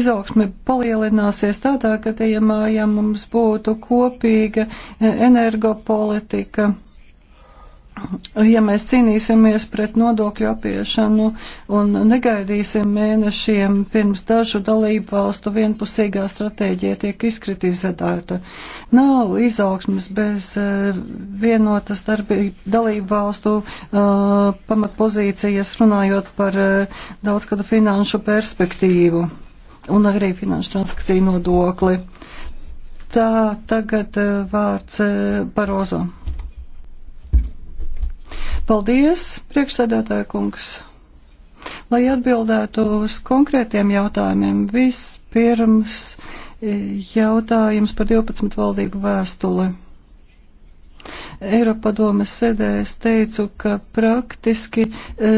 izaugsme palielināsies tādā gadījumā, ja mums būtu kopīga eh, energopolitika Ja mēs cīnīsimies pret nodokļu apiešanu un negaidīsim mēnešiem pirms dažu dalību valstu vienpusīgā stratēģija tiek izkritizēta, nav izaugsmas bez eh, vienotas darbība, dalību valstu uh, pamatpozīcijas runājot par uh, daudzgadu finanšu perspektīvu un arī finanšu transakciju nodokli. Tā tagad uh, vārds Barozo. Paldies, priekšsēdētāja kungs! Lai atbildētu uz konkrētiem jautājumiem, vispirms e, jautājums par 12 valdību vēstuli. Eiropadomes sēdē es teicu, ka praktiski e,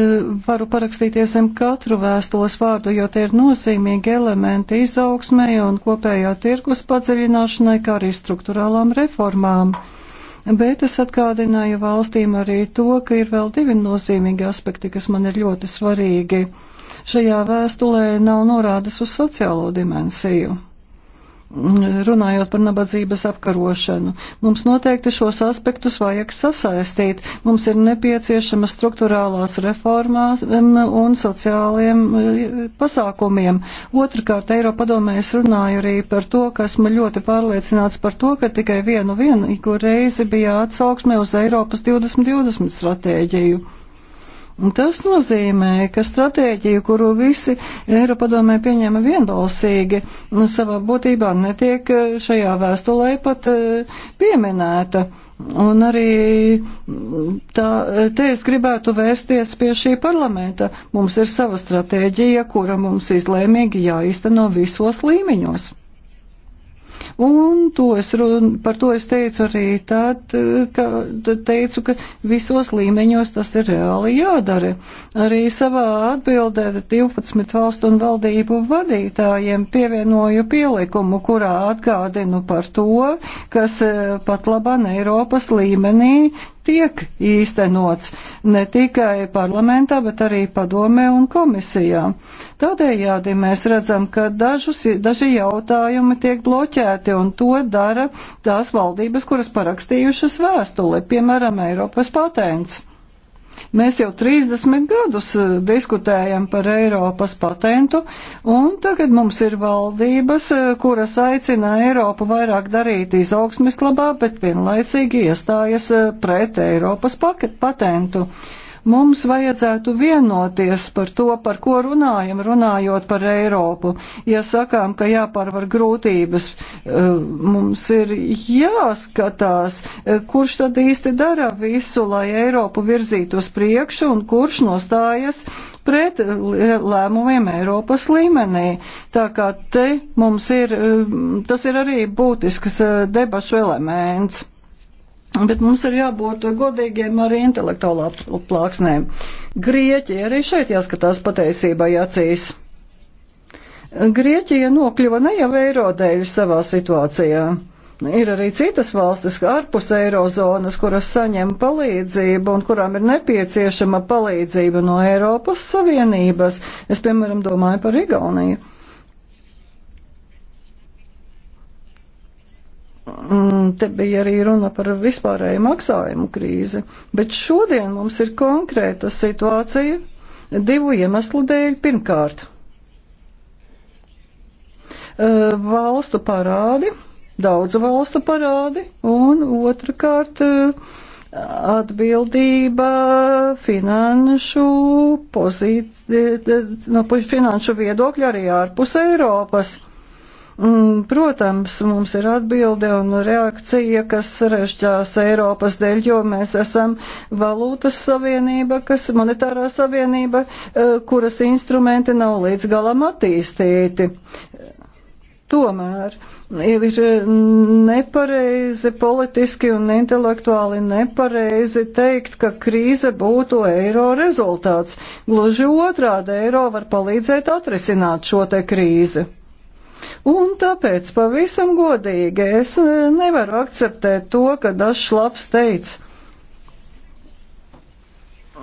varu parakstīties zem katru vēstules vārdu, jo tie ir nozīmīgi elementi izaugsmē un kopējā tirgus padziļināšanai, kā arī struktūrālām reformām. Bet es atgādināju valstīm arī to, ka ir vēl divi nozīmīgi aspekti, kas man ir ļoti svarīgi. Šajā vēstulē nav norādes uz sociālo dimensiju runājot par nabadzības apkarošanu. Mums noteikti šos aspektus vajag sasaistīt. Mums ir nepieciešama struktūrālās reformās un sociāliem eh, pasākumiem. Otrakārt, Eiropadomē es runāju arī par to, ka esmu ļoti pārliecināts par to, ka tikai vienu vienīgu reizi bija atsauksme uz Eiropas 2020 stratēģiju. Tas nozīmē, ka stratēģija, kuru visi Eiropadomē pieņēma vienbalsīgi, nu, savā būtībā netiek e, šajā vēstulē pat e, pieminēta. Un arī tā, e, te es gribētu vērsties pie šī parlamenta. Mums ir sava stratēģija, kura mums izlēmīgi jāizteno visos līmeņos. Un to es run, par to es teicu arī tad, ka teicu, ka visos līmeņos tas ir reāli jādara. Arī savā atbildē 12 valstu un valdību vadītājiem pievienoju pielikumu, kurā atgādinu par to, kas eh, pat laban Eiropas līmenī tiek īstenots ne tikai parlamentā, bet arī padomē un komisijā. Tādējādi mēs redzam, ka dažus, daži jautājumi tiek bloķēti un to dara tās valdības, kuras parakstījušas vēstuli, piemēram, Eiropas patents. Mēs jau 30 gadus e, diskutējam par Eiropas patentu, un tagad mums ir valdības, e, kuras aicina Eiropu vairāk darīt izaugsmes labā, bet vienlaicīgi iestājas e, pret Eiropas patentu. Uh, Mums vajadzētu vienoties par to, par ko runājam, runājot par Eiropu. Ja sakām, ka jāpārvar grūtības, eh, mums ir jāskatās, eh, kurš tad īsti dara visu, lai Eiropu virzītu uz priekšu un kurš nostājas pret lēmumiem Eiropas līmenī. Tā kā te mums ir, eh, tas ir arī būtisks debašu elements. Bet mums ir jābūt godīgiem arī intelektuālā plāksnē. Grieķija arī šeit jāskatās pateicībai acīs. Grieķija nokļuva ne jau eiro dēļ savā situācijā. Ir arī citas valstis ārpus eirozonas, kuras saņem palīdzību un kurām ir nepieciešama palīdzība no Eiropas Savienības. Es, piemēram, domāju par Igauniju. Mm, te bija arī runa par vispārēju maksājumu krīzi, bet šodien mums ir konkrēta situācija divu iemeslu dēļ. Pirmkārt, eh, valstu parādi, daudzu valstu parādi, un otrkārt eh, atbildība finanšu pozīcija, eh, no finanšu viedokļa arī ārpus Eiropas Mm, protams, mums ir atbilde un reakcija, kas sarežģās Eiropas dēļ, jo mēs esam valūtas savienība, kas monetārā savienība, e, kuras instrumenti nav līdz galam attīstīti. Tomēr ir nepareizi politiski un intelektuāli nepareizi teikt, ka krīze būtu eiro rezultāts. Gluži otrādi eiro var palīdzēt atrisināt šo te krīzi. Un tāpēc pavisam godīgi es eh, nevaru akceptēt to, ka dažs labs teica.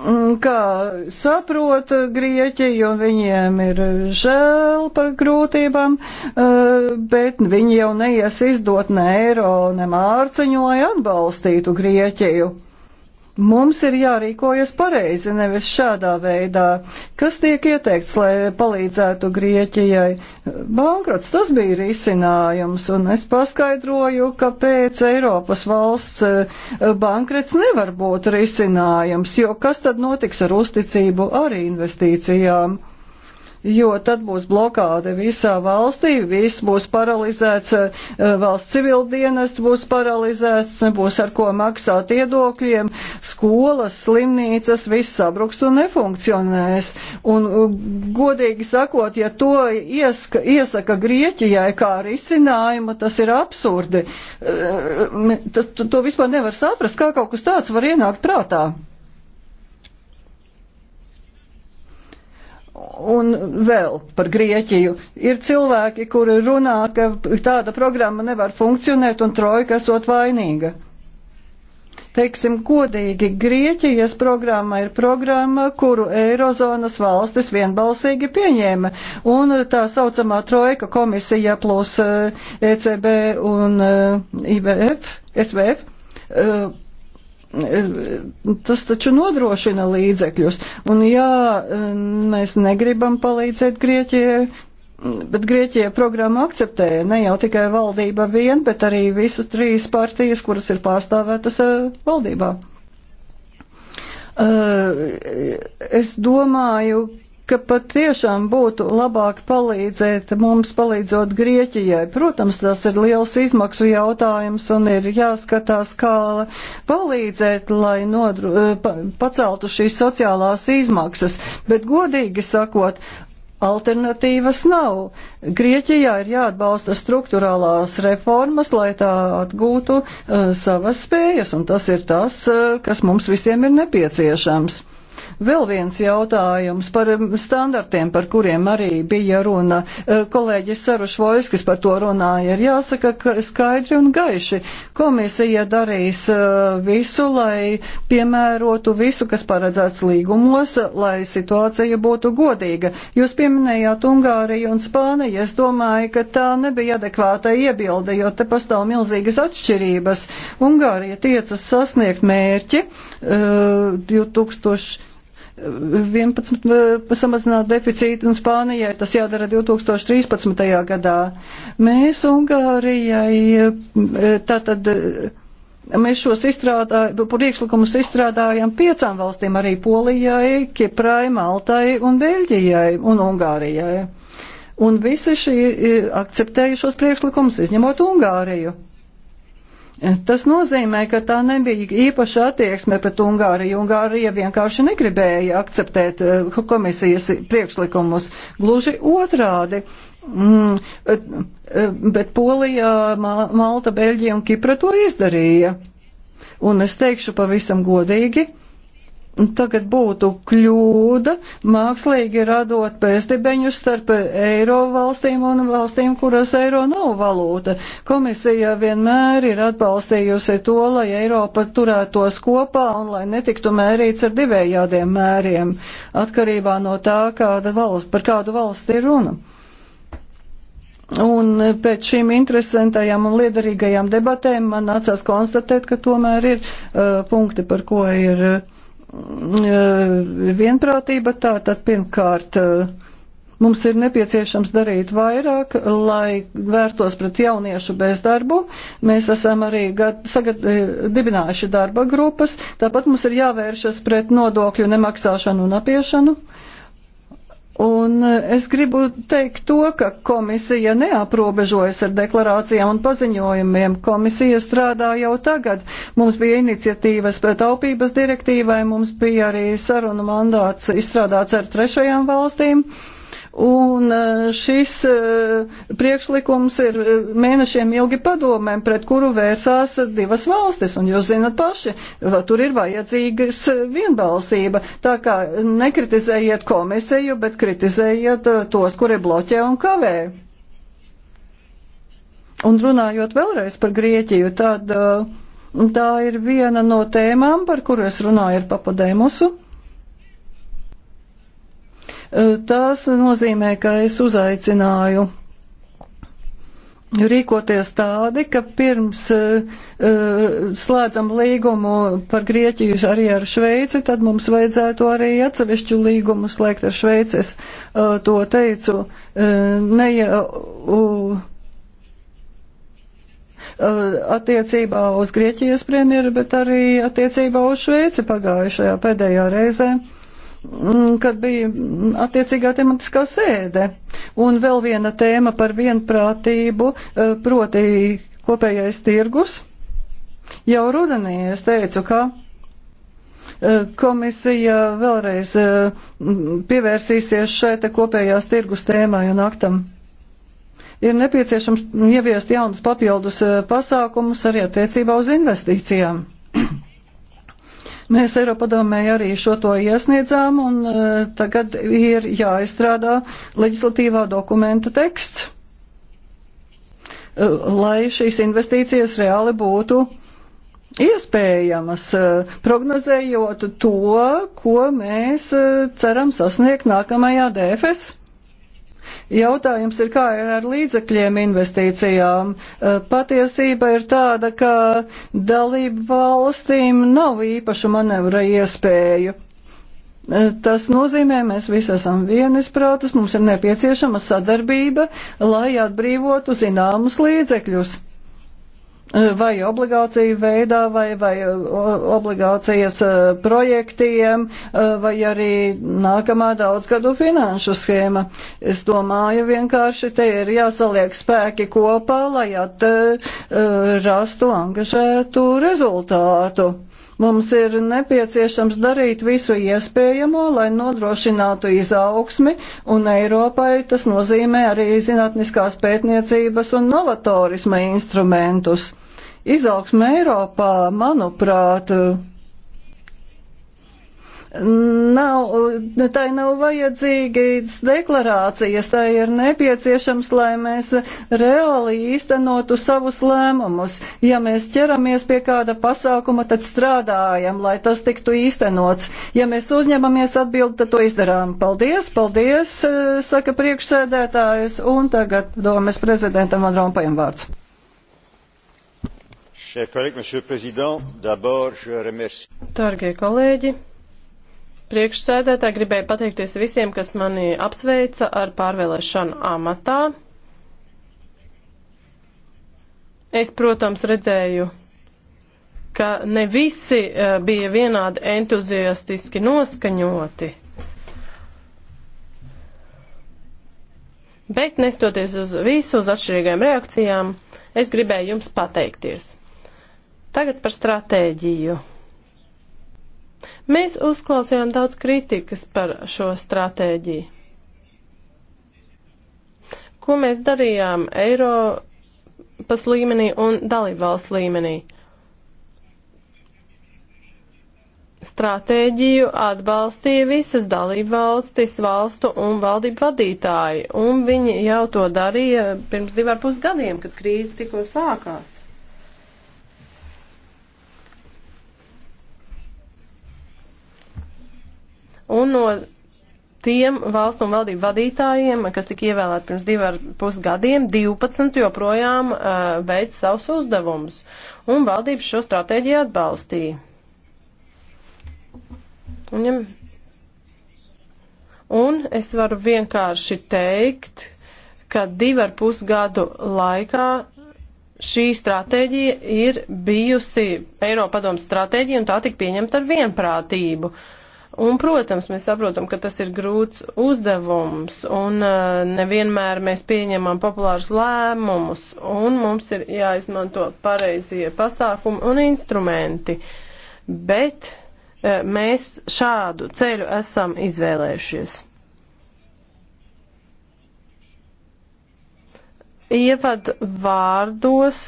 Mm, kā saprot Grieķiju un viņiem ir žēl par grūtībām, eh, bet viņi jau neies izdot ne eiro, ne mārciņu, lai atbalstītu Grieķiju. Mums ir jārīkojas pareizi, nevis šādā veidā. Kas tiek ieteikts, lai palīdzētu Grieķijai? Bankrots tas bija risinājums, un es paskaidroju, ka pēc Eiropas valsts eh, bankrots nevar būt risinājums, jo kas tad notiks ar uzticību arī investīcijām? jo tad būs blokāde visā valstī, viss būs paralizēts, eh, valsts civildienests būs paralizēts, nebūs ar ko maksāt iedokļiem, skolas, slimnīcas, viss sabruks un nefunkcionēs. Un, eh, godīgi sakot, ja to ieska, iesaka Grieķijai kā risinājumu, tas ir absurdi. Eh, tas, to vispār nevar saprast, kā kaut kas tāds var ienākt prātā. Un vēl par Grieķiju. Ir cilvēki, kuri runā, ka tāda programma nevar funkcionēt un trojka esot vainīga. Teiksim godīgi, Grieķijas programma ir programma, kuru Eirozonas valstis vienbalsīgi pieņēma, un tā saucamā trojka komisija plus ECB eh, e un eh, IBF, SVF eh, tas taču nodrošina līdzekļus. Un jā, mēs negribam palīdzēt Grieķijai, Bet Grieķija programmu akceptēja ne jau tikai valdība vien, bet arī visas trīs partijas, kuras ir pārstāvētas eh, valdībā. Eh, es domāju, ka patiešām būtu labāk palīdzēt mums palīdzot Grieķijai. Protams, tas ir liels izmaksu jautājums un ir jāskatās, kā palīdzēt, lai nodru, eh, paceltu šīs sociālās izmaksas. Bet godīgi sakot, Alternatīvas nav. Grieķijā ir jāatbalsta struktūrālās reformas, lai tā atgūtu uh, savas spējas, un tas ir tas, uh, kas mums visiem ir nepieciešams. Vēl viens jautājums par um, standartiem, par kuriem arī bija runa. Uh, Kolēģis Saruš Vojskis par to runāja. Ir jāsaka skaidri un gaiši. Komisija darīs uh, visu, lai piemērotu visu, kas paredzēts līgumos, lai situācija būtu godīga. Jūs pieminējāt Ungāriju un Spāniju. Es domāju, ka tā nebija adekvāta iebilde, jo te pastāv milzīgas atšķirības. Ungārija tiecas sasniegt mērķi uh, 2000. 11 eh, samazināt deficītu un Spānijai tas jādara 2013. gadā. Mēs Ungārijai eh, tātad. Eh, mēs šos priekšlikumus izstrādājam piecām valstīm - arī Polijai, Kiprai, Maltai un Beļģijai un Ungārijai. Un visi šī akceptēja šos priekšlikumus, izņemot Ungāriju. Tas nozīmē, ka tā nebija īpaša attieksme pret Ungāriju. Ungārija vienkārši negribēja akceptēt eh, komisijas priekšlikumus. Gluži otrādi. Mm, eh, bet Polijā, Malta, Beļģija un Kipra to izdarīja. Un es teikšu pavisam godīgi, tagad būtu kļūda mākslīgi radot pēstibeņus starp eiro valstīm un valstīm, kuras eiro nav valūta. Komisija vienmēr ir atbalstījusi to, lai Eiropa turētos kopā un lai netiktu mērīts ar divējādiem mēriem, atkarībā no tā, kāda valsts, par kādu valsti ir runa. Un pēc šīm interesantajām un liederīgajām debatēm man nācās konstatēt, ka tomēr ir uh, punkti, par ko ir. Uh, Eh, vienprātība tātad pirmkārt. Eh, mums ir nepieciešams darīt vairāk, lai vērstos pret jauniešu bezdarbu. Mēs esam arī gad, sagad, eh, dibinājuši darba grupas, tāpat mums ir jāvēršas pret nodokļu nemaksāšanu un apiešanu. Uh, Un eh, es gribu teikt to, ka komisija neaprobežojas ar deklarācijām un paziņojumiem. Komisija strādā jau tagad. Mums bija iniciatīvas pret taupības direktīvai, mums bija arī saruna mandāts izstrādāts ar trešajām valstīm. Uh, Un eh, šis eh, priekšlikums ir eh, mēnešiem ilgi padomēm, pret kuru vērsās divas valstis. Un jūs zinat paši, tur ir vajadzīgas vienbalsība. Tā kā nekritizējiet komisiju, bet kritizējiet tos, kuri bloķē un kavē. Un runājot vēlreiz par Grieķiju, tad tā ir viena no tēmām, par kuru es runāju ar papadēmusu. E, tas nozīmē, ka es uzaicināju rīkoties tādi, ka pirms uh, slēdzam līgumu par Grieķiju arī ar Šveici, tad mums vajadzētu arī atsevišķu līgumu slēgt ar Šveici. Es uh, to teicu. Uh, ne, uh, attiecībā uz Grieķijas premjeru, bet arī attiecībā uz Šveici pagājušajā pēdējā reizē. Uh, Mm, kad bija attiecīgā tematiskā sēde. Un vēl viena tēma par vienprātību, eh, proti kopējais tirgus. Jau rudenī es teicu, ka eh, komisija vēlreiz eh, pievērsīsies šai te kopējās tirgus tēmai un aktam. Ir nepieciešams ieviest jaunus papildus pasākumus arī attiecībā uz investīcijām. Mēs Eiropadomē arī šo to iesniedzām, un e, tagad ir jāizstrādā leģislatīvā dokumenta teksts, e, lai šīs investīcijas reāli būtu iespējamas, e, prognozējot to, ko mēs ceram sasniegt nākamajā DFS. Jautājums ir, kā ir ar līdzekļiem investīcijām. Eh, patiesība ir tāda, ka dalību valstīm nav īpašu manevra iespēju. Eh, tas nozīmē, mēs visi esam vienisprātas, mums ir nepieciešama sadarbība, lai atbrīvotu zināmus līdzekļus. Eh, vai obligāciju veidā, vai, vai eh, obligācijas eh, projektiem, vai arī nākamā daudzgadu finanšu schēma. Es domāju, vienkārši te ir jāsaliek spēki kopā, lai at, rastu angažētu rezultātu. Mums ir nepieciešams darīt visu iespējamo, lai nodrošinātu izaugsmi, un Eiropai tas nozīmē arī zinātniskās pētniecības un novatorisma instrumentus. Izaugsme Eiropā, manuprāt, Nav, tai nav vajadzīgas deklarācijas, tai ir nepieciešams, lai mēs reāli īstenotu savus lēmumus. Ja mēs ķeramies pie kāda pasākuma, tad strādājam, lai tas tiktu īstenots. Ja mēs uzņemamies atbildi, tad to izdarām. Paldies, paldies, saka priekšsēdētājs, un tagad domas prezidentam Van Rompajam vārds. Chers collègues, Monsieur le Président, d'abord je remercie. Dargie kolēģi, Priekšsēdētāji gribēju pateikties visiem, kas mani apsveica ar pārvēlēšanu amatā. Es, protams, redzēju, ka ne visi eh, bija vienādi entuziastiski noskaņoti. Bet, nestoties uz visu, uz atšķirīgajām reakcijām, es gribēju jums pateikties. Tagad par stratēģiju. Mēs uzklausījām daudz kritikas par šo stratēģiju. Ko mēs darījām Eiropas līmenī un dalībvalsts līmenī? Stratēģiju atbalstīja visas dalībvalstis, valstu un valdību vadītāji, un viņi jau to darīja pirms divar pusgadiem, kad krīze tikko sākās. un no tiem valstu un valdību vadītājiem, kas tika ievēlēti pirms divi ar pus gadiem, 12 joprojām uh, veids savus uzdevumus, un valdības šo stratēģiju atbalstīja. Un, ja, un es varu vienkārši teikt, ka divi ar pus gadu laikā šī stratēģija ir bijusi Eiropadomas stratēģija, un tā tika pieņemta ar vienprātību. Uh, Un, protams, mēs saprotam, ka tas ir grūts uzdevums, un uh, nevienmēr mēs pieņemam populārus lēmumus, un mums ir jāizmanto pareizie pasākumi un instrumenti. Bet uh, mēs šādu ceļu esam izvēlējušies. Ievad vārdos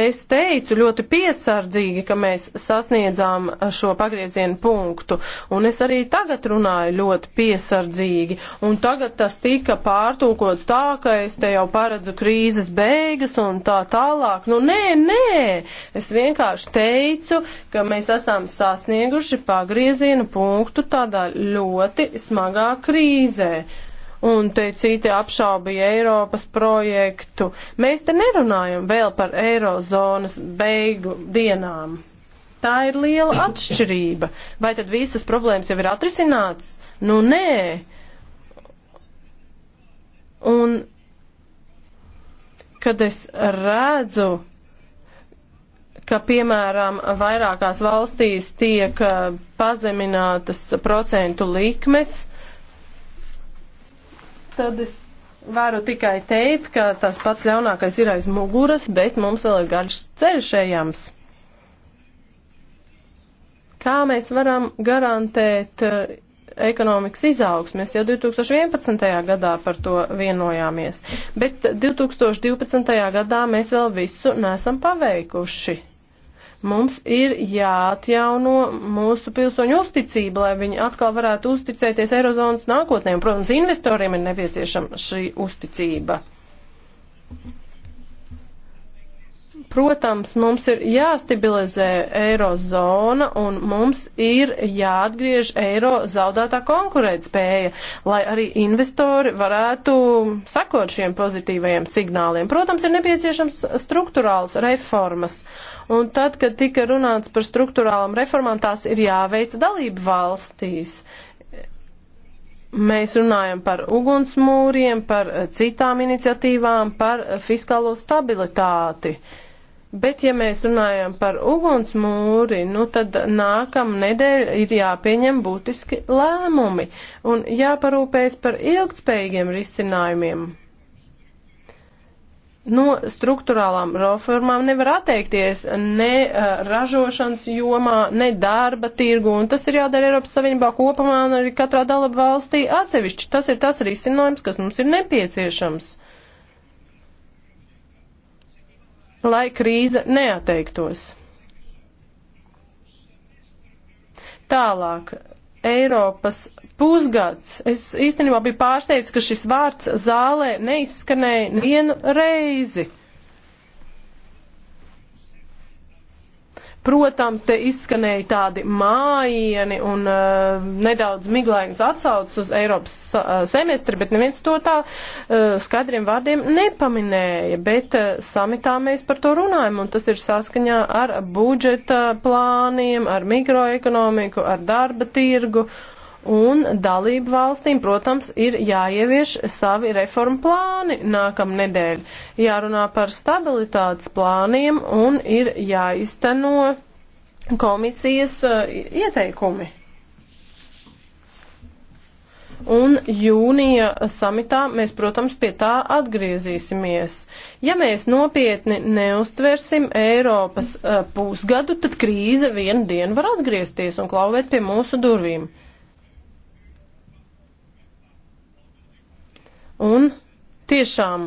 Es teicu ļoti piesardzīgi, ka mēs sasniedzām šo pagriezienu punktu, un es arī tagad runāju ļoti piesardzīgi, un tagad tas tika pārtūkots tā, ka es te jau paredzu krīzes beigas un tā tālāk. Nu, nē, nē, es vienkārši teicu, ka mēs esam sasnieguši pagriezienu punktu tādā ļoti smagā krīzē un te citi apšaubīja Eiropas projektu. Mēs te nerunājam vēl par Eirozonas beigu dienām. Tā ir liela atšķirība. Vai tad visas problēmas jau ir atrisināts? Nu, nē. Un, kad es redzu, ka, piemēram, vairākās valstīs tiek eh, pazeminātas procentu likmes, tad es varu tikai teikt, ka tas pats ļaunākais ir aiz muguras, bet mums vēl ir garš ceļš ejams. Kā mēs varam garantēt eh, ekonomikas izaugsmi. Mēs jau 2011. gadā par to vienojāmies, bet 2012. gadā mēs vēl visu nesam paveikuši. Mums ir jāatjauno mūsu pilsoņu uzticība, lai viņi atkal varētu uzticēties Eirozonas nākotnē. Un, protams, investoriem ir nepieciešama šī uzticība. Protams, mums ir jāstabilizē eirozona un mums ir jāatgriež eiro zaudētā konkurētspēja, lai arī investori varētu sakot šiem pozitīvajiem signāliem. Protams, ir nepieciešams struktūrāls reformas. Un tad, kad tika runāts par struktūrālam reformām, tās ir jāveic dalību valstīs mēs runājam par ugunsmūriem, par citām iniciatīvām, par fiskālo stabilitāti. Uh, Bet, ja mēs runājam par ugunsmūri, nu tad nākamā nedēļa ir jāpieņem būtiski lēmumi un jāparūpēs par ilgtspējīgiem risinājumiem. No struktūrālām reformām nevar atteikties ne uh, ražošanas jomā, ne darba tirgu, un tas ir jādara Eiropas Savienībā kopumā un arī katrā dalība valstī atsevišķi. Tas ir tas risinājums, kas mums ir nepieciešams. Uh, lai krīze neatteiktos. Tālāk, Eiropas pusgads. Es īstenībā biju pārsteigts, ka šis vārds zālē neizskanēja vienu reizi. Protams, te izskanēja tādi mājieni un uh, nedaudz miglainas atsaucas uz Eiropas uh, semestri, bet neviens to tā uh, eh, skadriem vārdiem nepaminēja. Bet uh, samitā mēs par to runājam, un tas ir saskaņā ar budžeta plāniem, ar mikroekonomiku, ar darba tirgu. Uh, Un dalību valstīm, protams, ir jāievieš savi reformu plāni nākamnedēļ, jārunā par stabilitātes plāniem un ir jāizteno komisijas uh, ieteikumi. Un jūnija samitā mēs, protams, pie tā atgriezīsimies. Ja mēs nopietni neustversim Eiropas uh, pusgadu, tad krīze vienu dienu var atgriezties un klauvēt pie mūsu durvīm. Uh, Un tiešām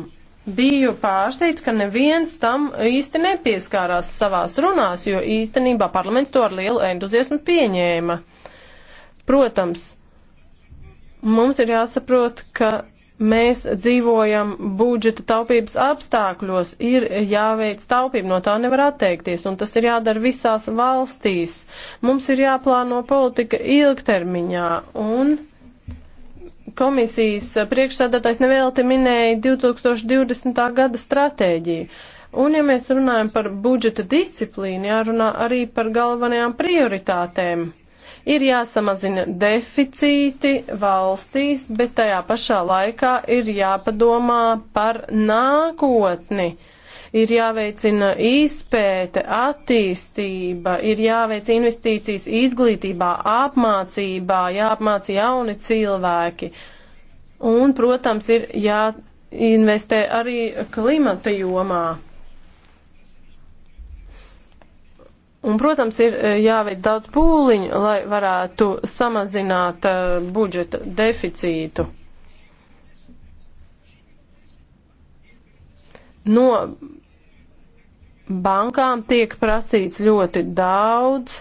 biju pārsteigts, ka neviens tam īsti nepieskārās savās runās, jo īstenībā parlaments to ar lielu entuziasmu pieņēma. Protams, mums ir jāsaprot, ka mēs dzīvojam budžeta taupības apstākļos, ir jāveic taupība, no tā nevar atteikties, un tas ir jādara visās valstīs. Mums ir jāplāno politika ilgtermiņā, un komisijas priekšsādātājs nevēlti minēja 2020. gada stratēģiju. Un, ja mēs runājam par budžeta disciplīnu, jārunā arī par galvenajām prioritātēm. Ir jāsamazina deficīti valstīs, bet tajā pašā laikā ir jāpadomā par nākotni. Uh, ir jāveicina izpēte, attīstība, ir jāveic investīcijas izglītībā, apmācībā, jāapmāca jauni cilvēki. Un, protams, ir jāinvestē arī klimata jomā. Un, protams, ir eh, jāveic daudz pūliņu, lai varētu samazināt uh, budžeta deficītu. No bankām tiek prasīts ļoti daudz,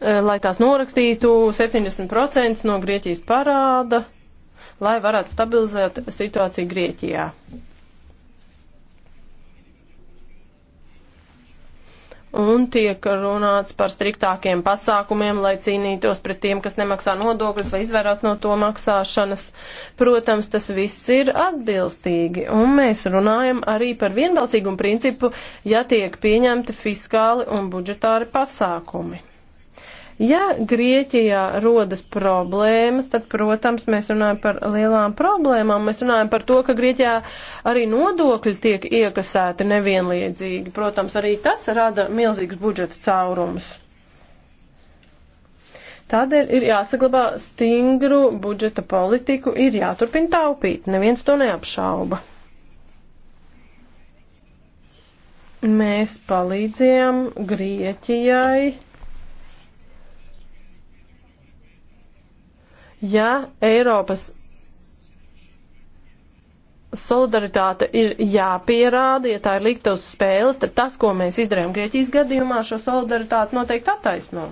eh, lai tās norakstītu 70% no Grieķijas parāda, lai varētu stabilizēt situāciju Grieķijā. un tiek runāts par striktākiem pasākumiem, lai cīnītos pret tiem, kas nemaksā nodokļus vai izvairās no to maksāšanas. Protams, tas viss ir atbilstīgi, un mēs runājam arī par vienbalsīgumu principu, ja tiek pieņemti fiskāli un budžetāri pasākumi. Ja Grieķijā rodas problēmas, tad, protams, mēs runājam par lielām problēmām. Mēs runājam par to, ka Grieķijā arī nodokļi tiek iekasēti nevienlīdzīgi. Protams, arī tas rada milzīgs budžeta caurums. Tādēļ ir jāsaglabā stingru budžeta politiku, ir jāturpina taupīt, neviens to neapšauba. Mēs palīdzējām Grieķijai Ja Eiropas solidaritāte ir jāpierāda, ja tā ir likt uz spēles, tad tas, ko mēs izdarījām Grieķijas gadījumā, šo solidaritāti noteikti attaisno.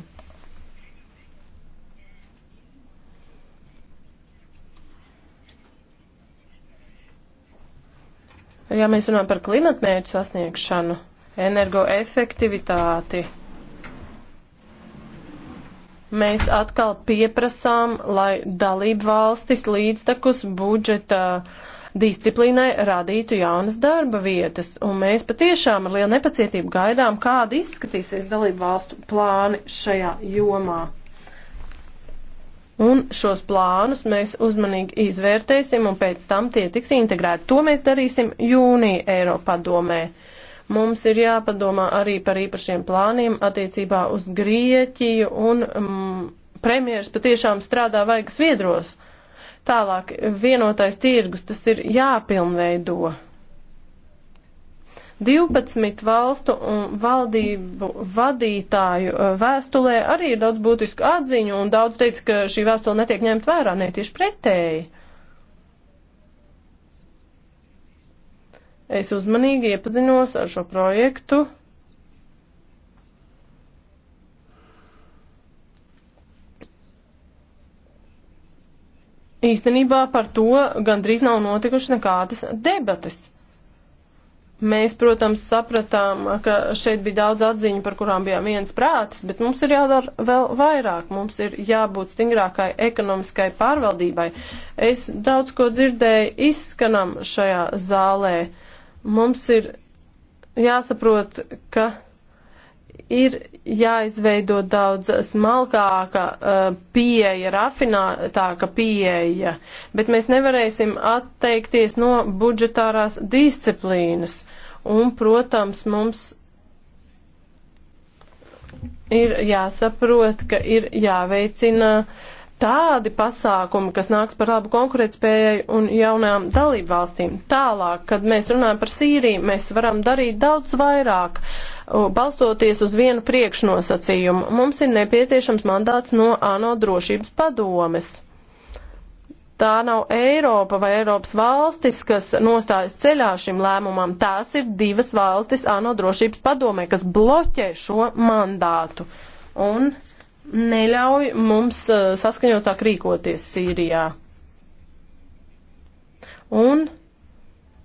Ja mēs runājam par klimatmērķu sasniegšanu, energoefektivitāti mēs atkal pieprasām, lai dalību valstis līdztekus budžeta disciplīnai radītu jaunas darba vietas. Un mēs patiešām ar lielu nepacietību gaidām, kāda izskatīsies dalību valstu plāni šajā jomā. Un šos plānus mēs uzmanīgi izvērtēsim un pēc tam tie tiks integrēti. To mēs darīsim jūnija Eiropadomē. domē. Mums ir jāpadomā arī par īpašiem plāniem attiecībā uz Grieķiju un mm, premjeras patiešām strādā vaigas viedros. Tālāk, vienotais tirgus, tas ir jāpilnveido. 12 valstu un valdību vadītāju eh, vēstulē arī ir daudz būtisku atziņu, un daudz teica, ka šī vēstule netiek ņemt vērā, ne tieši pretēji. Es uzmanīgi iepazinos ar šo projektu. Īstenībā par to gandrīz nav notikušas nekādas debates. Mēs, protams, sapratām, ka šeit bija daudz atziņu, par kurām bijām viens prātis, bet mums ir jādara vēl vairāk. Mums ir jābūt stingrākai ekonomiskai pārvaldībai. Es daudz ko dzirdēju izskanam šajā zālē. Mums ir jāsaprot, ka ir jāizveido daudz smalkāka uh, pieeja, rafinētāka pieeja, bet mēs nevarēsim atteikties no budžetārās disciplīnas. Un, protams, mums ir jāsaprot, ka ir jāveicina uh, tādi pasākumi, kas nāks par labu konkurētspējai un jaunām dalību valstīm. Tālāk, kad mēs runājam par Sīriju, mēs varam darīt daudz vairāk, balstoties uz vienu priekšnosacījumu. Mums ir nepieciešams mandāts no ANO drošības padomes. Tā nav Eiropa vai Eiropas valstis, kas nostājas ceļā šim lēmumam. Tās ir divas valstis ANO drošības padomē, kas bloķē šo mandātu. Un neļauj mums eh, saskaņotāk rīkoties Sīrijā. Un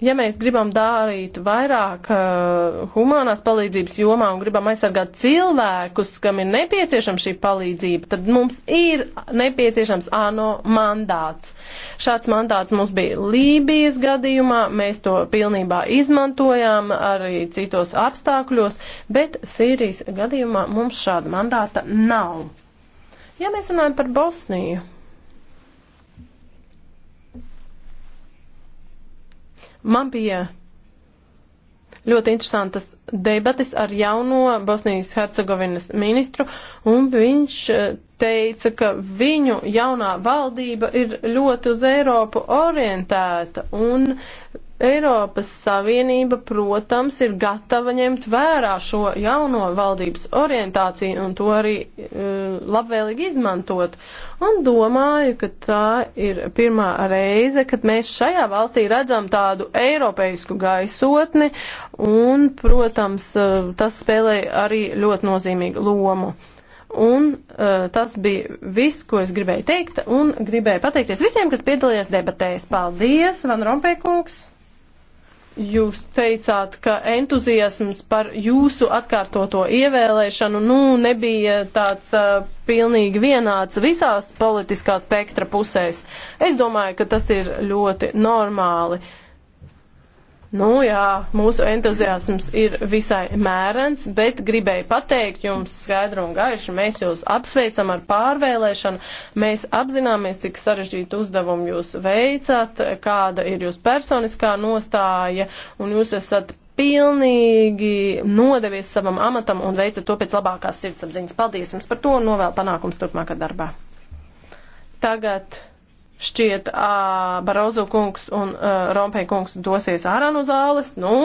ja mēs gribam darīt vairāk uh, humānās palīdzības jomā un gribam aizsargāt cilvēkus, kam ir nepieciešama šī palīdzība, tad mums ir nepieciešams ANO mandāts. Šāds mandāts mums bija Lībijas gadījumā, mēs to pilnībā izmantojām arī citos apstākļos, bet Sīrijas gadījumā mums šāda mandāta nav. Ja mēs runājam par Bosniju, Man bija ļoti interesantas debatas ar jauno Bosnijas Hercegovinas ministru, un viņš eh, teica, ka viņu jaunā valdība ir ļoti uz Eiropu orientēta, un Eiropas Savienība, protams, ir gatava ņemt vērā šo jauno valdības orientāciju un to arī e, labvēlīgi izmantot. Un domāju, ka tā ir pirmā reize, kad mēs šajā valstī redzam tādu eiropeisku gaisotni un, protams, e, tas spēlē arī ļoti nozīmīgu lomu. Un uh, tas bija viss, ko es gribēju teikt, un gribēju pateikties visiem, kas piedalījās debatēs. Paldies, Van Rompēkungs! Jūs teicāt, ka entuziasms par jūsu atkārtoto ievēlēšanu nu, nebija tāds uh, pilnīgi vienāds visās politiskā spektra pusēs. Es domāju, ka tas ir ļoti normāli. Uh, Nu jā, mūsu entuziasms ir visai mērens, bet gribēju pateikt jums skaidru un gaišu, mēs jūs apsveicam ar pārvēlēšanu, mēs apzināmies, cik sarežģītu uzdevumu jūs veicat, kāda ir jūsu personiskā nostāja, un jūs esat pilnīgi nodevies savam amatam un veicat to pēc labākās sirdsapziņas. Paldies jums par to un novēl panākums turpmākā darbā. Tagad šķiet uh, Barozu kungs un uh, Rompei kungs dosies ārā no zāles, nu,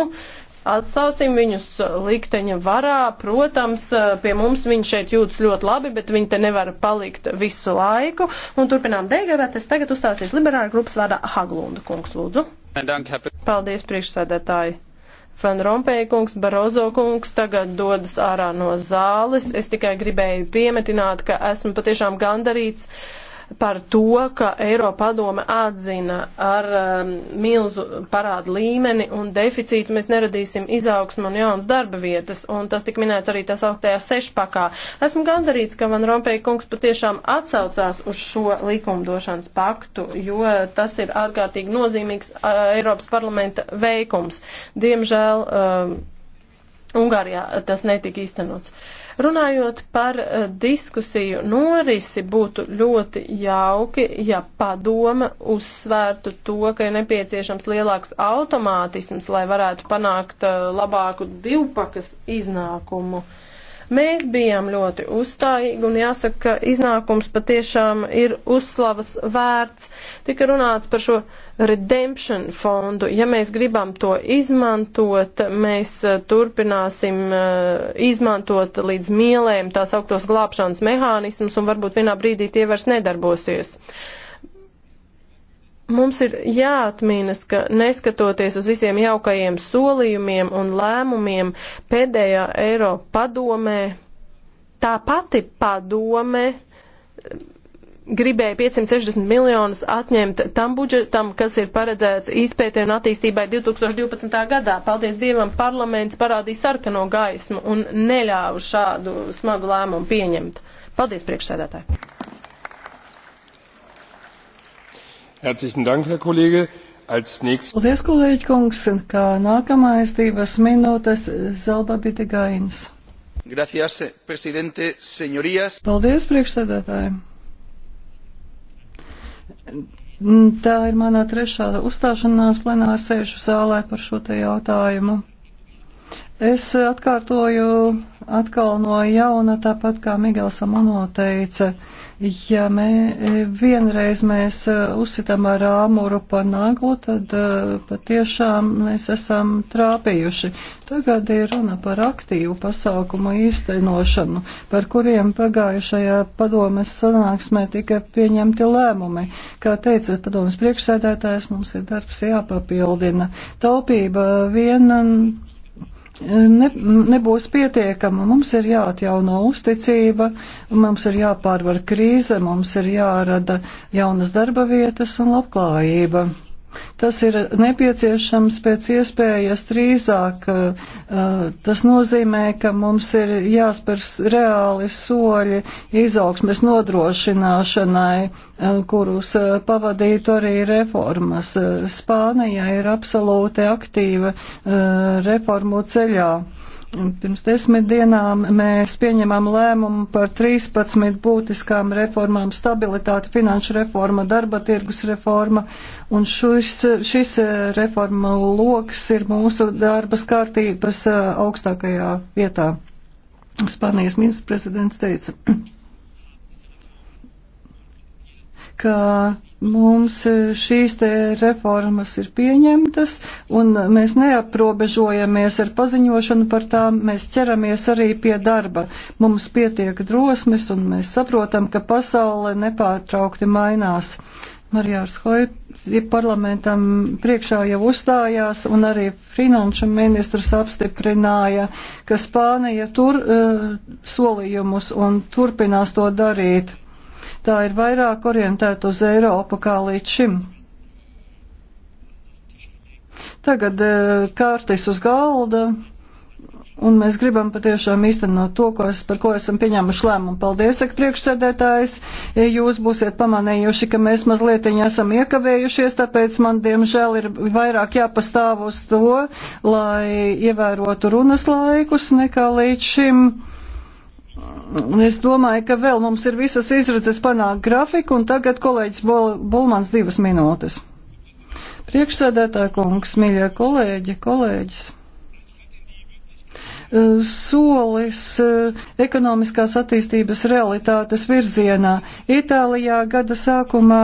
atstāsim viņus likteņa varā. Protams, pie mums viņi šeit jūtas ļoti labi, bet viņi te nevar palikt visu laiku. Un turpinām degavēties. Tagad uzstāsies liberāla grupas vārdā Haglunda kungs, lūdzu. Paldies, priekšsēdētāji. Fan Rompēja kungs, Barozo kungs tagad dodas ārā no zāles. Es tikai gribēju piemetināt, ka esmu patiešām gandarīts. Uh, par to, ka Eiropadome atzina ar um, milzu parādu līmeni un deficītu mēs neradīsim izaugsmu un jaunas darba vietas, un tas tik minēts arī tas augtajā sešpakā. Esmu gandarīts, ka Van Rompēja kungs patiešām atsaucās uz šo likumdošanas paktu, jo tas ir ārkārtīgi nozīmīgs uh, Eiropas parlamenta veikums. Diemžēl uh, Ungārijā tas netika īstenots. Uh, Runājot par uh, diskusiju norisi, būtu ļoti jauki, ja padome uzsvērtu to, ka ir nepieciešams lielāks automātisms, lai varētu panākt uh, labāku divpakas iznākumu. Uh, Mēs bijām ļoti uzstājīgi un jāsaka, ka iznākums patiešām ir uzslavas vērts. Tika runāts par šo Redemption fondu. Ja mēs gribam to izmantot, mēs eh, turpināsim eh, izmantot līdz mielēm tās augtos glābšanas mehānismus un varbūt vienā brīdī tie vairs nedarbosies. Uh, Mums ir jāatminas, ka neskatoties uz visiem jaukajiem solījumiem un lēmumiem pēdējā Eiropa padomē, tā pati padome gribēja 560 miljonus atņemt tam budžetam, kas ir paredzēts izpētē un attīstībai 2012. gadā. Paldies Dievam, parlaments parādīja sarkano gaismu un neļāva šādu smagu lēmumu pieņemt. Paldies, priekšsēdētāji! Herzlichen Dank, Herr Kollege. Paldies, kolēģi kungs, kā nākamais divas minūtes Zalba Bitigains. Gracias, presidente, señorías. Paldies, priekšsēdētāji. Tā ir manā trešā uzstāšanās plenāra sēžu zālē par šo te jautājumu. Es atkārtoju atkal no jauna, tāpat kā Migels Amano teica, ja mē, vienreiz mēs e, uzsitam ar āmuru pa naglu, tad e, patiešām mēs esam trāpījuši. Tagad ir runa par aktīvu pasākumu īstenošanu, par kuriem pagājušajā padomes sanāksmē tika pieņemti lēmumi. Kā teica padomes priekšsēdētājs, mums ir darbs jāpapildina. Taupība viena ne, nebūs pietiekama. Mums ir jāatjauno uzticība, mums ir jāpārvar krīze, mums ir jārada jaunas darba vietas un labklājība. Tas ir nepieciešams pēc iespējas drīzāk. Eh, tas nozīmē, ka mums ir jāspēr reāli soļi izaugsmes nodrošināšanai, eh, kurus eh, pavadītu arī reformas. Spānija ir absolūti aktīva reformu ceļā. Pirms desmit dienām mēs pieņemam lēmumu par 13 būtiskām reformām - stabilitāte, finanšu reforma, darba tirgus reforma, un šis, šis eh, reforma loks ir mūsu darbas kārtības eh, augstākajā vietā. Spānijas ministrs prezidents teica, ka mums e, šīs te reformas ir pieņemtas, un mēs neaprobežojamies ar paziņošanu par tām, mēs ķeramies arī pie darba. Mums pietiek drosmes, un mēs saprotam, ka pasaule nepārtraukti mainās. Marijārs Hoits parlamentam priekšā jau uzstājās, un arī finanšu ministrs apstiprināja, ka Spānija tur uh, solījumus un turpinās to darīt. Tā ir vairāk orientēta uz Eiropu kā līdz šim. Tagad e, kārtis uz galda. Un mēs gribam patiešām īstenot to, ko es, par ko esam pieņēmuši lēmumu. Paldies, saka priekšsēdētājs. E, jūs būsiet pamanījuši, ka mēs mazliet esam iekavējušies, tāpēc man, diemžēl, ir vairāk jāpastāv uz to, lai ievērotu runas laikus nekā līdz šim. Es domāju, ka vēl mums ir visas izredzes panākt grafiku, un tagad kolēģis Bol Bolmans divas minūtes. Priekšsēdētā kungs, mīļie kolēģi, kolēģis. Eh, solis eh, ekonomiskās attīstības realitātes virzienā. Itālijā gada sākumā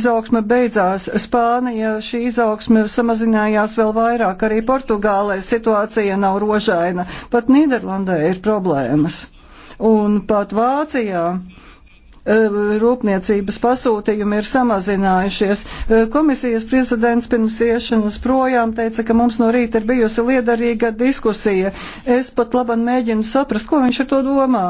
izaugsme beidzās, Spānija šī izaugsme samazinājās vēl vairāk, arī Portugālē situācija nav rožaina, pat Nīderlandē ir problēmas. Un pat Vācijā e, rūpniecības pasūtījumi ir samazinājušies. E, komisijas prezidents pirms iešanas projām teica, ka mums no rīta ir bijusi liederīga diskusija. Es pat labam mēģinu saprast, ko viņš ar to domā.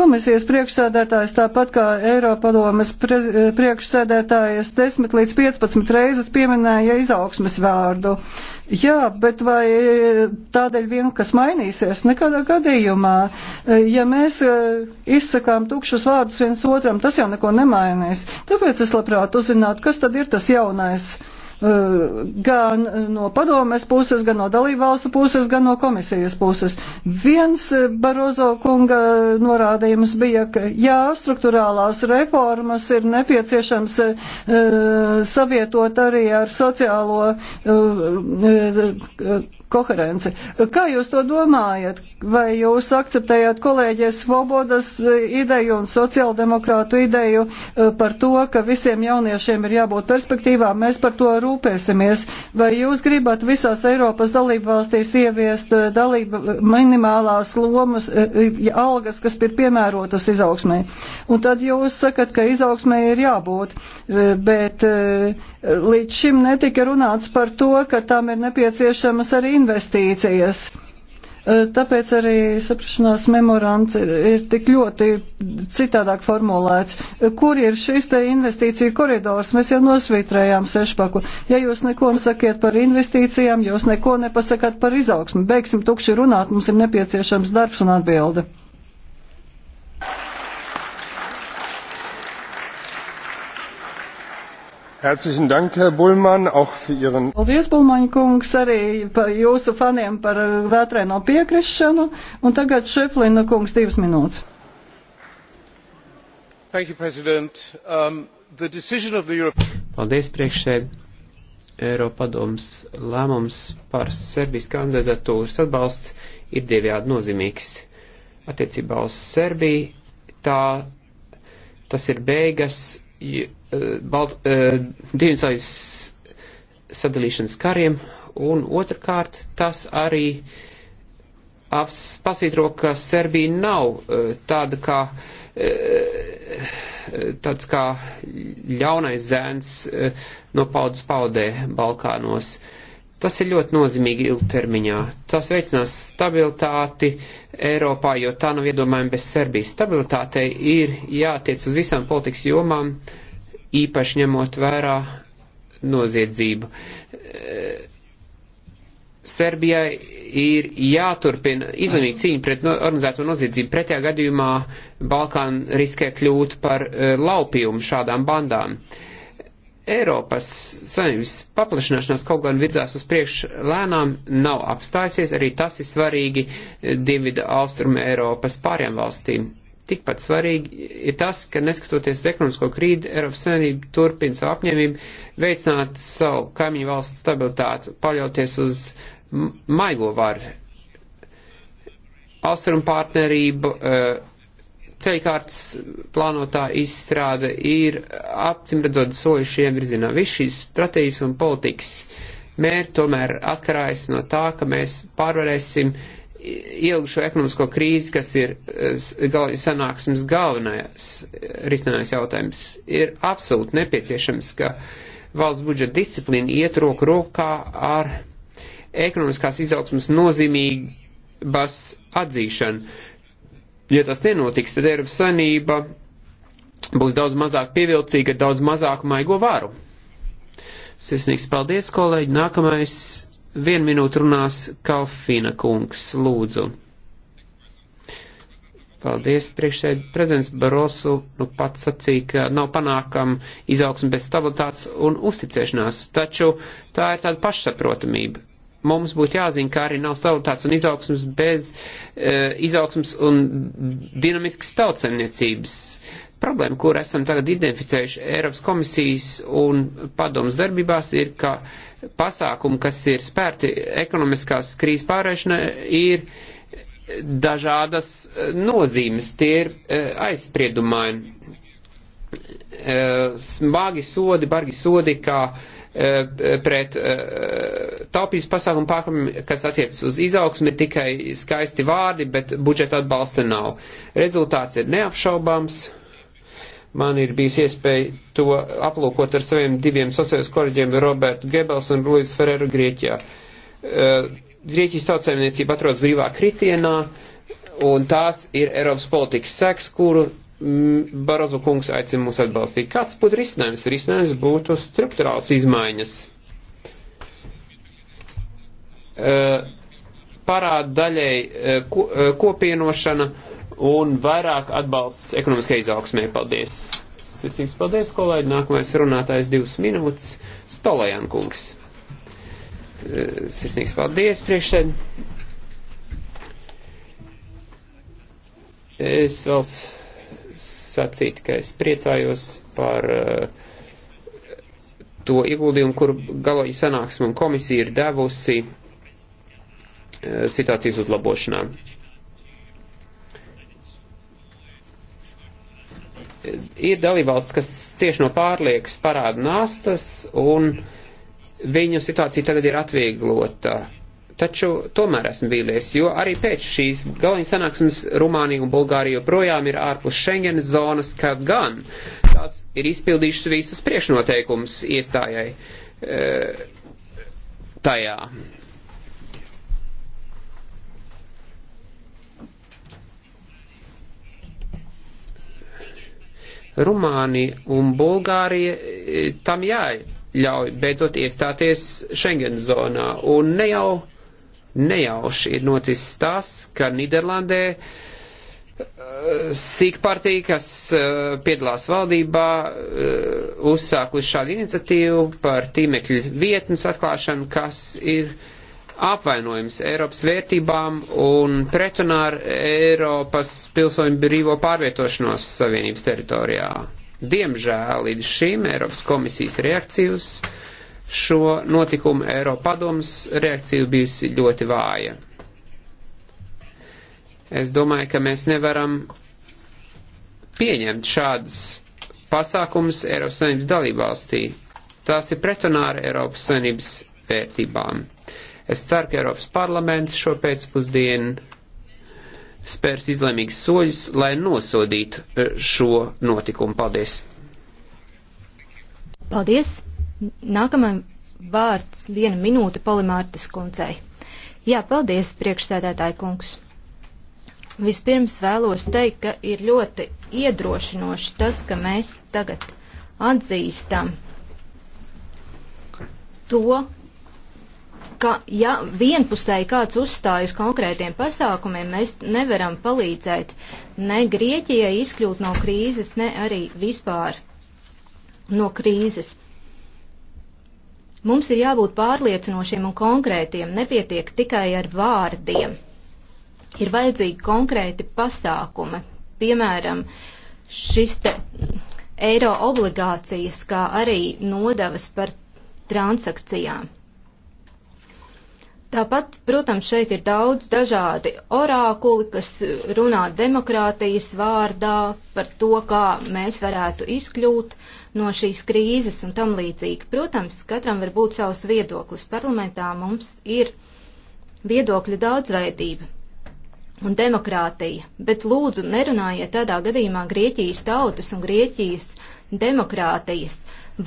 Komisijas priekšsēdētājs, tāpat kā Eiropadomes e, priekšsēdētājs, 10 līdz 15 reizes pieminēja izaugsmes vārdu. Uh, Jā, bet vai tādēļ vien, kas mainīsies? Nekādā gadījumā. E, ja mēs e, izsakām tukšus vārdus viens otram, tas jau neko nemainīs. Tāpēc es labprāt uzzinātu, kas tad ir tas jaunais. Eh, gan no padomes puses, gan no dalībvalstu puses, gan no komisijas puses. Viens eh, Barozo kunga norādījums bija, ka jā, struktūrālās reformas ir nepieciešams uh, savietot arī ar sociālo uh, uh, koherenci. Kā jūs to domājat? Vai jūs akceptējat kolēģies Svobodas e, ideju un sociāldemokrātu ideju e, par to, ka visiem jauniešiem ir jābūt perspektīvām? Mēs par to rūpēsimies. Vai jūs gribat visās Eiropas dalībvalstīs ieviest e, dalība minimālās lomas, algas, kas ir piemērotas izaugsmē? Un tad jūs sakat, ka izaugsmē ir jābūt, bet līdz šim netika runāts par to, ka tam ir nepieciešamas arī investīcijas. Eh, tāpēc arī saprašanās memorands ir, ir tik ļoti citādāk formulēts. Eh, kur ir šis te investīciju koridors? Mēs jau nosvītrējām sešpaku. Ja jūs neko nesakiet par investīcijām, jūs neko nepasakāt par izaugsmu. Beigsim tukši runāt, mums ir nepieciešams darbs un atbilde. Herzlichen Dank, Herr Bullmann, auch für Ihren. Paldies, Bullmaņa kungs, arī par jūsu faniem par eh, vētrēno piekrišanu. Un tagad Šeflina kungs divas minūtes. Thank you, President. Um, the decision of the Europe... Paldies, priekšsēd. Eiropadoms lēmums par Serbijas kandidatūras atbalstu ir divējādi nozīmīgs. Attiecībā uz Serbiju tā, tas ir beigas Balt, eh, Dienvidzājas sadalīšanas kariem, un otrkārt tas arī aps, pasvītro, ka Serbija nav eh, tāda kā eh, tāds kā ļaunais zēns no paudzes paudē Balkānos. Tas ir ļoti nozīmīgi ilgtermiņā. Tas veicinās stabilitāti Eiropā, jo tā nav iedomājama bez Serbijas. Stabilitātei ir jātiec uz visām politikas jomām, uh, īpaši ņemot vērā noziedzību. Serbijai ir jāturpina izlēmīga cīņa pret no, organizēto noziedzību. Pretējā gadījumā Balkāna riskē kļūt par uh, laupījumu šādām bandām. Eiropas saimnības paplašināšanās kaut gan virzās uz priekšu lēnām, nav apstājusies, arī tas ir svarīgi Dienvidu austrumu Eiropas pārējām valstīm. Tikpat svarīgi ir tas, ka neskatoties ekonomisko krīdi, Eiropas Savienība turpina savu apņēmību veicināt savu kaimiņu valstu stabilitāti, paļauties uz maigo varu. Austrumu partnerību eh, ceļkārtas plānotā izstrāde ir apcimredzot soļu šie virzienā. Viss šīs stratēģijas un politikas mērķi tomēr atkarājas no tā, ka mēs pārvarēsim uh, ilgušo ekonomisko krīzi, kas ir sanāksmes galvenais eh, risinājums jautājums, ir absolūti nepieciešams, ka valsts budžeta disciplīna iet roku rokā ar ekonomiskās izaugsmas nozīmīgas atzīšanu. Ja tas nenotiks, tad Eiropas Sanība būs daudz mazāk pievilcīga, daudz mazāk maigo varu. Sirsnīgs paldies, kolēģi. Nākamais Vienu minūtu runās Kalfina kungs, lūdzu. Paldies, priekšsēd. Prezidents Barosu nu pats sacīja, ka nav panākam izaugsme bez stabilitātes un uzticēšanās, taču tā ir tāda pašsaprotamība. Mums būtu jāzina, kā arī nav stabilitātes un izaugsmes bez e, izaugsmes un dinamiskas tautsemniecības. Problēma, kur esam tagad identificējuši Eiropas komisijas un padomas darbībās, ir, ka. E, pasākumi, kas ir spērti ekonomiskās krīzes pārēšanai, ir dažādas nozīmes, tie ir eh, aizspriedumaini. Eh, smagi sodi, bargi sodi, kā eh, pret taupības pasākumu pārkāpumiem, kas attiecas uz izaugsmi, ir tikai skaisti vārdi, bet budžeta atbalsta nav. Rezultāts ir neapšaubāms Man ir bijis iespēja to aplūkot ar saviem diviem sociālajiem koreģiem, Robertu Gebels un Luisu Ferreru Grieķijā. Eh, Grieķijas tautsēmniecība atrodas brīvā kritienā, un tās ir Eiropas politikas seks, kuru mm, Barozu kungs aicina mūs atbalstīt. Kāds būtu risinājums? Risinājums būtu struktūrāls izmaiņas. Eh, Parāda daļai eh, kopienošana. Ko un vairāk atbalsts ekonomiskai izaugsmē. Paldies! Sirsnīgs paldies, kolēģi! Nākamais runātājs divas minūtes - Stolajan kungs. Eh, sirsnīgs paldies, priekšsēd! Es vēl sacītu, ka es priecājos par eh, to ieguldījumu, kur galoji sanāksme un komisija ir devusi eh, situācijas uzlabošanām Ir dalībvalsts, kas cieši no pārliekas parāda nāstas, un viņu situācija tagad ir atvieglota. Taču tomēr esmu vīlies, jo arī pēc šīs galvenās sanāksmes Rumānija un Bulgārija joprojām ir ārpus Schengenas zonas, kad gan tās ir izpildījušas visas priekšnoteikumus iestājai e, tajā. Rumānija un Bulgārija e, tam jāļauj beidzot iestāties Schengen zonā. Un ne jau nejauši ir noticis tas, ka Niderlandē e, sīkpartija, kas e, piedalās valdībā, uzsākusi šādu iniciatīvu par tīmekļu vietnes atklāšanu, kas ir uh, apvainojums Eiropas vērtībām un pretunā ar Eiropas pilsoņu brīvo pārvietošanos Savienības teritorijā. Diemžēl līdz šim Eiropas komisijas reakcijas šo notikumu Eiropadoms reakcija bijusi ļoti vāja. Es domāju, ka mēs nevaram pieņemt šādas pasākumus Eiropas Savienības dalībvalstī. Tās ir pretunā ar Eiropas Savienības vērtībām. Es ceru, ka Eiropas parlaments šo pēcpusdienu spērs izlēmīgs soļus, lai nosodītu e, šo notikumu. Paldies! Paldies! Nākamajam vārds viena minūte polimārtas kundzei. Jā, paldies, priekšstādētāji kungs! Vispirms vēlos teikt, ka ir ļoti iedrošinoši tas, ka mēs tagad atzīstam to, ka ja vienpusēji kāds uzstājas konkrētiem pasākumiem, mēs nevaram palīdzēt ne Grieķijai izkļūt no krīzes, ne arī vispār no krīzes. Mums ir jābūt pārliecinošiem un konkrētiem, nepietiek tikai ar vārdiem. Ir vajadzīgi konkrēti pasākumi, piemēram, šis te eiro obligācijas, kā arī nodevas par transakcijām. Tāpat, protams, šeit ir daudz dažādi orākuli, kas runā demokrātijas vārdā par to, kā mēs varētu izkļūt no šīs krīzes un tam līdzīgi. Protams, katram var būt savs viedoklis. Parlamentā mums ir viedokļu daudzveidība un demokrātija, bet lūdzu nerunājiet tādā gadījumā Grieķijas tautas un Grieķijas demokrātijas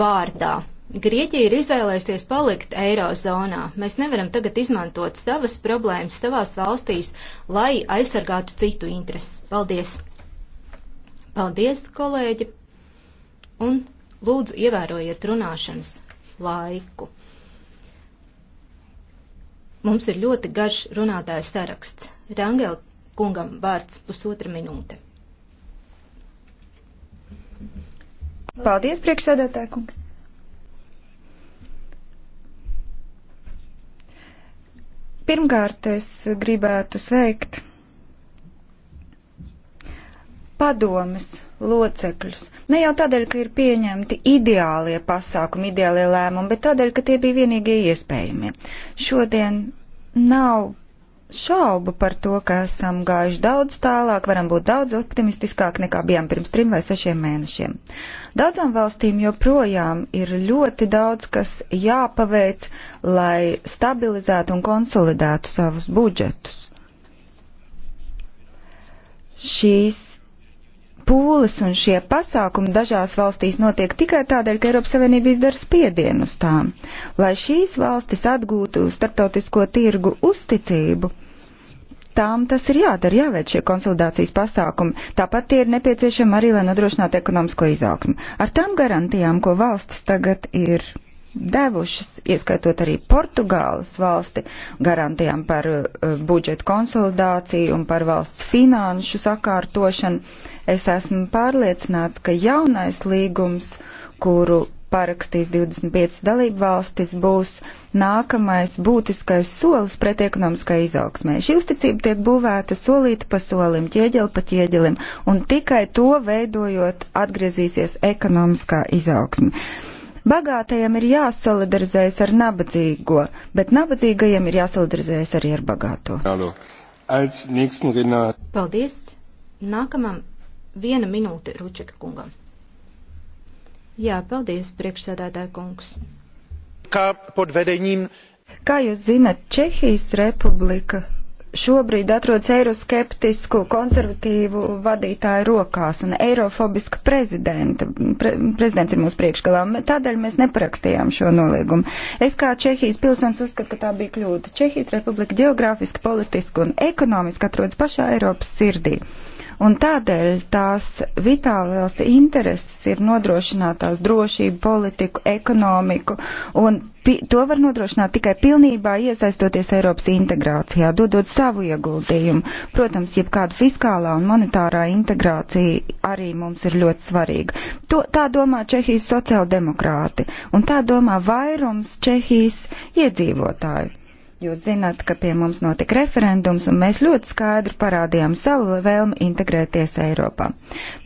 vārdā. Grieķija ir izvēlējusies palikt eirozonā. Mēs nevaram tagad izmantot savas problēmas savās valstīs, lai aizsargātu citu intereses. Paldies! Paldies, kolēģi! Un lūdzu ievērojiet runāšanas laiku. Mums ir ļoti garš runātājs saraksts. Rangel kungam vārds pusotra minūte. Paldies, priekšsēdētāj kungs! Pirmkārt, es gribētu sveikt padomes locekļus. Ne jau tādēļ, ka ir pieņemti ideālie pasākumi, ideālie lēmumi, bet tādēļ, ka tie bija vienīgie iespējamie. Šodien nav šaubu par to, ka esam gājuši daudz tālāk, varam būt daudz optimistiskāk nekā bijām pirms trim vai sešiem mēnešiem. Daudzām valstīm joprojām ir ļoti daudz, kas jāpaveic, lai stabilizētu un konsolidētu savus budžetus. Šīs pūles un šie pasākumi dažās valstīs notiek tikai tādēļ, ka Eiropas Savienība izdara spiedienu uz tām. Lai šīs valstis atgūtu starptautisko tirgu uzticību, tām tas ir jādara, jāveic šie konsolidācijas pasākumi. Tāpat tie ir nepieciešami arī, lai nodrošinātu ekonomisko izaugsmu. Ar tām garantijām, ko valstis tagad ir devušas, ieskaitot arī Portugāles valsti, garantijām par uh, budžetu konsolidāciju un par valsts finanšu sakārtošanu, es esmu pārliecināts, ka jaunais līgums, kuru parakstīs 25 dalību valstis, būs nākamais būtiskais solis pret ekonomiskai izaugsmē. Šī uzticība tiek būvēta solīti pa solim, ķieģeli pa ķieģelim, un tikai to veidojot atgriezīsies ekonomiskā izaugsme. Uh, Bagātajiem ir jāsolidarizējas ar nabadzīgo, bet nabadzīgajiem ir jāsolidarizējas arī ar bagāto. Paldies! Nākamam viena minūte Ručeka kungam. Jā, paldies, priekšsēdētāja kungs. Kā pod vedeņiem? Kā jūs zinat, Čehijas republika šobrīd atrodas eiroskeptisku konservatīvu vadītāju rokās un eirofobiska prezidenta. Pre, prezidents ir mūsu priekšgalā. Tādēļ mēs neparakstījām šo noliegumu. Es kā Čehijas pilsonis uzskatu, ka tā bija kļūda. Čehijas republika geogrāfiski, politiski un ekonomiski atrodas pašā Eiropas sirdī. Un tādēļ tās vitālās intereses ir nodrošināt tās drošību, politiku, ekonomiku, un to var nodrošināt tikai pilnībā iesaistoties Eiropas integrācijā, dodot savu ieguldījumu. Protams, jebkāda fiskālā un monetārā integrācija arī mums ir ļoti svarīga. To, tā domā Čehijas sociāldemokrāti, un tā domā vairums Čehijas iedzīvotāju. Jūs zināt, ka pie mums notika referendums, un mēs ļoti skaidri parādījām savu vēlmi integrēties Eiropā.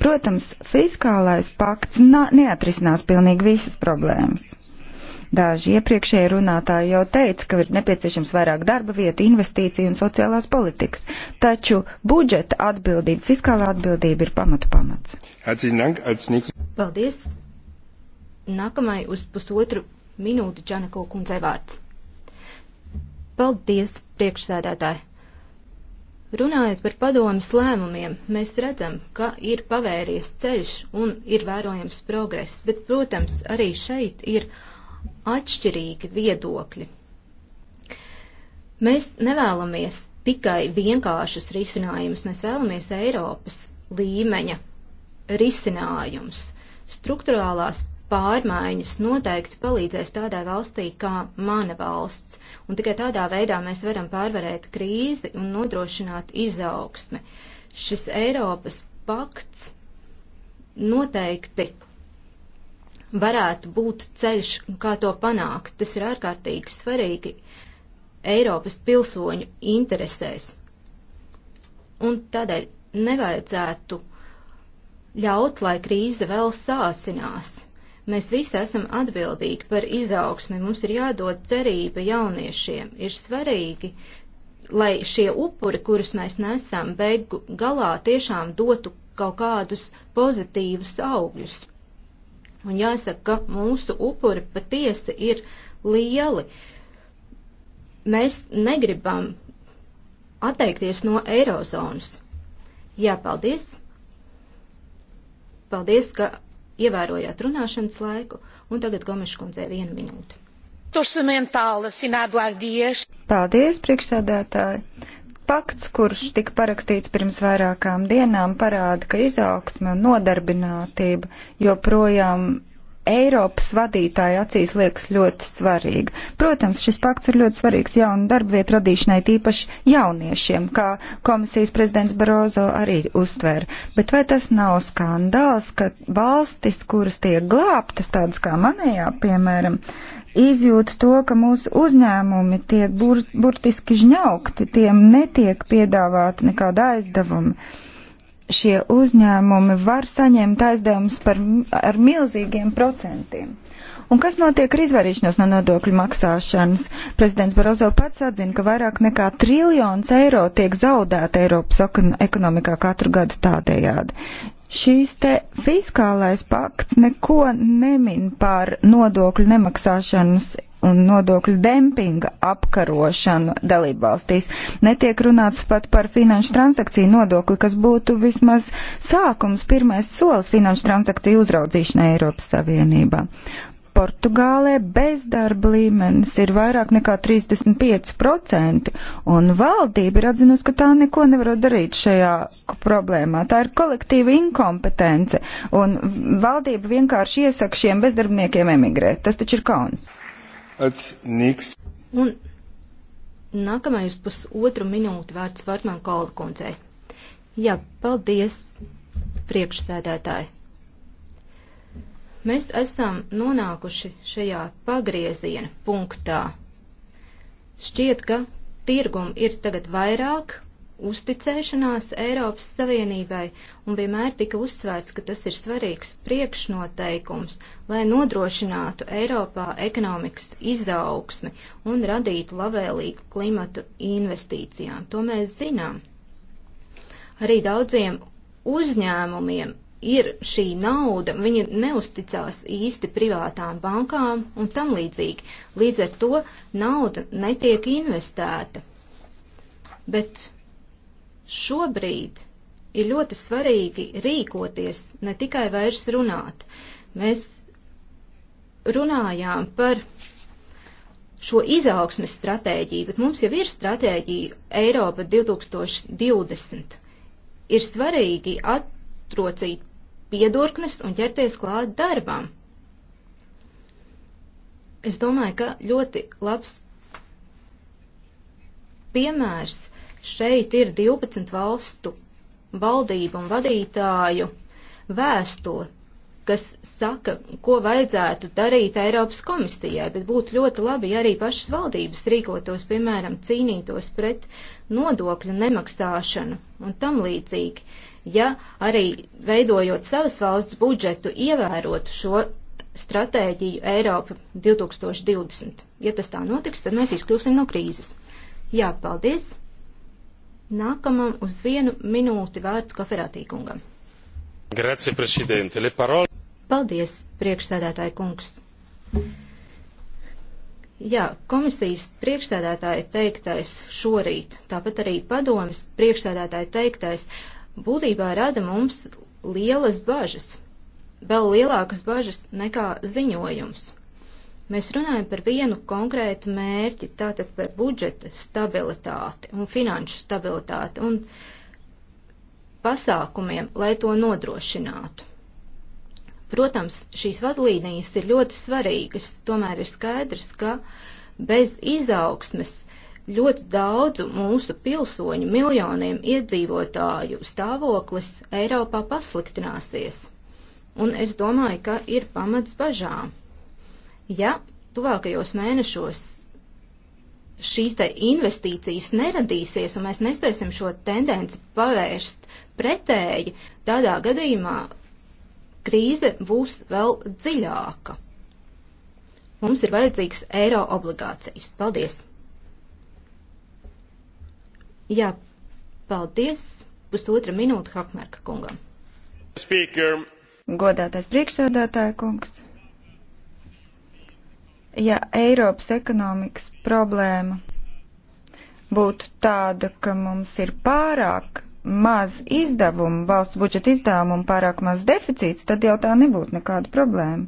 Protams, fiskālais pakts neatrisinās pilnīgi visas problēmas. Daži iepriekšēji runātāji jau teica, ka ir nepieciešams vairāk darba vietu, investīciju un sociālās politikas, taču budžeta atbildība, fiskālā atbildība ir pamatu pamats. Paldies! Nākamai uz pusotru minūti Čanako kundzei vārds. Paldies, priekšsēdētāji! Runājot par padomas lēmumiem, mēs redzam, ka ir pavēries ceļš un ir vērojams progress, bet, protams, arī šeit ir atšķirīgi viedokļi. Mēs nevēlamies tikai vienkāršus risinājumus, mēs vēlamies Eiropas līmeņa risinājumus. Struktūrālās pārmaiņas noteikti palīdzēs tādai valstī kā mana valsts, un tikai tādā veidā mēs varam pārvarēt krīzi un nodrošināt izaugsmi. Šis Eiropas pakts noteikti varētu būt ceļš, kā to panākt. Tas ir ārkārtīgi svarīgi Eiropas pilsoņu interesēs. Un tādēļ nevajadzētu ļaut, lai krīze vēl sāsinās. Mēs visi esam atbildīgi par izaugsmi, mums ir jādod cerība jauniešiem. Ir svarīgi, lai šie upuri, kurus mēs nesam, beigu galā tiešām dotu kaut kādus pozitīvus augļus. Un jāsaka, ka mūsu upuri patiesi ir lieli. Mēs negribam atteikties no eirozonas. Jā, paldies! Paldies, ka ievērojāt runāšanas laiku, un tagad Gomeša kundzei viena minūte. Paldies, priekšsēdētāji! Pakts, kurš tika parakstīts pirms vairākām dienām, parāda, ka izaugsme un nodarbinātība joprojām Eiropas vadītāja acīs liekas ļoti svarīga. Protams, šis pakts ir ļoti svarīgs jaunu darba vietu radīšanai, tīpaši jauniešiem, kā komisijas prezidents Barozo arī uztver. Bet vai tas nav skandāls, ka valstis, kuras tiek glābtas, tādas kā manējā, piemēram, izjūt to, ka mūsu uzņēmumi tiek bur burtiski žņaukti, tiem netiek piedāvāti nekāda aizdevuma? šie uzņēmumi var saņemt aizdevumus ar milzīgiem procentiem. Un kas notiek ar izvairīšanos no nodokļu maksāšanas? Prezidents Barozo pats atzina, ka vairāk nekā triljons eiro tiek zaudēta Eiropas ekonomikā katru gadu tādējādi. Šīs te fiskālais pakts neko nemin par nodokļu nemaksāšanas un nodokļu dempinga apkarošanu dalībvalstīs. Netiek runāts pat par finanšu transakciju nodokli, kas būtu vismaz sākums, pirmais solis finanšu transakciju uzraudzīšanai Eiropas Savienībā. Portugālē bezdarba līmenis ir vairāk nekā 35%, un valdība ir atzinusi, ka tā neko nevar darīt šajā problēmā. Tā ir kolektīva inkompetence, un valdība vienkārši iesaka šiem bezdarbniekiem emigrēt. Tas taču ir kauns. Un nākamais pusotru minūtu vārds Vartman Kola kundzei. Jā, paldies, priekšsēdētāji. Mēs esam nonākuši šajā pagrieziena punktā. Šķiet, ka tirgum ir tagad vairāk uzticēšanās Eiropas Savienībai, un vienmēr tika uzsvērts, ka tas ir svarīgs priekšnoteikums, lai nodrošinātu Eiropā ekonomikas izaugsmi un radītu labvēlīgu klimatu investīcijām. To mēs zinām. Arī daudziem uzņēmumiem ir šī nauda, viņi neusticās īsti privātām bankām un tam līdzīgi. Līdz ar to nauda netiek investēta. Bet Šobrīd ir ļoti svarīgi rīkoties, ne tikai vairs runāt. Mēs runājām par šo izaugsmes stratēģiju, bet mums jau ir stratēģija Eiropa 2020. Ir svarīgi atrocīt piedurknes un ķerties klāt darbām. Es domāju, ka ļoti labs piemērs Šeit ir 12 valstu valdību un vadītāju vēstule, kas saka, ko vajadzētu darīt Eiropas komisijai, bet būtu ļoti labi, ja arī pašas valdības rīkotos, piemēram, cīnītos pret nodokļu nemaksāšanu un tam līdzīgi, ja arī veidojot savas valsts budžetu ievērotu šo stratēģiju Eiropa 2020. Ja tas tā notiks, tad mēs izkļūsim no krīzes. Jā, paldies! Nākamam uz vienu minūti vārds koferātīkungam. Grazie, prezidente. Le parole. Paldies, priekšsēdētāji kungs. Jā, komisijas priekšsēdētāja teiktais šorīt, tāpat arī padomas priekšsēdētāja teiktais, būtībā rada mums lielas bažas, vēl lielākas bažas nekā ziņojums. Mēs runājam par vienu konkrētu mērķi, tātad par budžeta stabilitāti un finanšu stabilitāti un pasākumiem, lai to nodrošinātu. Protams, šīs vadlīnijas ir ļoti svarīgas, tomēr ir skaidrs, ka bez izaugsmes ļoti daudzu mūsu pilsoņu miljoniem iedzīvotāju stāvoklis Eiropā pasliktināsies. Un es domāju, ka ir pamats bažām. Ja tuvākajos mēnešos šīs te investīcijas neradīsies un mēs nespēsim šo tendenci pavērst pretēji, tādā gadījumā krīze būs vēl dziļāka. Mums ir vajadzīgs eiro obligācijas. Paldies! Jā, paldies! Pusotra minūte Hakmerka kungam. Speaker. Godātais priekšsēdētāja kungs ja Eiropas ekonomikas problēma būtu tāda, ka mums ir pārāk maz izdevumu, valsts budžeta izdevumu un pārāk maz deficīts, tad jau tā nebūtu nekāda problēma.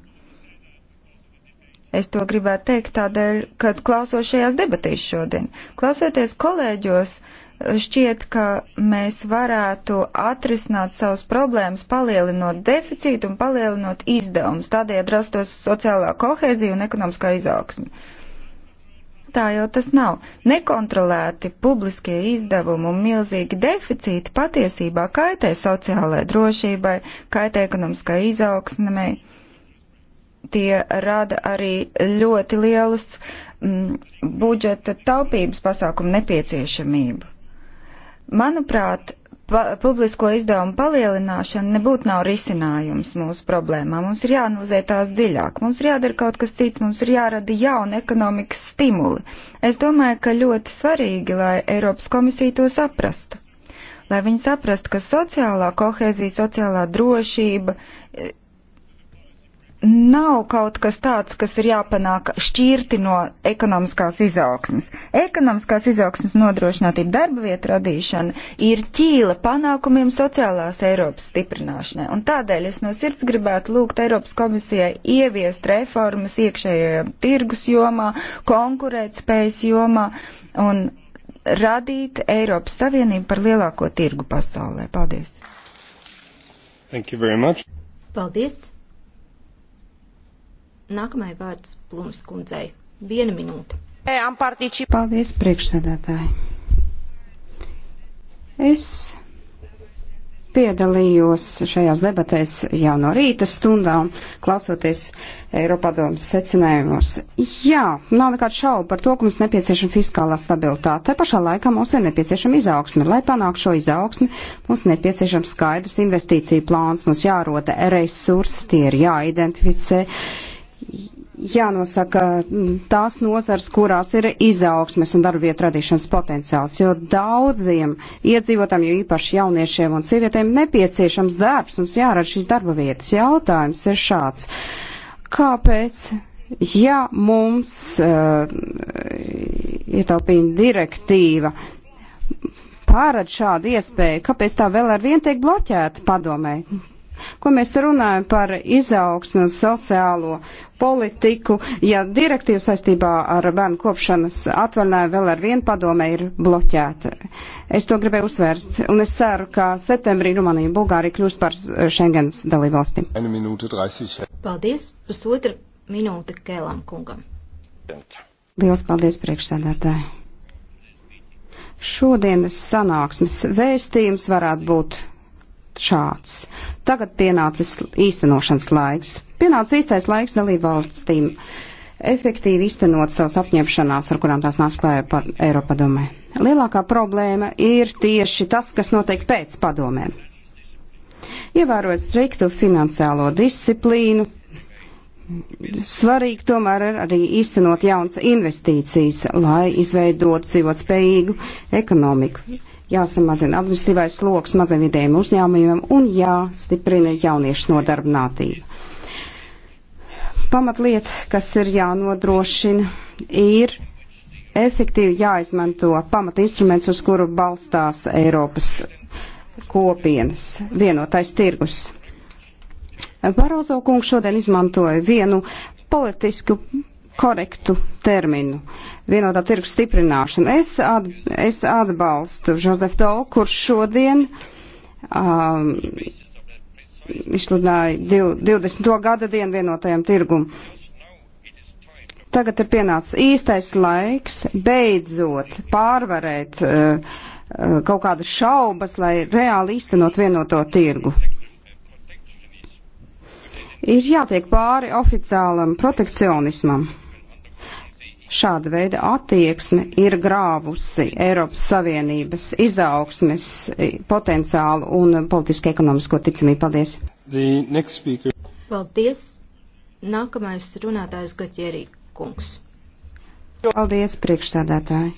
Es to gribētu teikt tādēļ, kad klausos šajās debatīs šodien. Klausoties kolēģos, uh, šķiet, ka mēs varētu atrisināt savas problēmas, palielinot deficītu un palielinot izdevumus. Tādējādi rastos sociālā kohēzija un ekonomiskā izaugsme. Tā jau tas nav. Nekontrolēti publiskie izdevumi un milzīgi deficīti patiesībā kaitē sociālai drošībai, kaitē ekonomiskai izaugsmai. Tie rada arī ļoti lielus mm, budžeta taupības pasākumu nepieciešamību Manuprāt, pa, publisko izdevumu palielināšana nebūtu nav risinājums mūsu problēmām. Mums ir jāanalizē tās dziļāk, mums ir jādara kaut kas cits, mums ir jārada jauni ekonomikas stimuli. Es domāju, ka ļoti svarīgi, lai Eiropas komisija to saprastu. Lai viņi saprastu, ka sociālā kohēzija, sociālā drošība nav kaut kas tāds, kas ir jāpanāk šķirti no ekonomiskās izaugsmas. Ekonomiskās izaugsmas nodrošinātība, darba vietu radīšana ir ķīla panākumiem sociālās Eiropas stiprināšanai. Un tādēļ es no sirds gribētu lūgt Eiropas komisijai ieviest reformas iekšējā tirgus jomā, konkurētspējas jomā un radīt Eiropas Savienību par lielāko tirgu pasaulē. Paldies! Thank you very much. Paldies! Nākamajai vārds Plums kundzei. Viena minūte. E, Paldies, priekšsēdētāji. Es piedalījos šajās debatēs jau no rīta stundām, klausoties Eiropadomas secinājumos. Jā, nav nekāds šaubu par to, ka mums nepieciešama fiskālā stabilitāte. Te pašā laikā mums ir nepieciešama izaugsme. Lai panāktu šo izaugsmi, mums nepieciešams skaidrs investīciju plāns, mums jārota resursi, tie ir jāidentificē jānosaka mm, tās nozars, kurās ir izaugsmes un darbvietu radīšanas potenciāls, jo daudziem iedzīvotām, jo īpaši jauniešiem un sievietēm nepieciešams darbs, mums jārada šīs darba vietas. Jautājums ir šāds. Kāpēc? Ja mums uh, ietaupījuma direktīva pārad šādu iespēju, kāpēc tā vēl ar vien tiek bloķēta padomē? Ko mēs runājam par izaugsmu un sociālo politiku, ja direktīva saistībā ar bērnu kopšanas atvaļinājumu vēl ar vienu padomē ir bloķēta? Es to gribēju uzsvērt, un es ceru, ka septembrī Rumānija un Bulgārija kļūs par Schengens dalībvalsti. Paldies, pusotra minūte Kēlam kungam. Liels paldies, priekšsēdētāji! šodienas sanāksmes vēstījums varētu būt šāds. Tagad pienācis īstenošanas laiks. Pienācis īstais laiks dalībvalstīm efektīvi iztenot savas apņemšanās, ar kurām tās nāks klājā pa Eiropadomē. Lielākā problēma ir tieši tas, kas notiek pēc padomēm. Ievērojot striktu finansiālo disciplīnu, svarīgi tomēr ir arī īstenot jaunas investīcijas, lai izveidot dzīvot spējīgu ekonomiku jāsamazina administratīvais sloks maziem vidējiem uzņēmumiem un jāstiprina jauniešu nodarbinātība. Pamatlieta, kas ir jānodrošina, ir efektīvi jāizmanto pamat instruments, uz kuru balstās Eiropas kopienas vienotais tirgus. Barozo kungs šodien izmantoja vienu politisku korektu terminu. Vienotā tirgus stiprināšana. Es, at, es atbalstu Žozefu Tolu, kurš šodien um, izsludināja div, 20. gada dienu vienotajam tirgum. Tagad ir pienācis īstais laiks beidzot pārvarēt uh, uh, kaut kādas šaubas, lai reāli īstenot vienoto tirgu ir jātiek pāri oficiālam protekcionismam. Šāda veida attieksme ir grāvusi Eiropas Savienības izaugsmes potenciālu un politiski ekonomisko ticamību. Paldies! Paldies! Nākamais runātājs Gaķierī kungs. Paldies, priekšsēdētāji!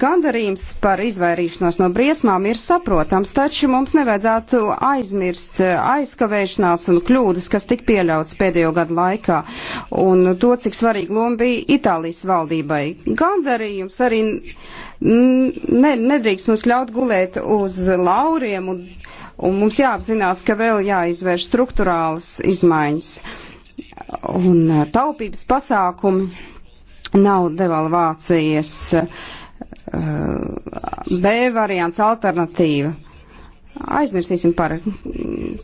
Gandarījums par izvairīšanos no briesmām ir saprotams, taču mums nevajadzētu aizmirst eh, aizkavēšanās un kļūdas, kas tik pieļauts pēdējo gadu laikā, un to, cik svarīgi loma bija Itālijas valdībai. Gandarījums arī ne, nedrīkst mums ļaut gulēt uz lauriem, un, un mums jāapzinās, ka vēl jāizvērš struktūrālas izmaiņas un eh, taupības pasākumi nav devalvācijas. Uh, Eh, B variants alternatīva. Aizmirsīsim par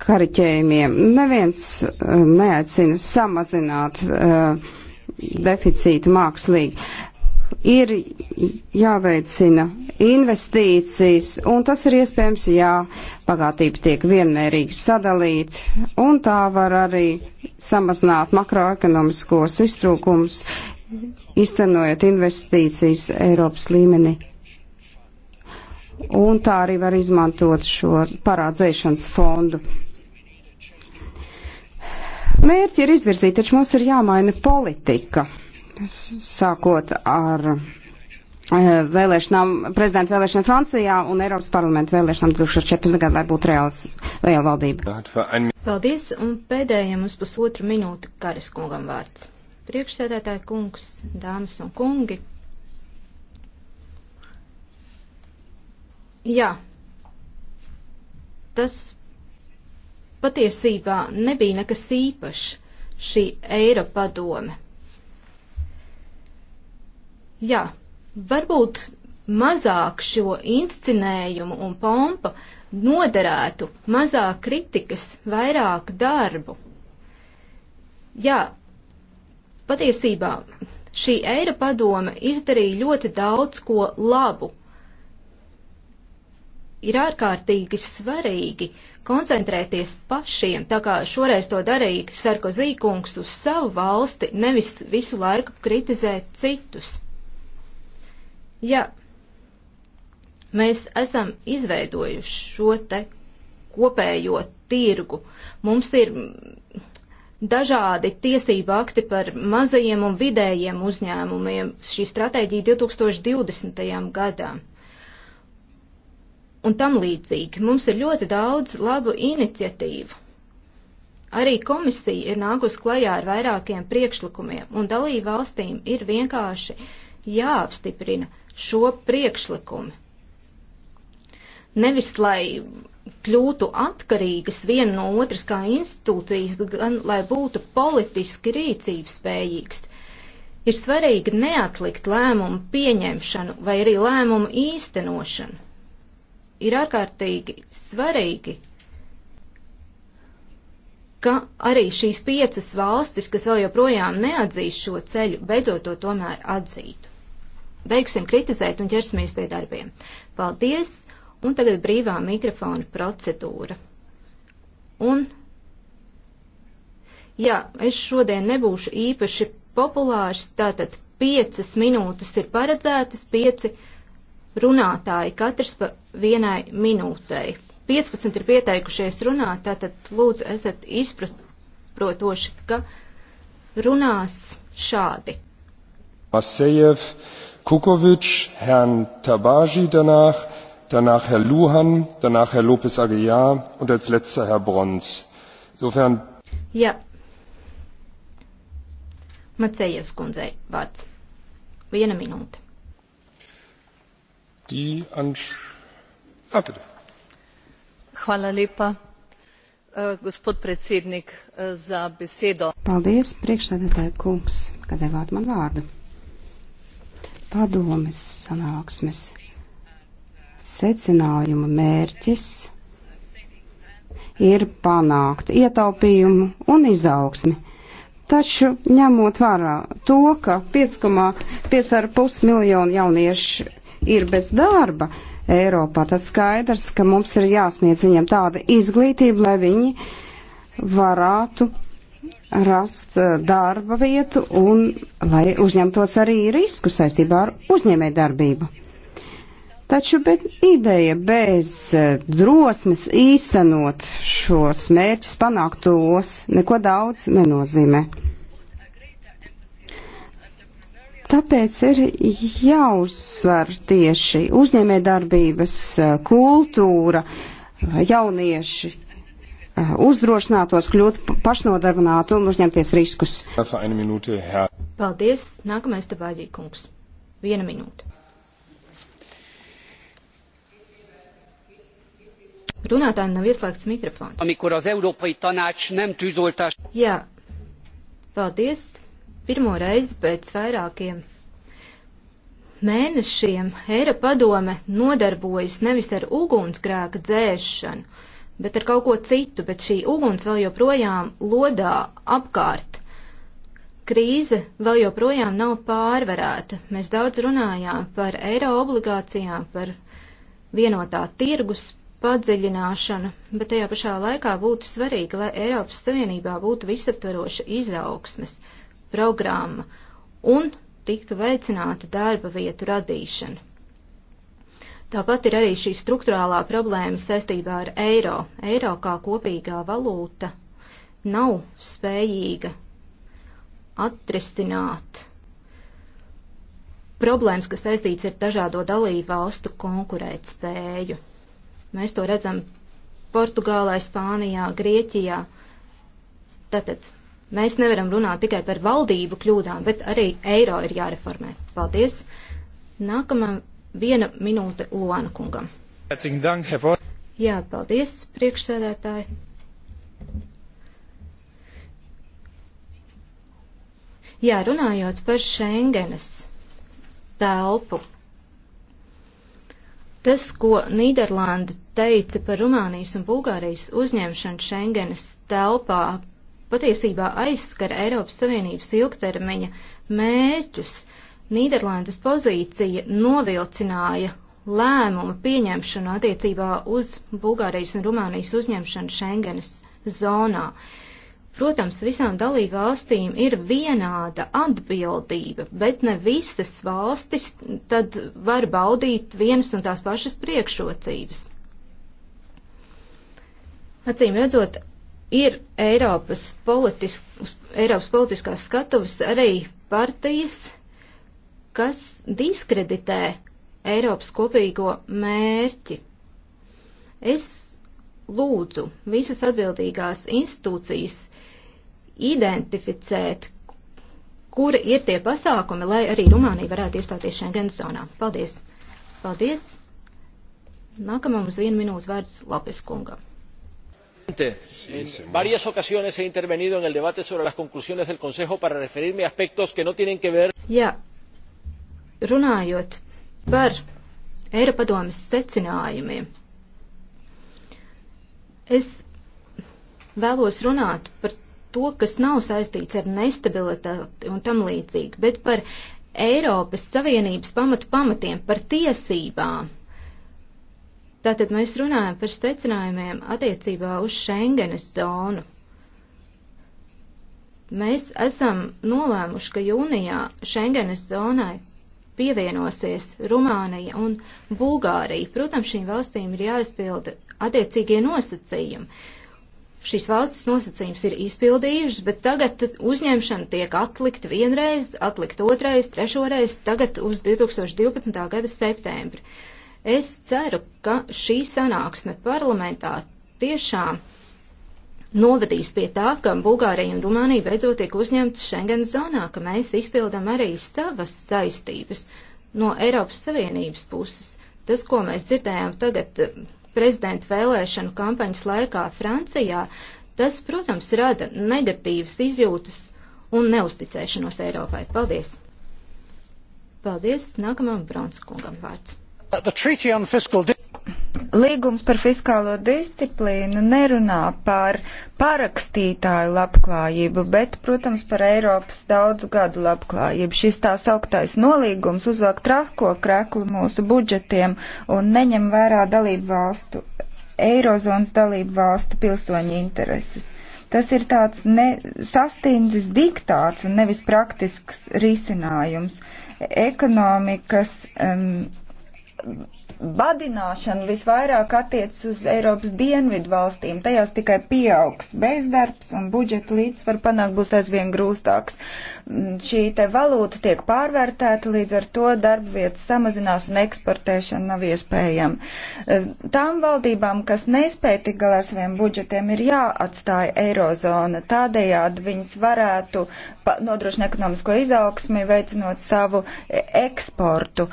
kariķējumiem. Neviens eh, neaicina samazināt uh, deficītu mākslīgi. Ir jāveicina investīcijas, un tas ir iespējams, ja pagātība tiek vienmērīgi sadalīta, un tā var arī samazināt makroekonomiskos iztrūkums, iztenojot investīcijas Eiropas līmenī. Un tā arī var izmantot šo parādzēšanas fondu. Mērķi ir izvirzīti, taču mums ir jāmaina politika, sākot ar eh, vēlēšanām, prezidenta vēlēšanām Francijā un Eiropas parlamenta vēlēšanām 2014. gadā, lai būtu reāls, reāla valdība. Paldies, un pēdējiem uz pusotru minūti Karis kungam vārds. Priekšsēdētāji kungs, dāmas un kungi. Jā, tas patiesībā nebija nekas īpašs šī Eiropadome. Jā, varbūt mazāk šo inscenējumu un pompu noderētu, mazāk kritikas, vairāk darbu. Jā, Patiesībā šī eira padome izdarīja ļoti daudz ko labu. Ir ārkārtīgi svarīgi koncentrēties pašiem, tā kā šoreiz to darīja Sarkozī kungs uz savu valsti, nevis visu laiku kritizēt citus. Ja mēs esam izveidojuši šo te kopējo tirgu, mums ir dažādi tiesība akti par mazajiem un vidējiem uzņēmumiem, šī stratēģija 2020. gadam. Un tam līdzīgi mums ir ļoti daudz labu iniciatīvu. Arī komisija ir nākus klajā ar vairākiem priekšlikumiem, un dalību valstīm ir vienkārši jāapstiprina šo priekšlikumu. Nevis, lai kļūtu atkarīgas viena no otras kā institūcijas, bet gan lai būtu politiski rīcības spējīgs. Ir svarīgi neatlikt lēmumu pieņemšanu vai arī lēmumu īstenošanu. Ir ārkārtīgi svarīgi, ka arī šīs piecas valstis, kas vēl joprojām neatzīst šo ceļu, beidzot to tomēr atzītu. Beigsim kritizēt un ķersimies pie darbiem. Paldies! Un tagad brīvā mikrofona procedūra. Un, jā, es šodien nebūšu īpaši populārs, tātad piecas minūtes ir paredzētas, pieci runātāji, katrs pa vienai minūtei. 15 ir pieteikušies runāt, tātad lūdzu esat izprotoši, ka runās šādi. Masejev, Kukovič, Herrn Tabaži danach, danach Herr Luhan, danach Herr Lopez Aguilar und als letzter Herr Brons. Insofern. Ja. Macejevs kundzei vārds. Viena minūte. Die anš... Ah, bitte. Hvala lepa, eh, gospod predsednik, eh, za besedo. Paldies, priekšsēdētāji kungs, ka devāt man vārdu. Padomes sanāksmes secinājuma mērķis ir panākt ietaupījumu un izaugsmi. Taču ņemot vērā to, ka 5,5 miljonu jauniešu ir bez darba Eiropā, tas skaidrs, ka mums ir jāsniedz viņiem tāda izglītība, lai viņi varētu rast eh, darba vietu un lai uzņemtos arī risku saistībā ar uzņēmē darbību. Taču ideja bez eh, drosmes īstenot šos mērķus, panākt tos, neko daudz nenozīmē. Tāpēc ir jāuzsver tieši uzņēmē darbības eh, kultūra, eh, jaunieši uzdrošinātos kļūt pašnodarbināti un uzņemties riskus. Paldies. Nākamais tevāģī kungs. Viena minūte. Runātājiem nav ieslēgts mikrofons. Amikor az Európai Tanács nem tűzoltás. Jā, paldies. Pirmo reizi pēc vairākiem mēnešiem Eiropa padome nodarbojas nevis ar ugunsgrēka dzēšanu, bet ar kaut ko citu, bet šī uguns vēl joprojām lodā apkārt. Krīze vēl joprojām nav pārvarēta. Mēs daudz runājām par eiro obligācijām, par vienotā tirgus padziļināšanu, bet tajā pašā laikā būtu svarīgi, lai Eiropas Savienībā būtu visaptvaroša izaugsmes programma un tiktu veicināta darba vietu radīšana. Tāpat ir arī šī struktūrālā problēma saistībā ar eiro. Eiro kā kopīgā valūta nav spējīga atrisināt problēmas, kas saistīts ar dažādo dalību valstu konkurētspēju. Mēs to redzam Portugālē, Spānijā, Grieķijā. Tātad mēs nevaram runāt tikai par valdību kļūdām, bet arī eiro ir jāreformē. Paldies! Nākamā viena minūte Luāna kungam. Jā, paldies, priekšsēdētāji. Jā, runājot par Schengenes telpu, Tas, ko Nīderlanda teica par Rumānijas un Bulgārijas uzņemšanu Schengenes telpā, patiesībā aizskar Eiropas Savienības ilgtermiņa mērķus. Nīderlandes pozīcija novilcināja lēmumu pieņemšanu attiecībā uz Bulgārijas un Rumānijas uzņemšanu Schengenes zonā. Uh, Protams, visām dalību valstīm ir vienāda atbildība, bet ne visas valstis tad var baudīt vienas un tās pašas priekšrocības. Acīm redzot, ir Eiropas, politisk, Eiropas politiskās skatuves arī partijas, kas diskreditē Eiropas kopīgo mērķi. Es lūdzu visas atbildīgās institūcijas identificēt, kuri ir tie pasākumi, lai arī Rumānija varētu iestāties Schengen zonā. Paldies! Paldies! Nākamā mums viena minūte vārds Lapis kungam. En varias ocasiones he intervenido en el debate sobre las conclusiones del Consejo para referirme a aspectos que no tienen que ver. Jā, runājot par Eiropadomes secinājumiem, es vēlos runāt par to, kas nav saistīts ar nestabilitāti un tam līdzīgi, bet par Eiropas Savienības pamatu pamatiem, par tiesībām. Tātad mēs runājam par secinājumiem attiecībā uz Schengenes zonu. Mēs esam nolēmuši, ka jūnijā Schengenes zonai pievienosies Rumānija un Bulgārija. Protams, šīm valstīm ir jāizpilda attiecīgie nosacījumi šīs valstis nosacījums ir izpildījušas, bet tagad uzņemšana tiek atlikta vienreiz, atlikta otrais, trešoreiz, tagad uz 2012. gada septembri. Es ceru, ka šī sanāksme parlamentā tiešām novedīs pie tā, ka Bulgārija un Rumānija beidzot tiek uzņemtas Schengen zonā, ka mēs izpildam arī savas saistības no Eiropas Savienības puses. Tas, ko mēs dzirdējām tagad prezidenta vēlēšanu kampaņas laikā Francijā, tas, protams, rada negatīvas izjūtas un neusticēšanos Eiropai. Paldies! Paldies! Nākamajam Bronskungam vārds. Līgums par fiskālo disciplīnu nerunā par parakstītāju labklājību, bet, protams, par Eiropas daudzu gadu labklājību. Šis tā sauktais nolīgums uzvelk trako kreklu mūsu budžetiem un neņem vērā dalību valstu, Eirozonas dalību valstu pilsoņu intereses tas ir tāds sastindzis diktāts un nevis praktisks risinājums. Ekonomikas um, badināšana visvairāk attiecas uz Eiropas dienvidu valstīm. Tajās tikai pieaugs bezdarbs un budžeta līdzsvar panākt būs aizvien grūstāks. Mm, šī te valūta tiek pārvērtēta, līdz ar to darba vietas samazinās un eksportēšana nav iespējama. E, tām valdībām, kas nespēja tik galā ar saviem budžetiem, ir jāatstāja eirozona. Tādējādi viņas varētu nodrošina ekonomisko izaugsmi, veicinot savu e, eksportu.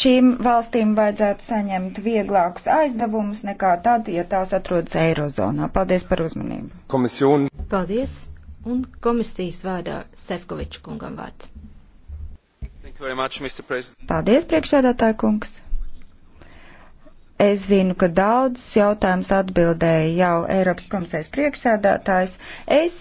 Šīm valstīm vajadzētu saņemt vieglākus aizdevumus nekā tad, ja tās atrodas Eirozonā. Paldies par uzmanību. Komisjon. Paldies. Un komisijas vārdā Sefkoviča kungam vārds. Much, Paldies, priekšsēdētāja kungs. Es zinu, ka daudzus jautājumus atbildēja jau Eiropas komisijas priekšsēdētājs. Es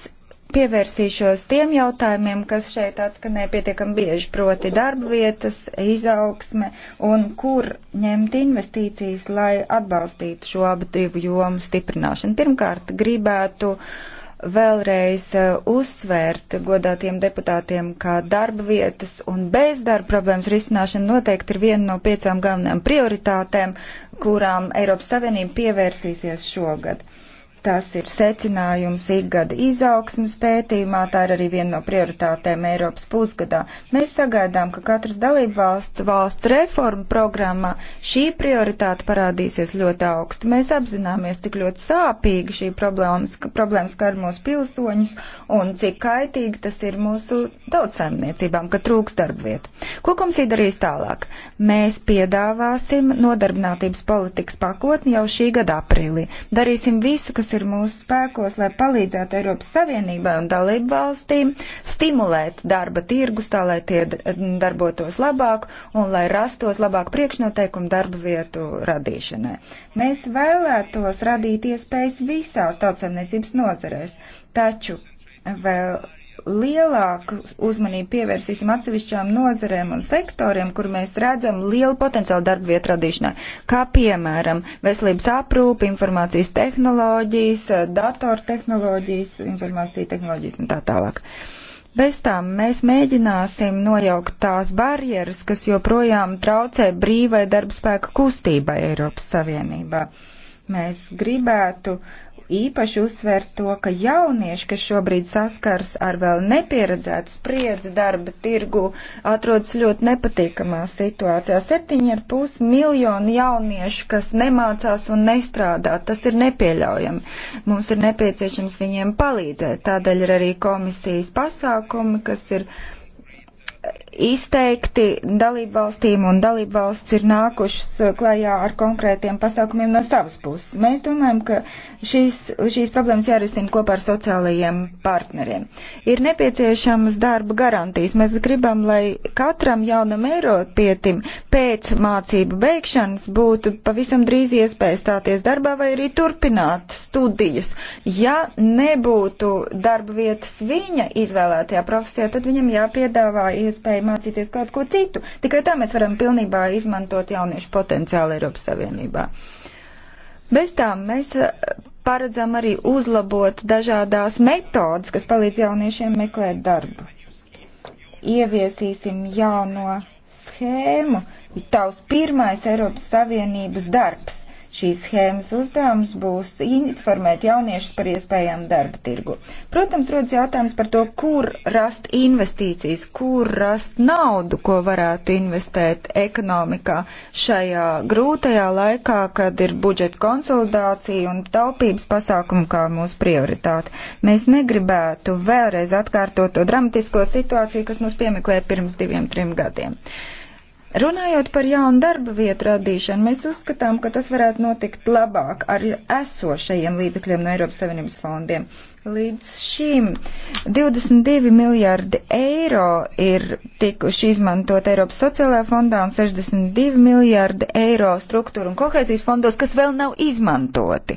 pievērsīšos tiem jautājumiem, kas šeit atskanēja pietiekami bieži, proti darba vietas, izaugsme un kur ņemt investīcijas, lai atbalstītu šo abu divu jomu stiprināšanu. Pirmkārt, gribētu vēlreiz e, uzsvērt godātiem deputātiem, ka darba vietas un bezdarba problēmas risināšana noteikti ir viena no piecām galvenajām prioritātēm, kurām Eiropas Savienība pievērsīsies šogad. Uh, Tas ir secinājums ikgada izaugsmas pētījumā, tā ir arī viena no prioritātēm Eiropas pusgadā. Mēs sagaidām, ka katras dalība valsts, valsts reforma programmā šī prioritāte parādīsies ļoti augstu. Mēs apzināmies, cik ļoti sāpīgi šī problēmas, problēmas skar mūsu pilsoņus un cik kaitīgi tas ir mūsu tautsēmniecībām, ka trūks darba vietu. Ko komisija darīs tālāk? Mēs piedāvāsim nodarbinātības politikas pakotni jau šī gada aprīlī. Darīsim visu, kas ir ir mūsu spēkos, lai palīdzētu Eiropas Savienībai un dalību valstīm stimulēt darba tirgus tā, lai tie darbotos labāk un lai rastos labāk priekšnoteikumu darba vietu radīšanai. Mēs vēlētos radīt iespējas visās tautsaimniecības nozarēs, taču vēl lielāku uzmanību pievērsīsim atsevišķām nozarēm un sektoriem, kur mēs redzam lielu potenciālu darba vietu radīšanai, kā piemēram veselības aprūpe, informācijas tehnoloģijas, datortehnoloģijas, informācija tehnoloģijas un tā tālāk. Bez tām mēs mēģināsim nojaukt tās barjeras, kas joprojām traucē brīvai darba spēka kustībai Eiropas Savienībā. Mēs gribētu uh, īpaši uzsver to, ka jaunieši, kas šobrīd saskars ar vēl nepieredzētu spriedzi darba tirgu, atrodas ļoti nepatīkamā situācijā. 7,5 miljonu jauniešu, kas nemācās un nestrādā, tas ir nepieļaujami. Mums ir nepieciešams viņiem palīdzēt. Tādēļ ir arī komisijas pasākumi, kas ir izteikti dalībvalstīm un dalībvalsts ir nākušas uh, klajā ar konkrētiem pasākumiem no savas puses. Mēs domājam, ka šīs, šīs problēmas jārisina kopā ar sociālajiem partneriem. Ir nepieciešamas darba garantijas. Mēs gribam, lai katram jaunam eiropietim pēc mācību beigšanas būtu pavisam drīz iespēja stāties darbā vai arī turpināt studijas. Ja nebūtu darba vietas viņa izvēlētajā profesijā, tad viņam jāpiedāvā iespēja mācīties kaut ko citu. Tikai tā mēs varam pilnībā izmantot jauniešu potenciālu Eiropas Savienībā. Bez tām mēs eh, paredzam arī uzlabot dažādās metodas, kas palīdz jauniešiem meklēt darbu. Ieviesīsim jauno schēmu, tavs pirmais Eiropas Savienības darbs Šīs schēmas uzdevums būs informēt jauniešus par iespējām darba tirgu. Protams, rodas jautājums par to, kur rast investīcijas, kur rast naudu, ko varētu investēt ekonomikā šajā grūtajā laikā, kad ir budžeta konsolidācija un taupības pasākumu kā mūsu prioritāte. Mēs negribētu vēlreiz atkārtot to dramatisko situāciju, kas mums piemeklē pirms diviem, trim gadiem. Uh, Runājot par jaunu darba vietu radīšanu, mēs uzskatām, ka tas varētu notikt labāk ar esošajiem līdzekļiem no Eiropas Savienības fondiem. Līdz šim 22 miljārdi eiro ir tikuši izmantot Eiropas sociālajā fondā un 62 miljārdi eiro struktūra un kohēzijas fondos, kas vēl nav izmantoti.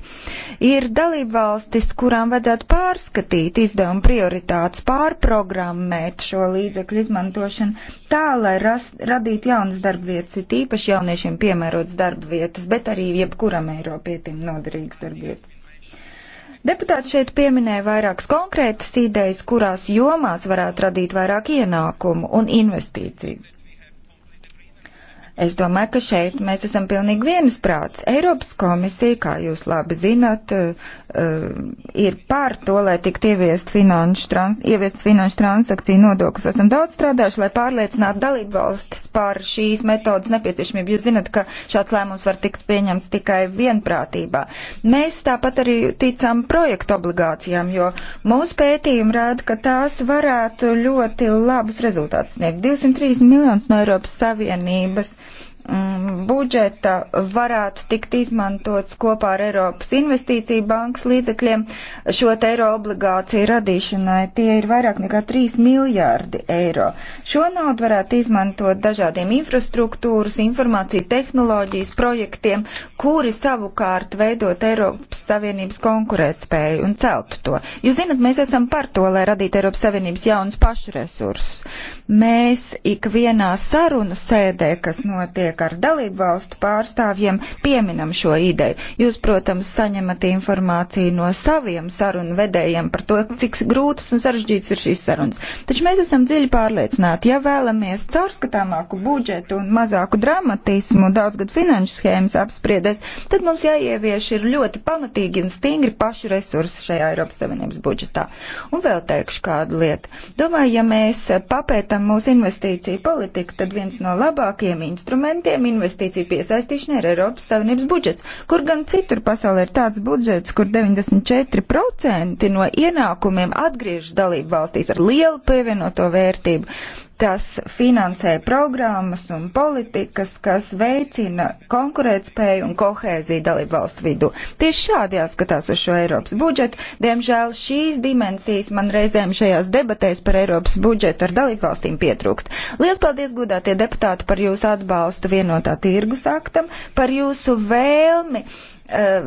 Ir dalībvalstis, kurām vajadzētu pārskatīt izdevumu prioritātes, pārprogrammēt šo līdzekļu izmantošanu tā, lai ras, radītu jaunas darbvietas, ir tīpaši jauniešiem piemērotas darbvietas, bet arī jebkuram Eiropietiem noderīgas darbvietas. Deputāti šeit pieminēja vairākas konkrētas idejas, kurās jomās varētu radīt vairāk ienākumu un investīciju. Es domāju, ka šeit mēs esam pilnīgi viensprāts. Eiropas komisija, kā jūs labi zināt, eh, ir pār to, lai tiktu ieviest finanšu, trans, ieviest finanšu transakciju nodoklis. Esam daudz strādājuši, lai pārliecinātu dalību valstis par šīs metodas nepieciešamību. Jūs zināt, ka šāds lēmums var tikt pieņemts tikai vienprātībā. Mēs tāpat arī ticam projektu obligācijām, jo mūsu pētījumi rāda, ka tās varētu ļoti labus rezultātus sniegt. 203 miljonus no Eiropas Savienības Mm, budžeta varētu tikt izmantots kopā ar Eiropas investīciju bankas līdzekļiem šo te eiro obligāciju radīšanai. Tie ir vairāk nekā 3 miljārdi eiro. Šo naudu varētu izmantot dažādiem infrastruktūras, informācija tehnoloģijas projektiem, kuri savukārt veidot Eiropas Savienības konkurētspēju un celtu to. Jūs zinat, mēs esam par to, lai radītu Eiropas Savienības jaunus pašresursus. Mēs ikvienā sarunu sēdē, kas notiek, notiek ar dalību valstu pārstāvjiem, pieminam šo ideju. Jūs, protams, saņemat informāciju no saviem sarunu vedējiem par to, cik grūtas un sarežģītas ir šīs sarunas. Taču mēs esam dziļi pārliecināti, ja vēlamies caurskatāmāku budžetu un mazāku dramatismu daudzgad finanšu schēmas apspriedēs, tad mums jāievieš ir ļoti pamatīgi un stingri pašu resursi šajā Eiropas Savienības budžetā. Un vēl teikšu kādu lietu. Domāju, ja mēs papētam mūsu investīciju politiku, tad viens no labākajiem instrumentiem, instrumentiem investīciju piesaistīšanai ir Eiropas Savienības budžets. Kur gan citur pasaulē ir tāds budžets, kur 94% no ienākumiem atgriežas dalību valstīs ar lielu pievienoto vērtību. Tas finansē programmas un politikas, kas veicina konkurētspēju un kohēziju dalību valstu vidū. Tieši šādi jāskatās uz šo Eiropas budžetu. Diemžēl šīs dimensijas man reizēm šajās debatēs par Eiropas budžetu ar dalību valstīm pietrūkst. Lielas paldies, godātie deputāti, par jūsu atbalstu vienotā tirgus aktam, par jūsu vēlmi Eh,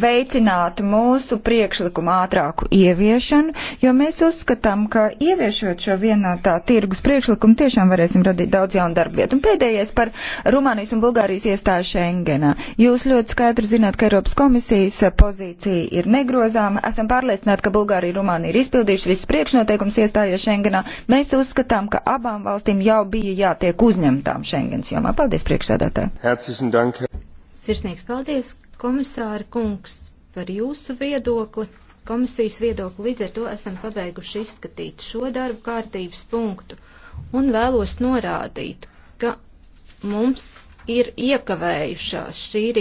veicināt mūsu priekšlikumu ātrāku ieviešanu, jo mēs uzskatām, ka ieviešot šo vienotā tirgus priekšlikumu tiešām varēsim radīt daudz jaunu darbu vietu. Un pēdējais par Rumānijas un Bulgārijas iestāju Schengenā. Jūs ļoti skaidri zināt, ka Eiropas komisijas pozīcija ir negrozāma. Esam pārliecināti, ka Bulgārija un Rumānija ir izpildījuši visus priekšnoteikumus iestājies Schengenā. Mēs uzskatām, ka abām valstīm jau bija jātiek uzņemtām Schengens jomā. Paldies, priekšsēdētāji! Sirsnīgs paldies komisāra kungs, par jūsu viedokli, komisijas viedokli. Līdz ar to esam pabeiguši izskatīt šo darbu kārtības punktu un vēlos norādīt, ka mums ir iekavējušās šī rīta.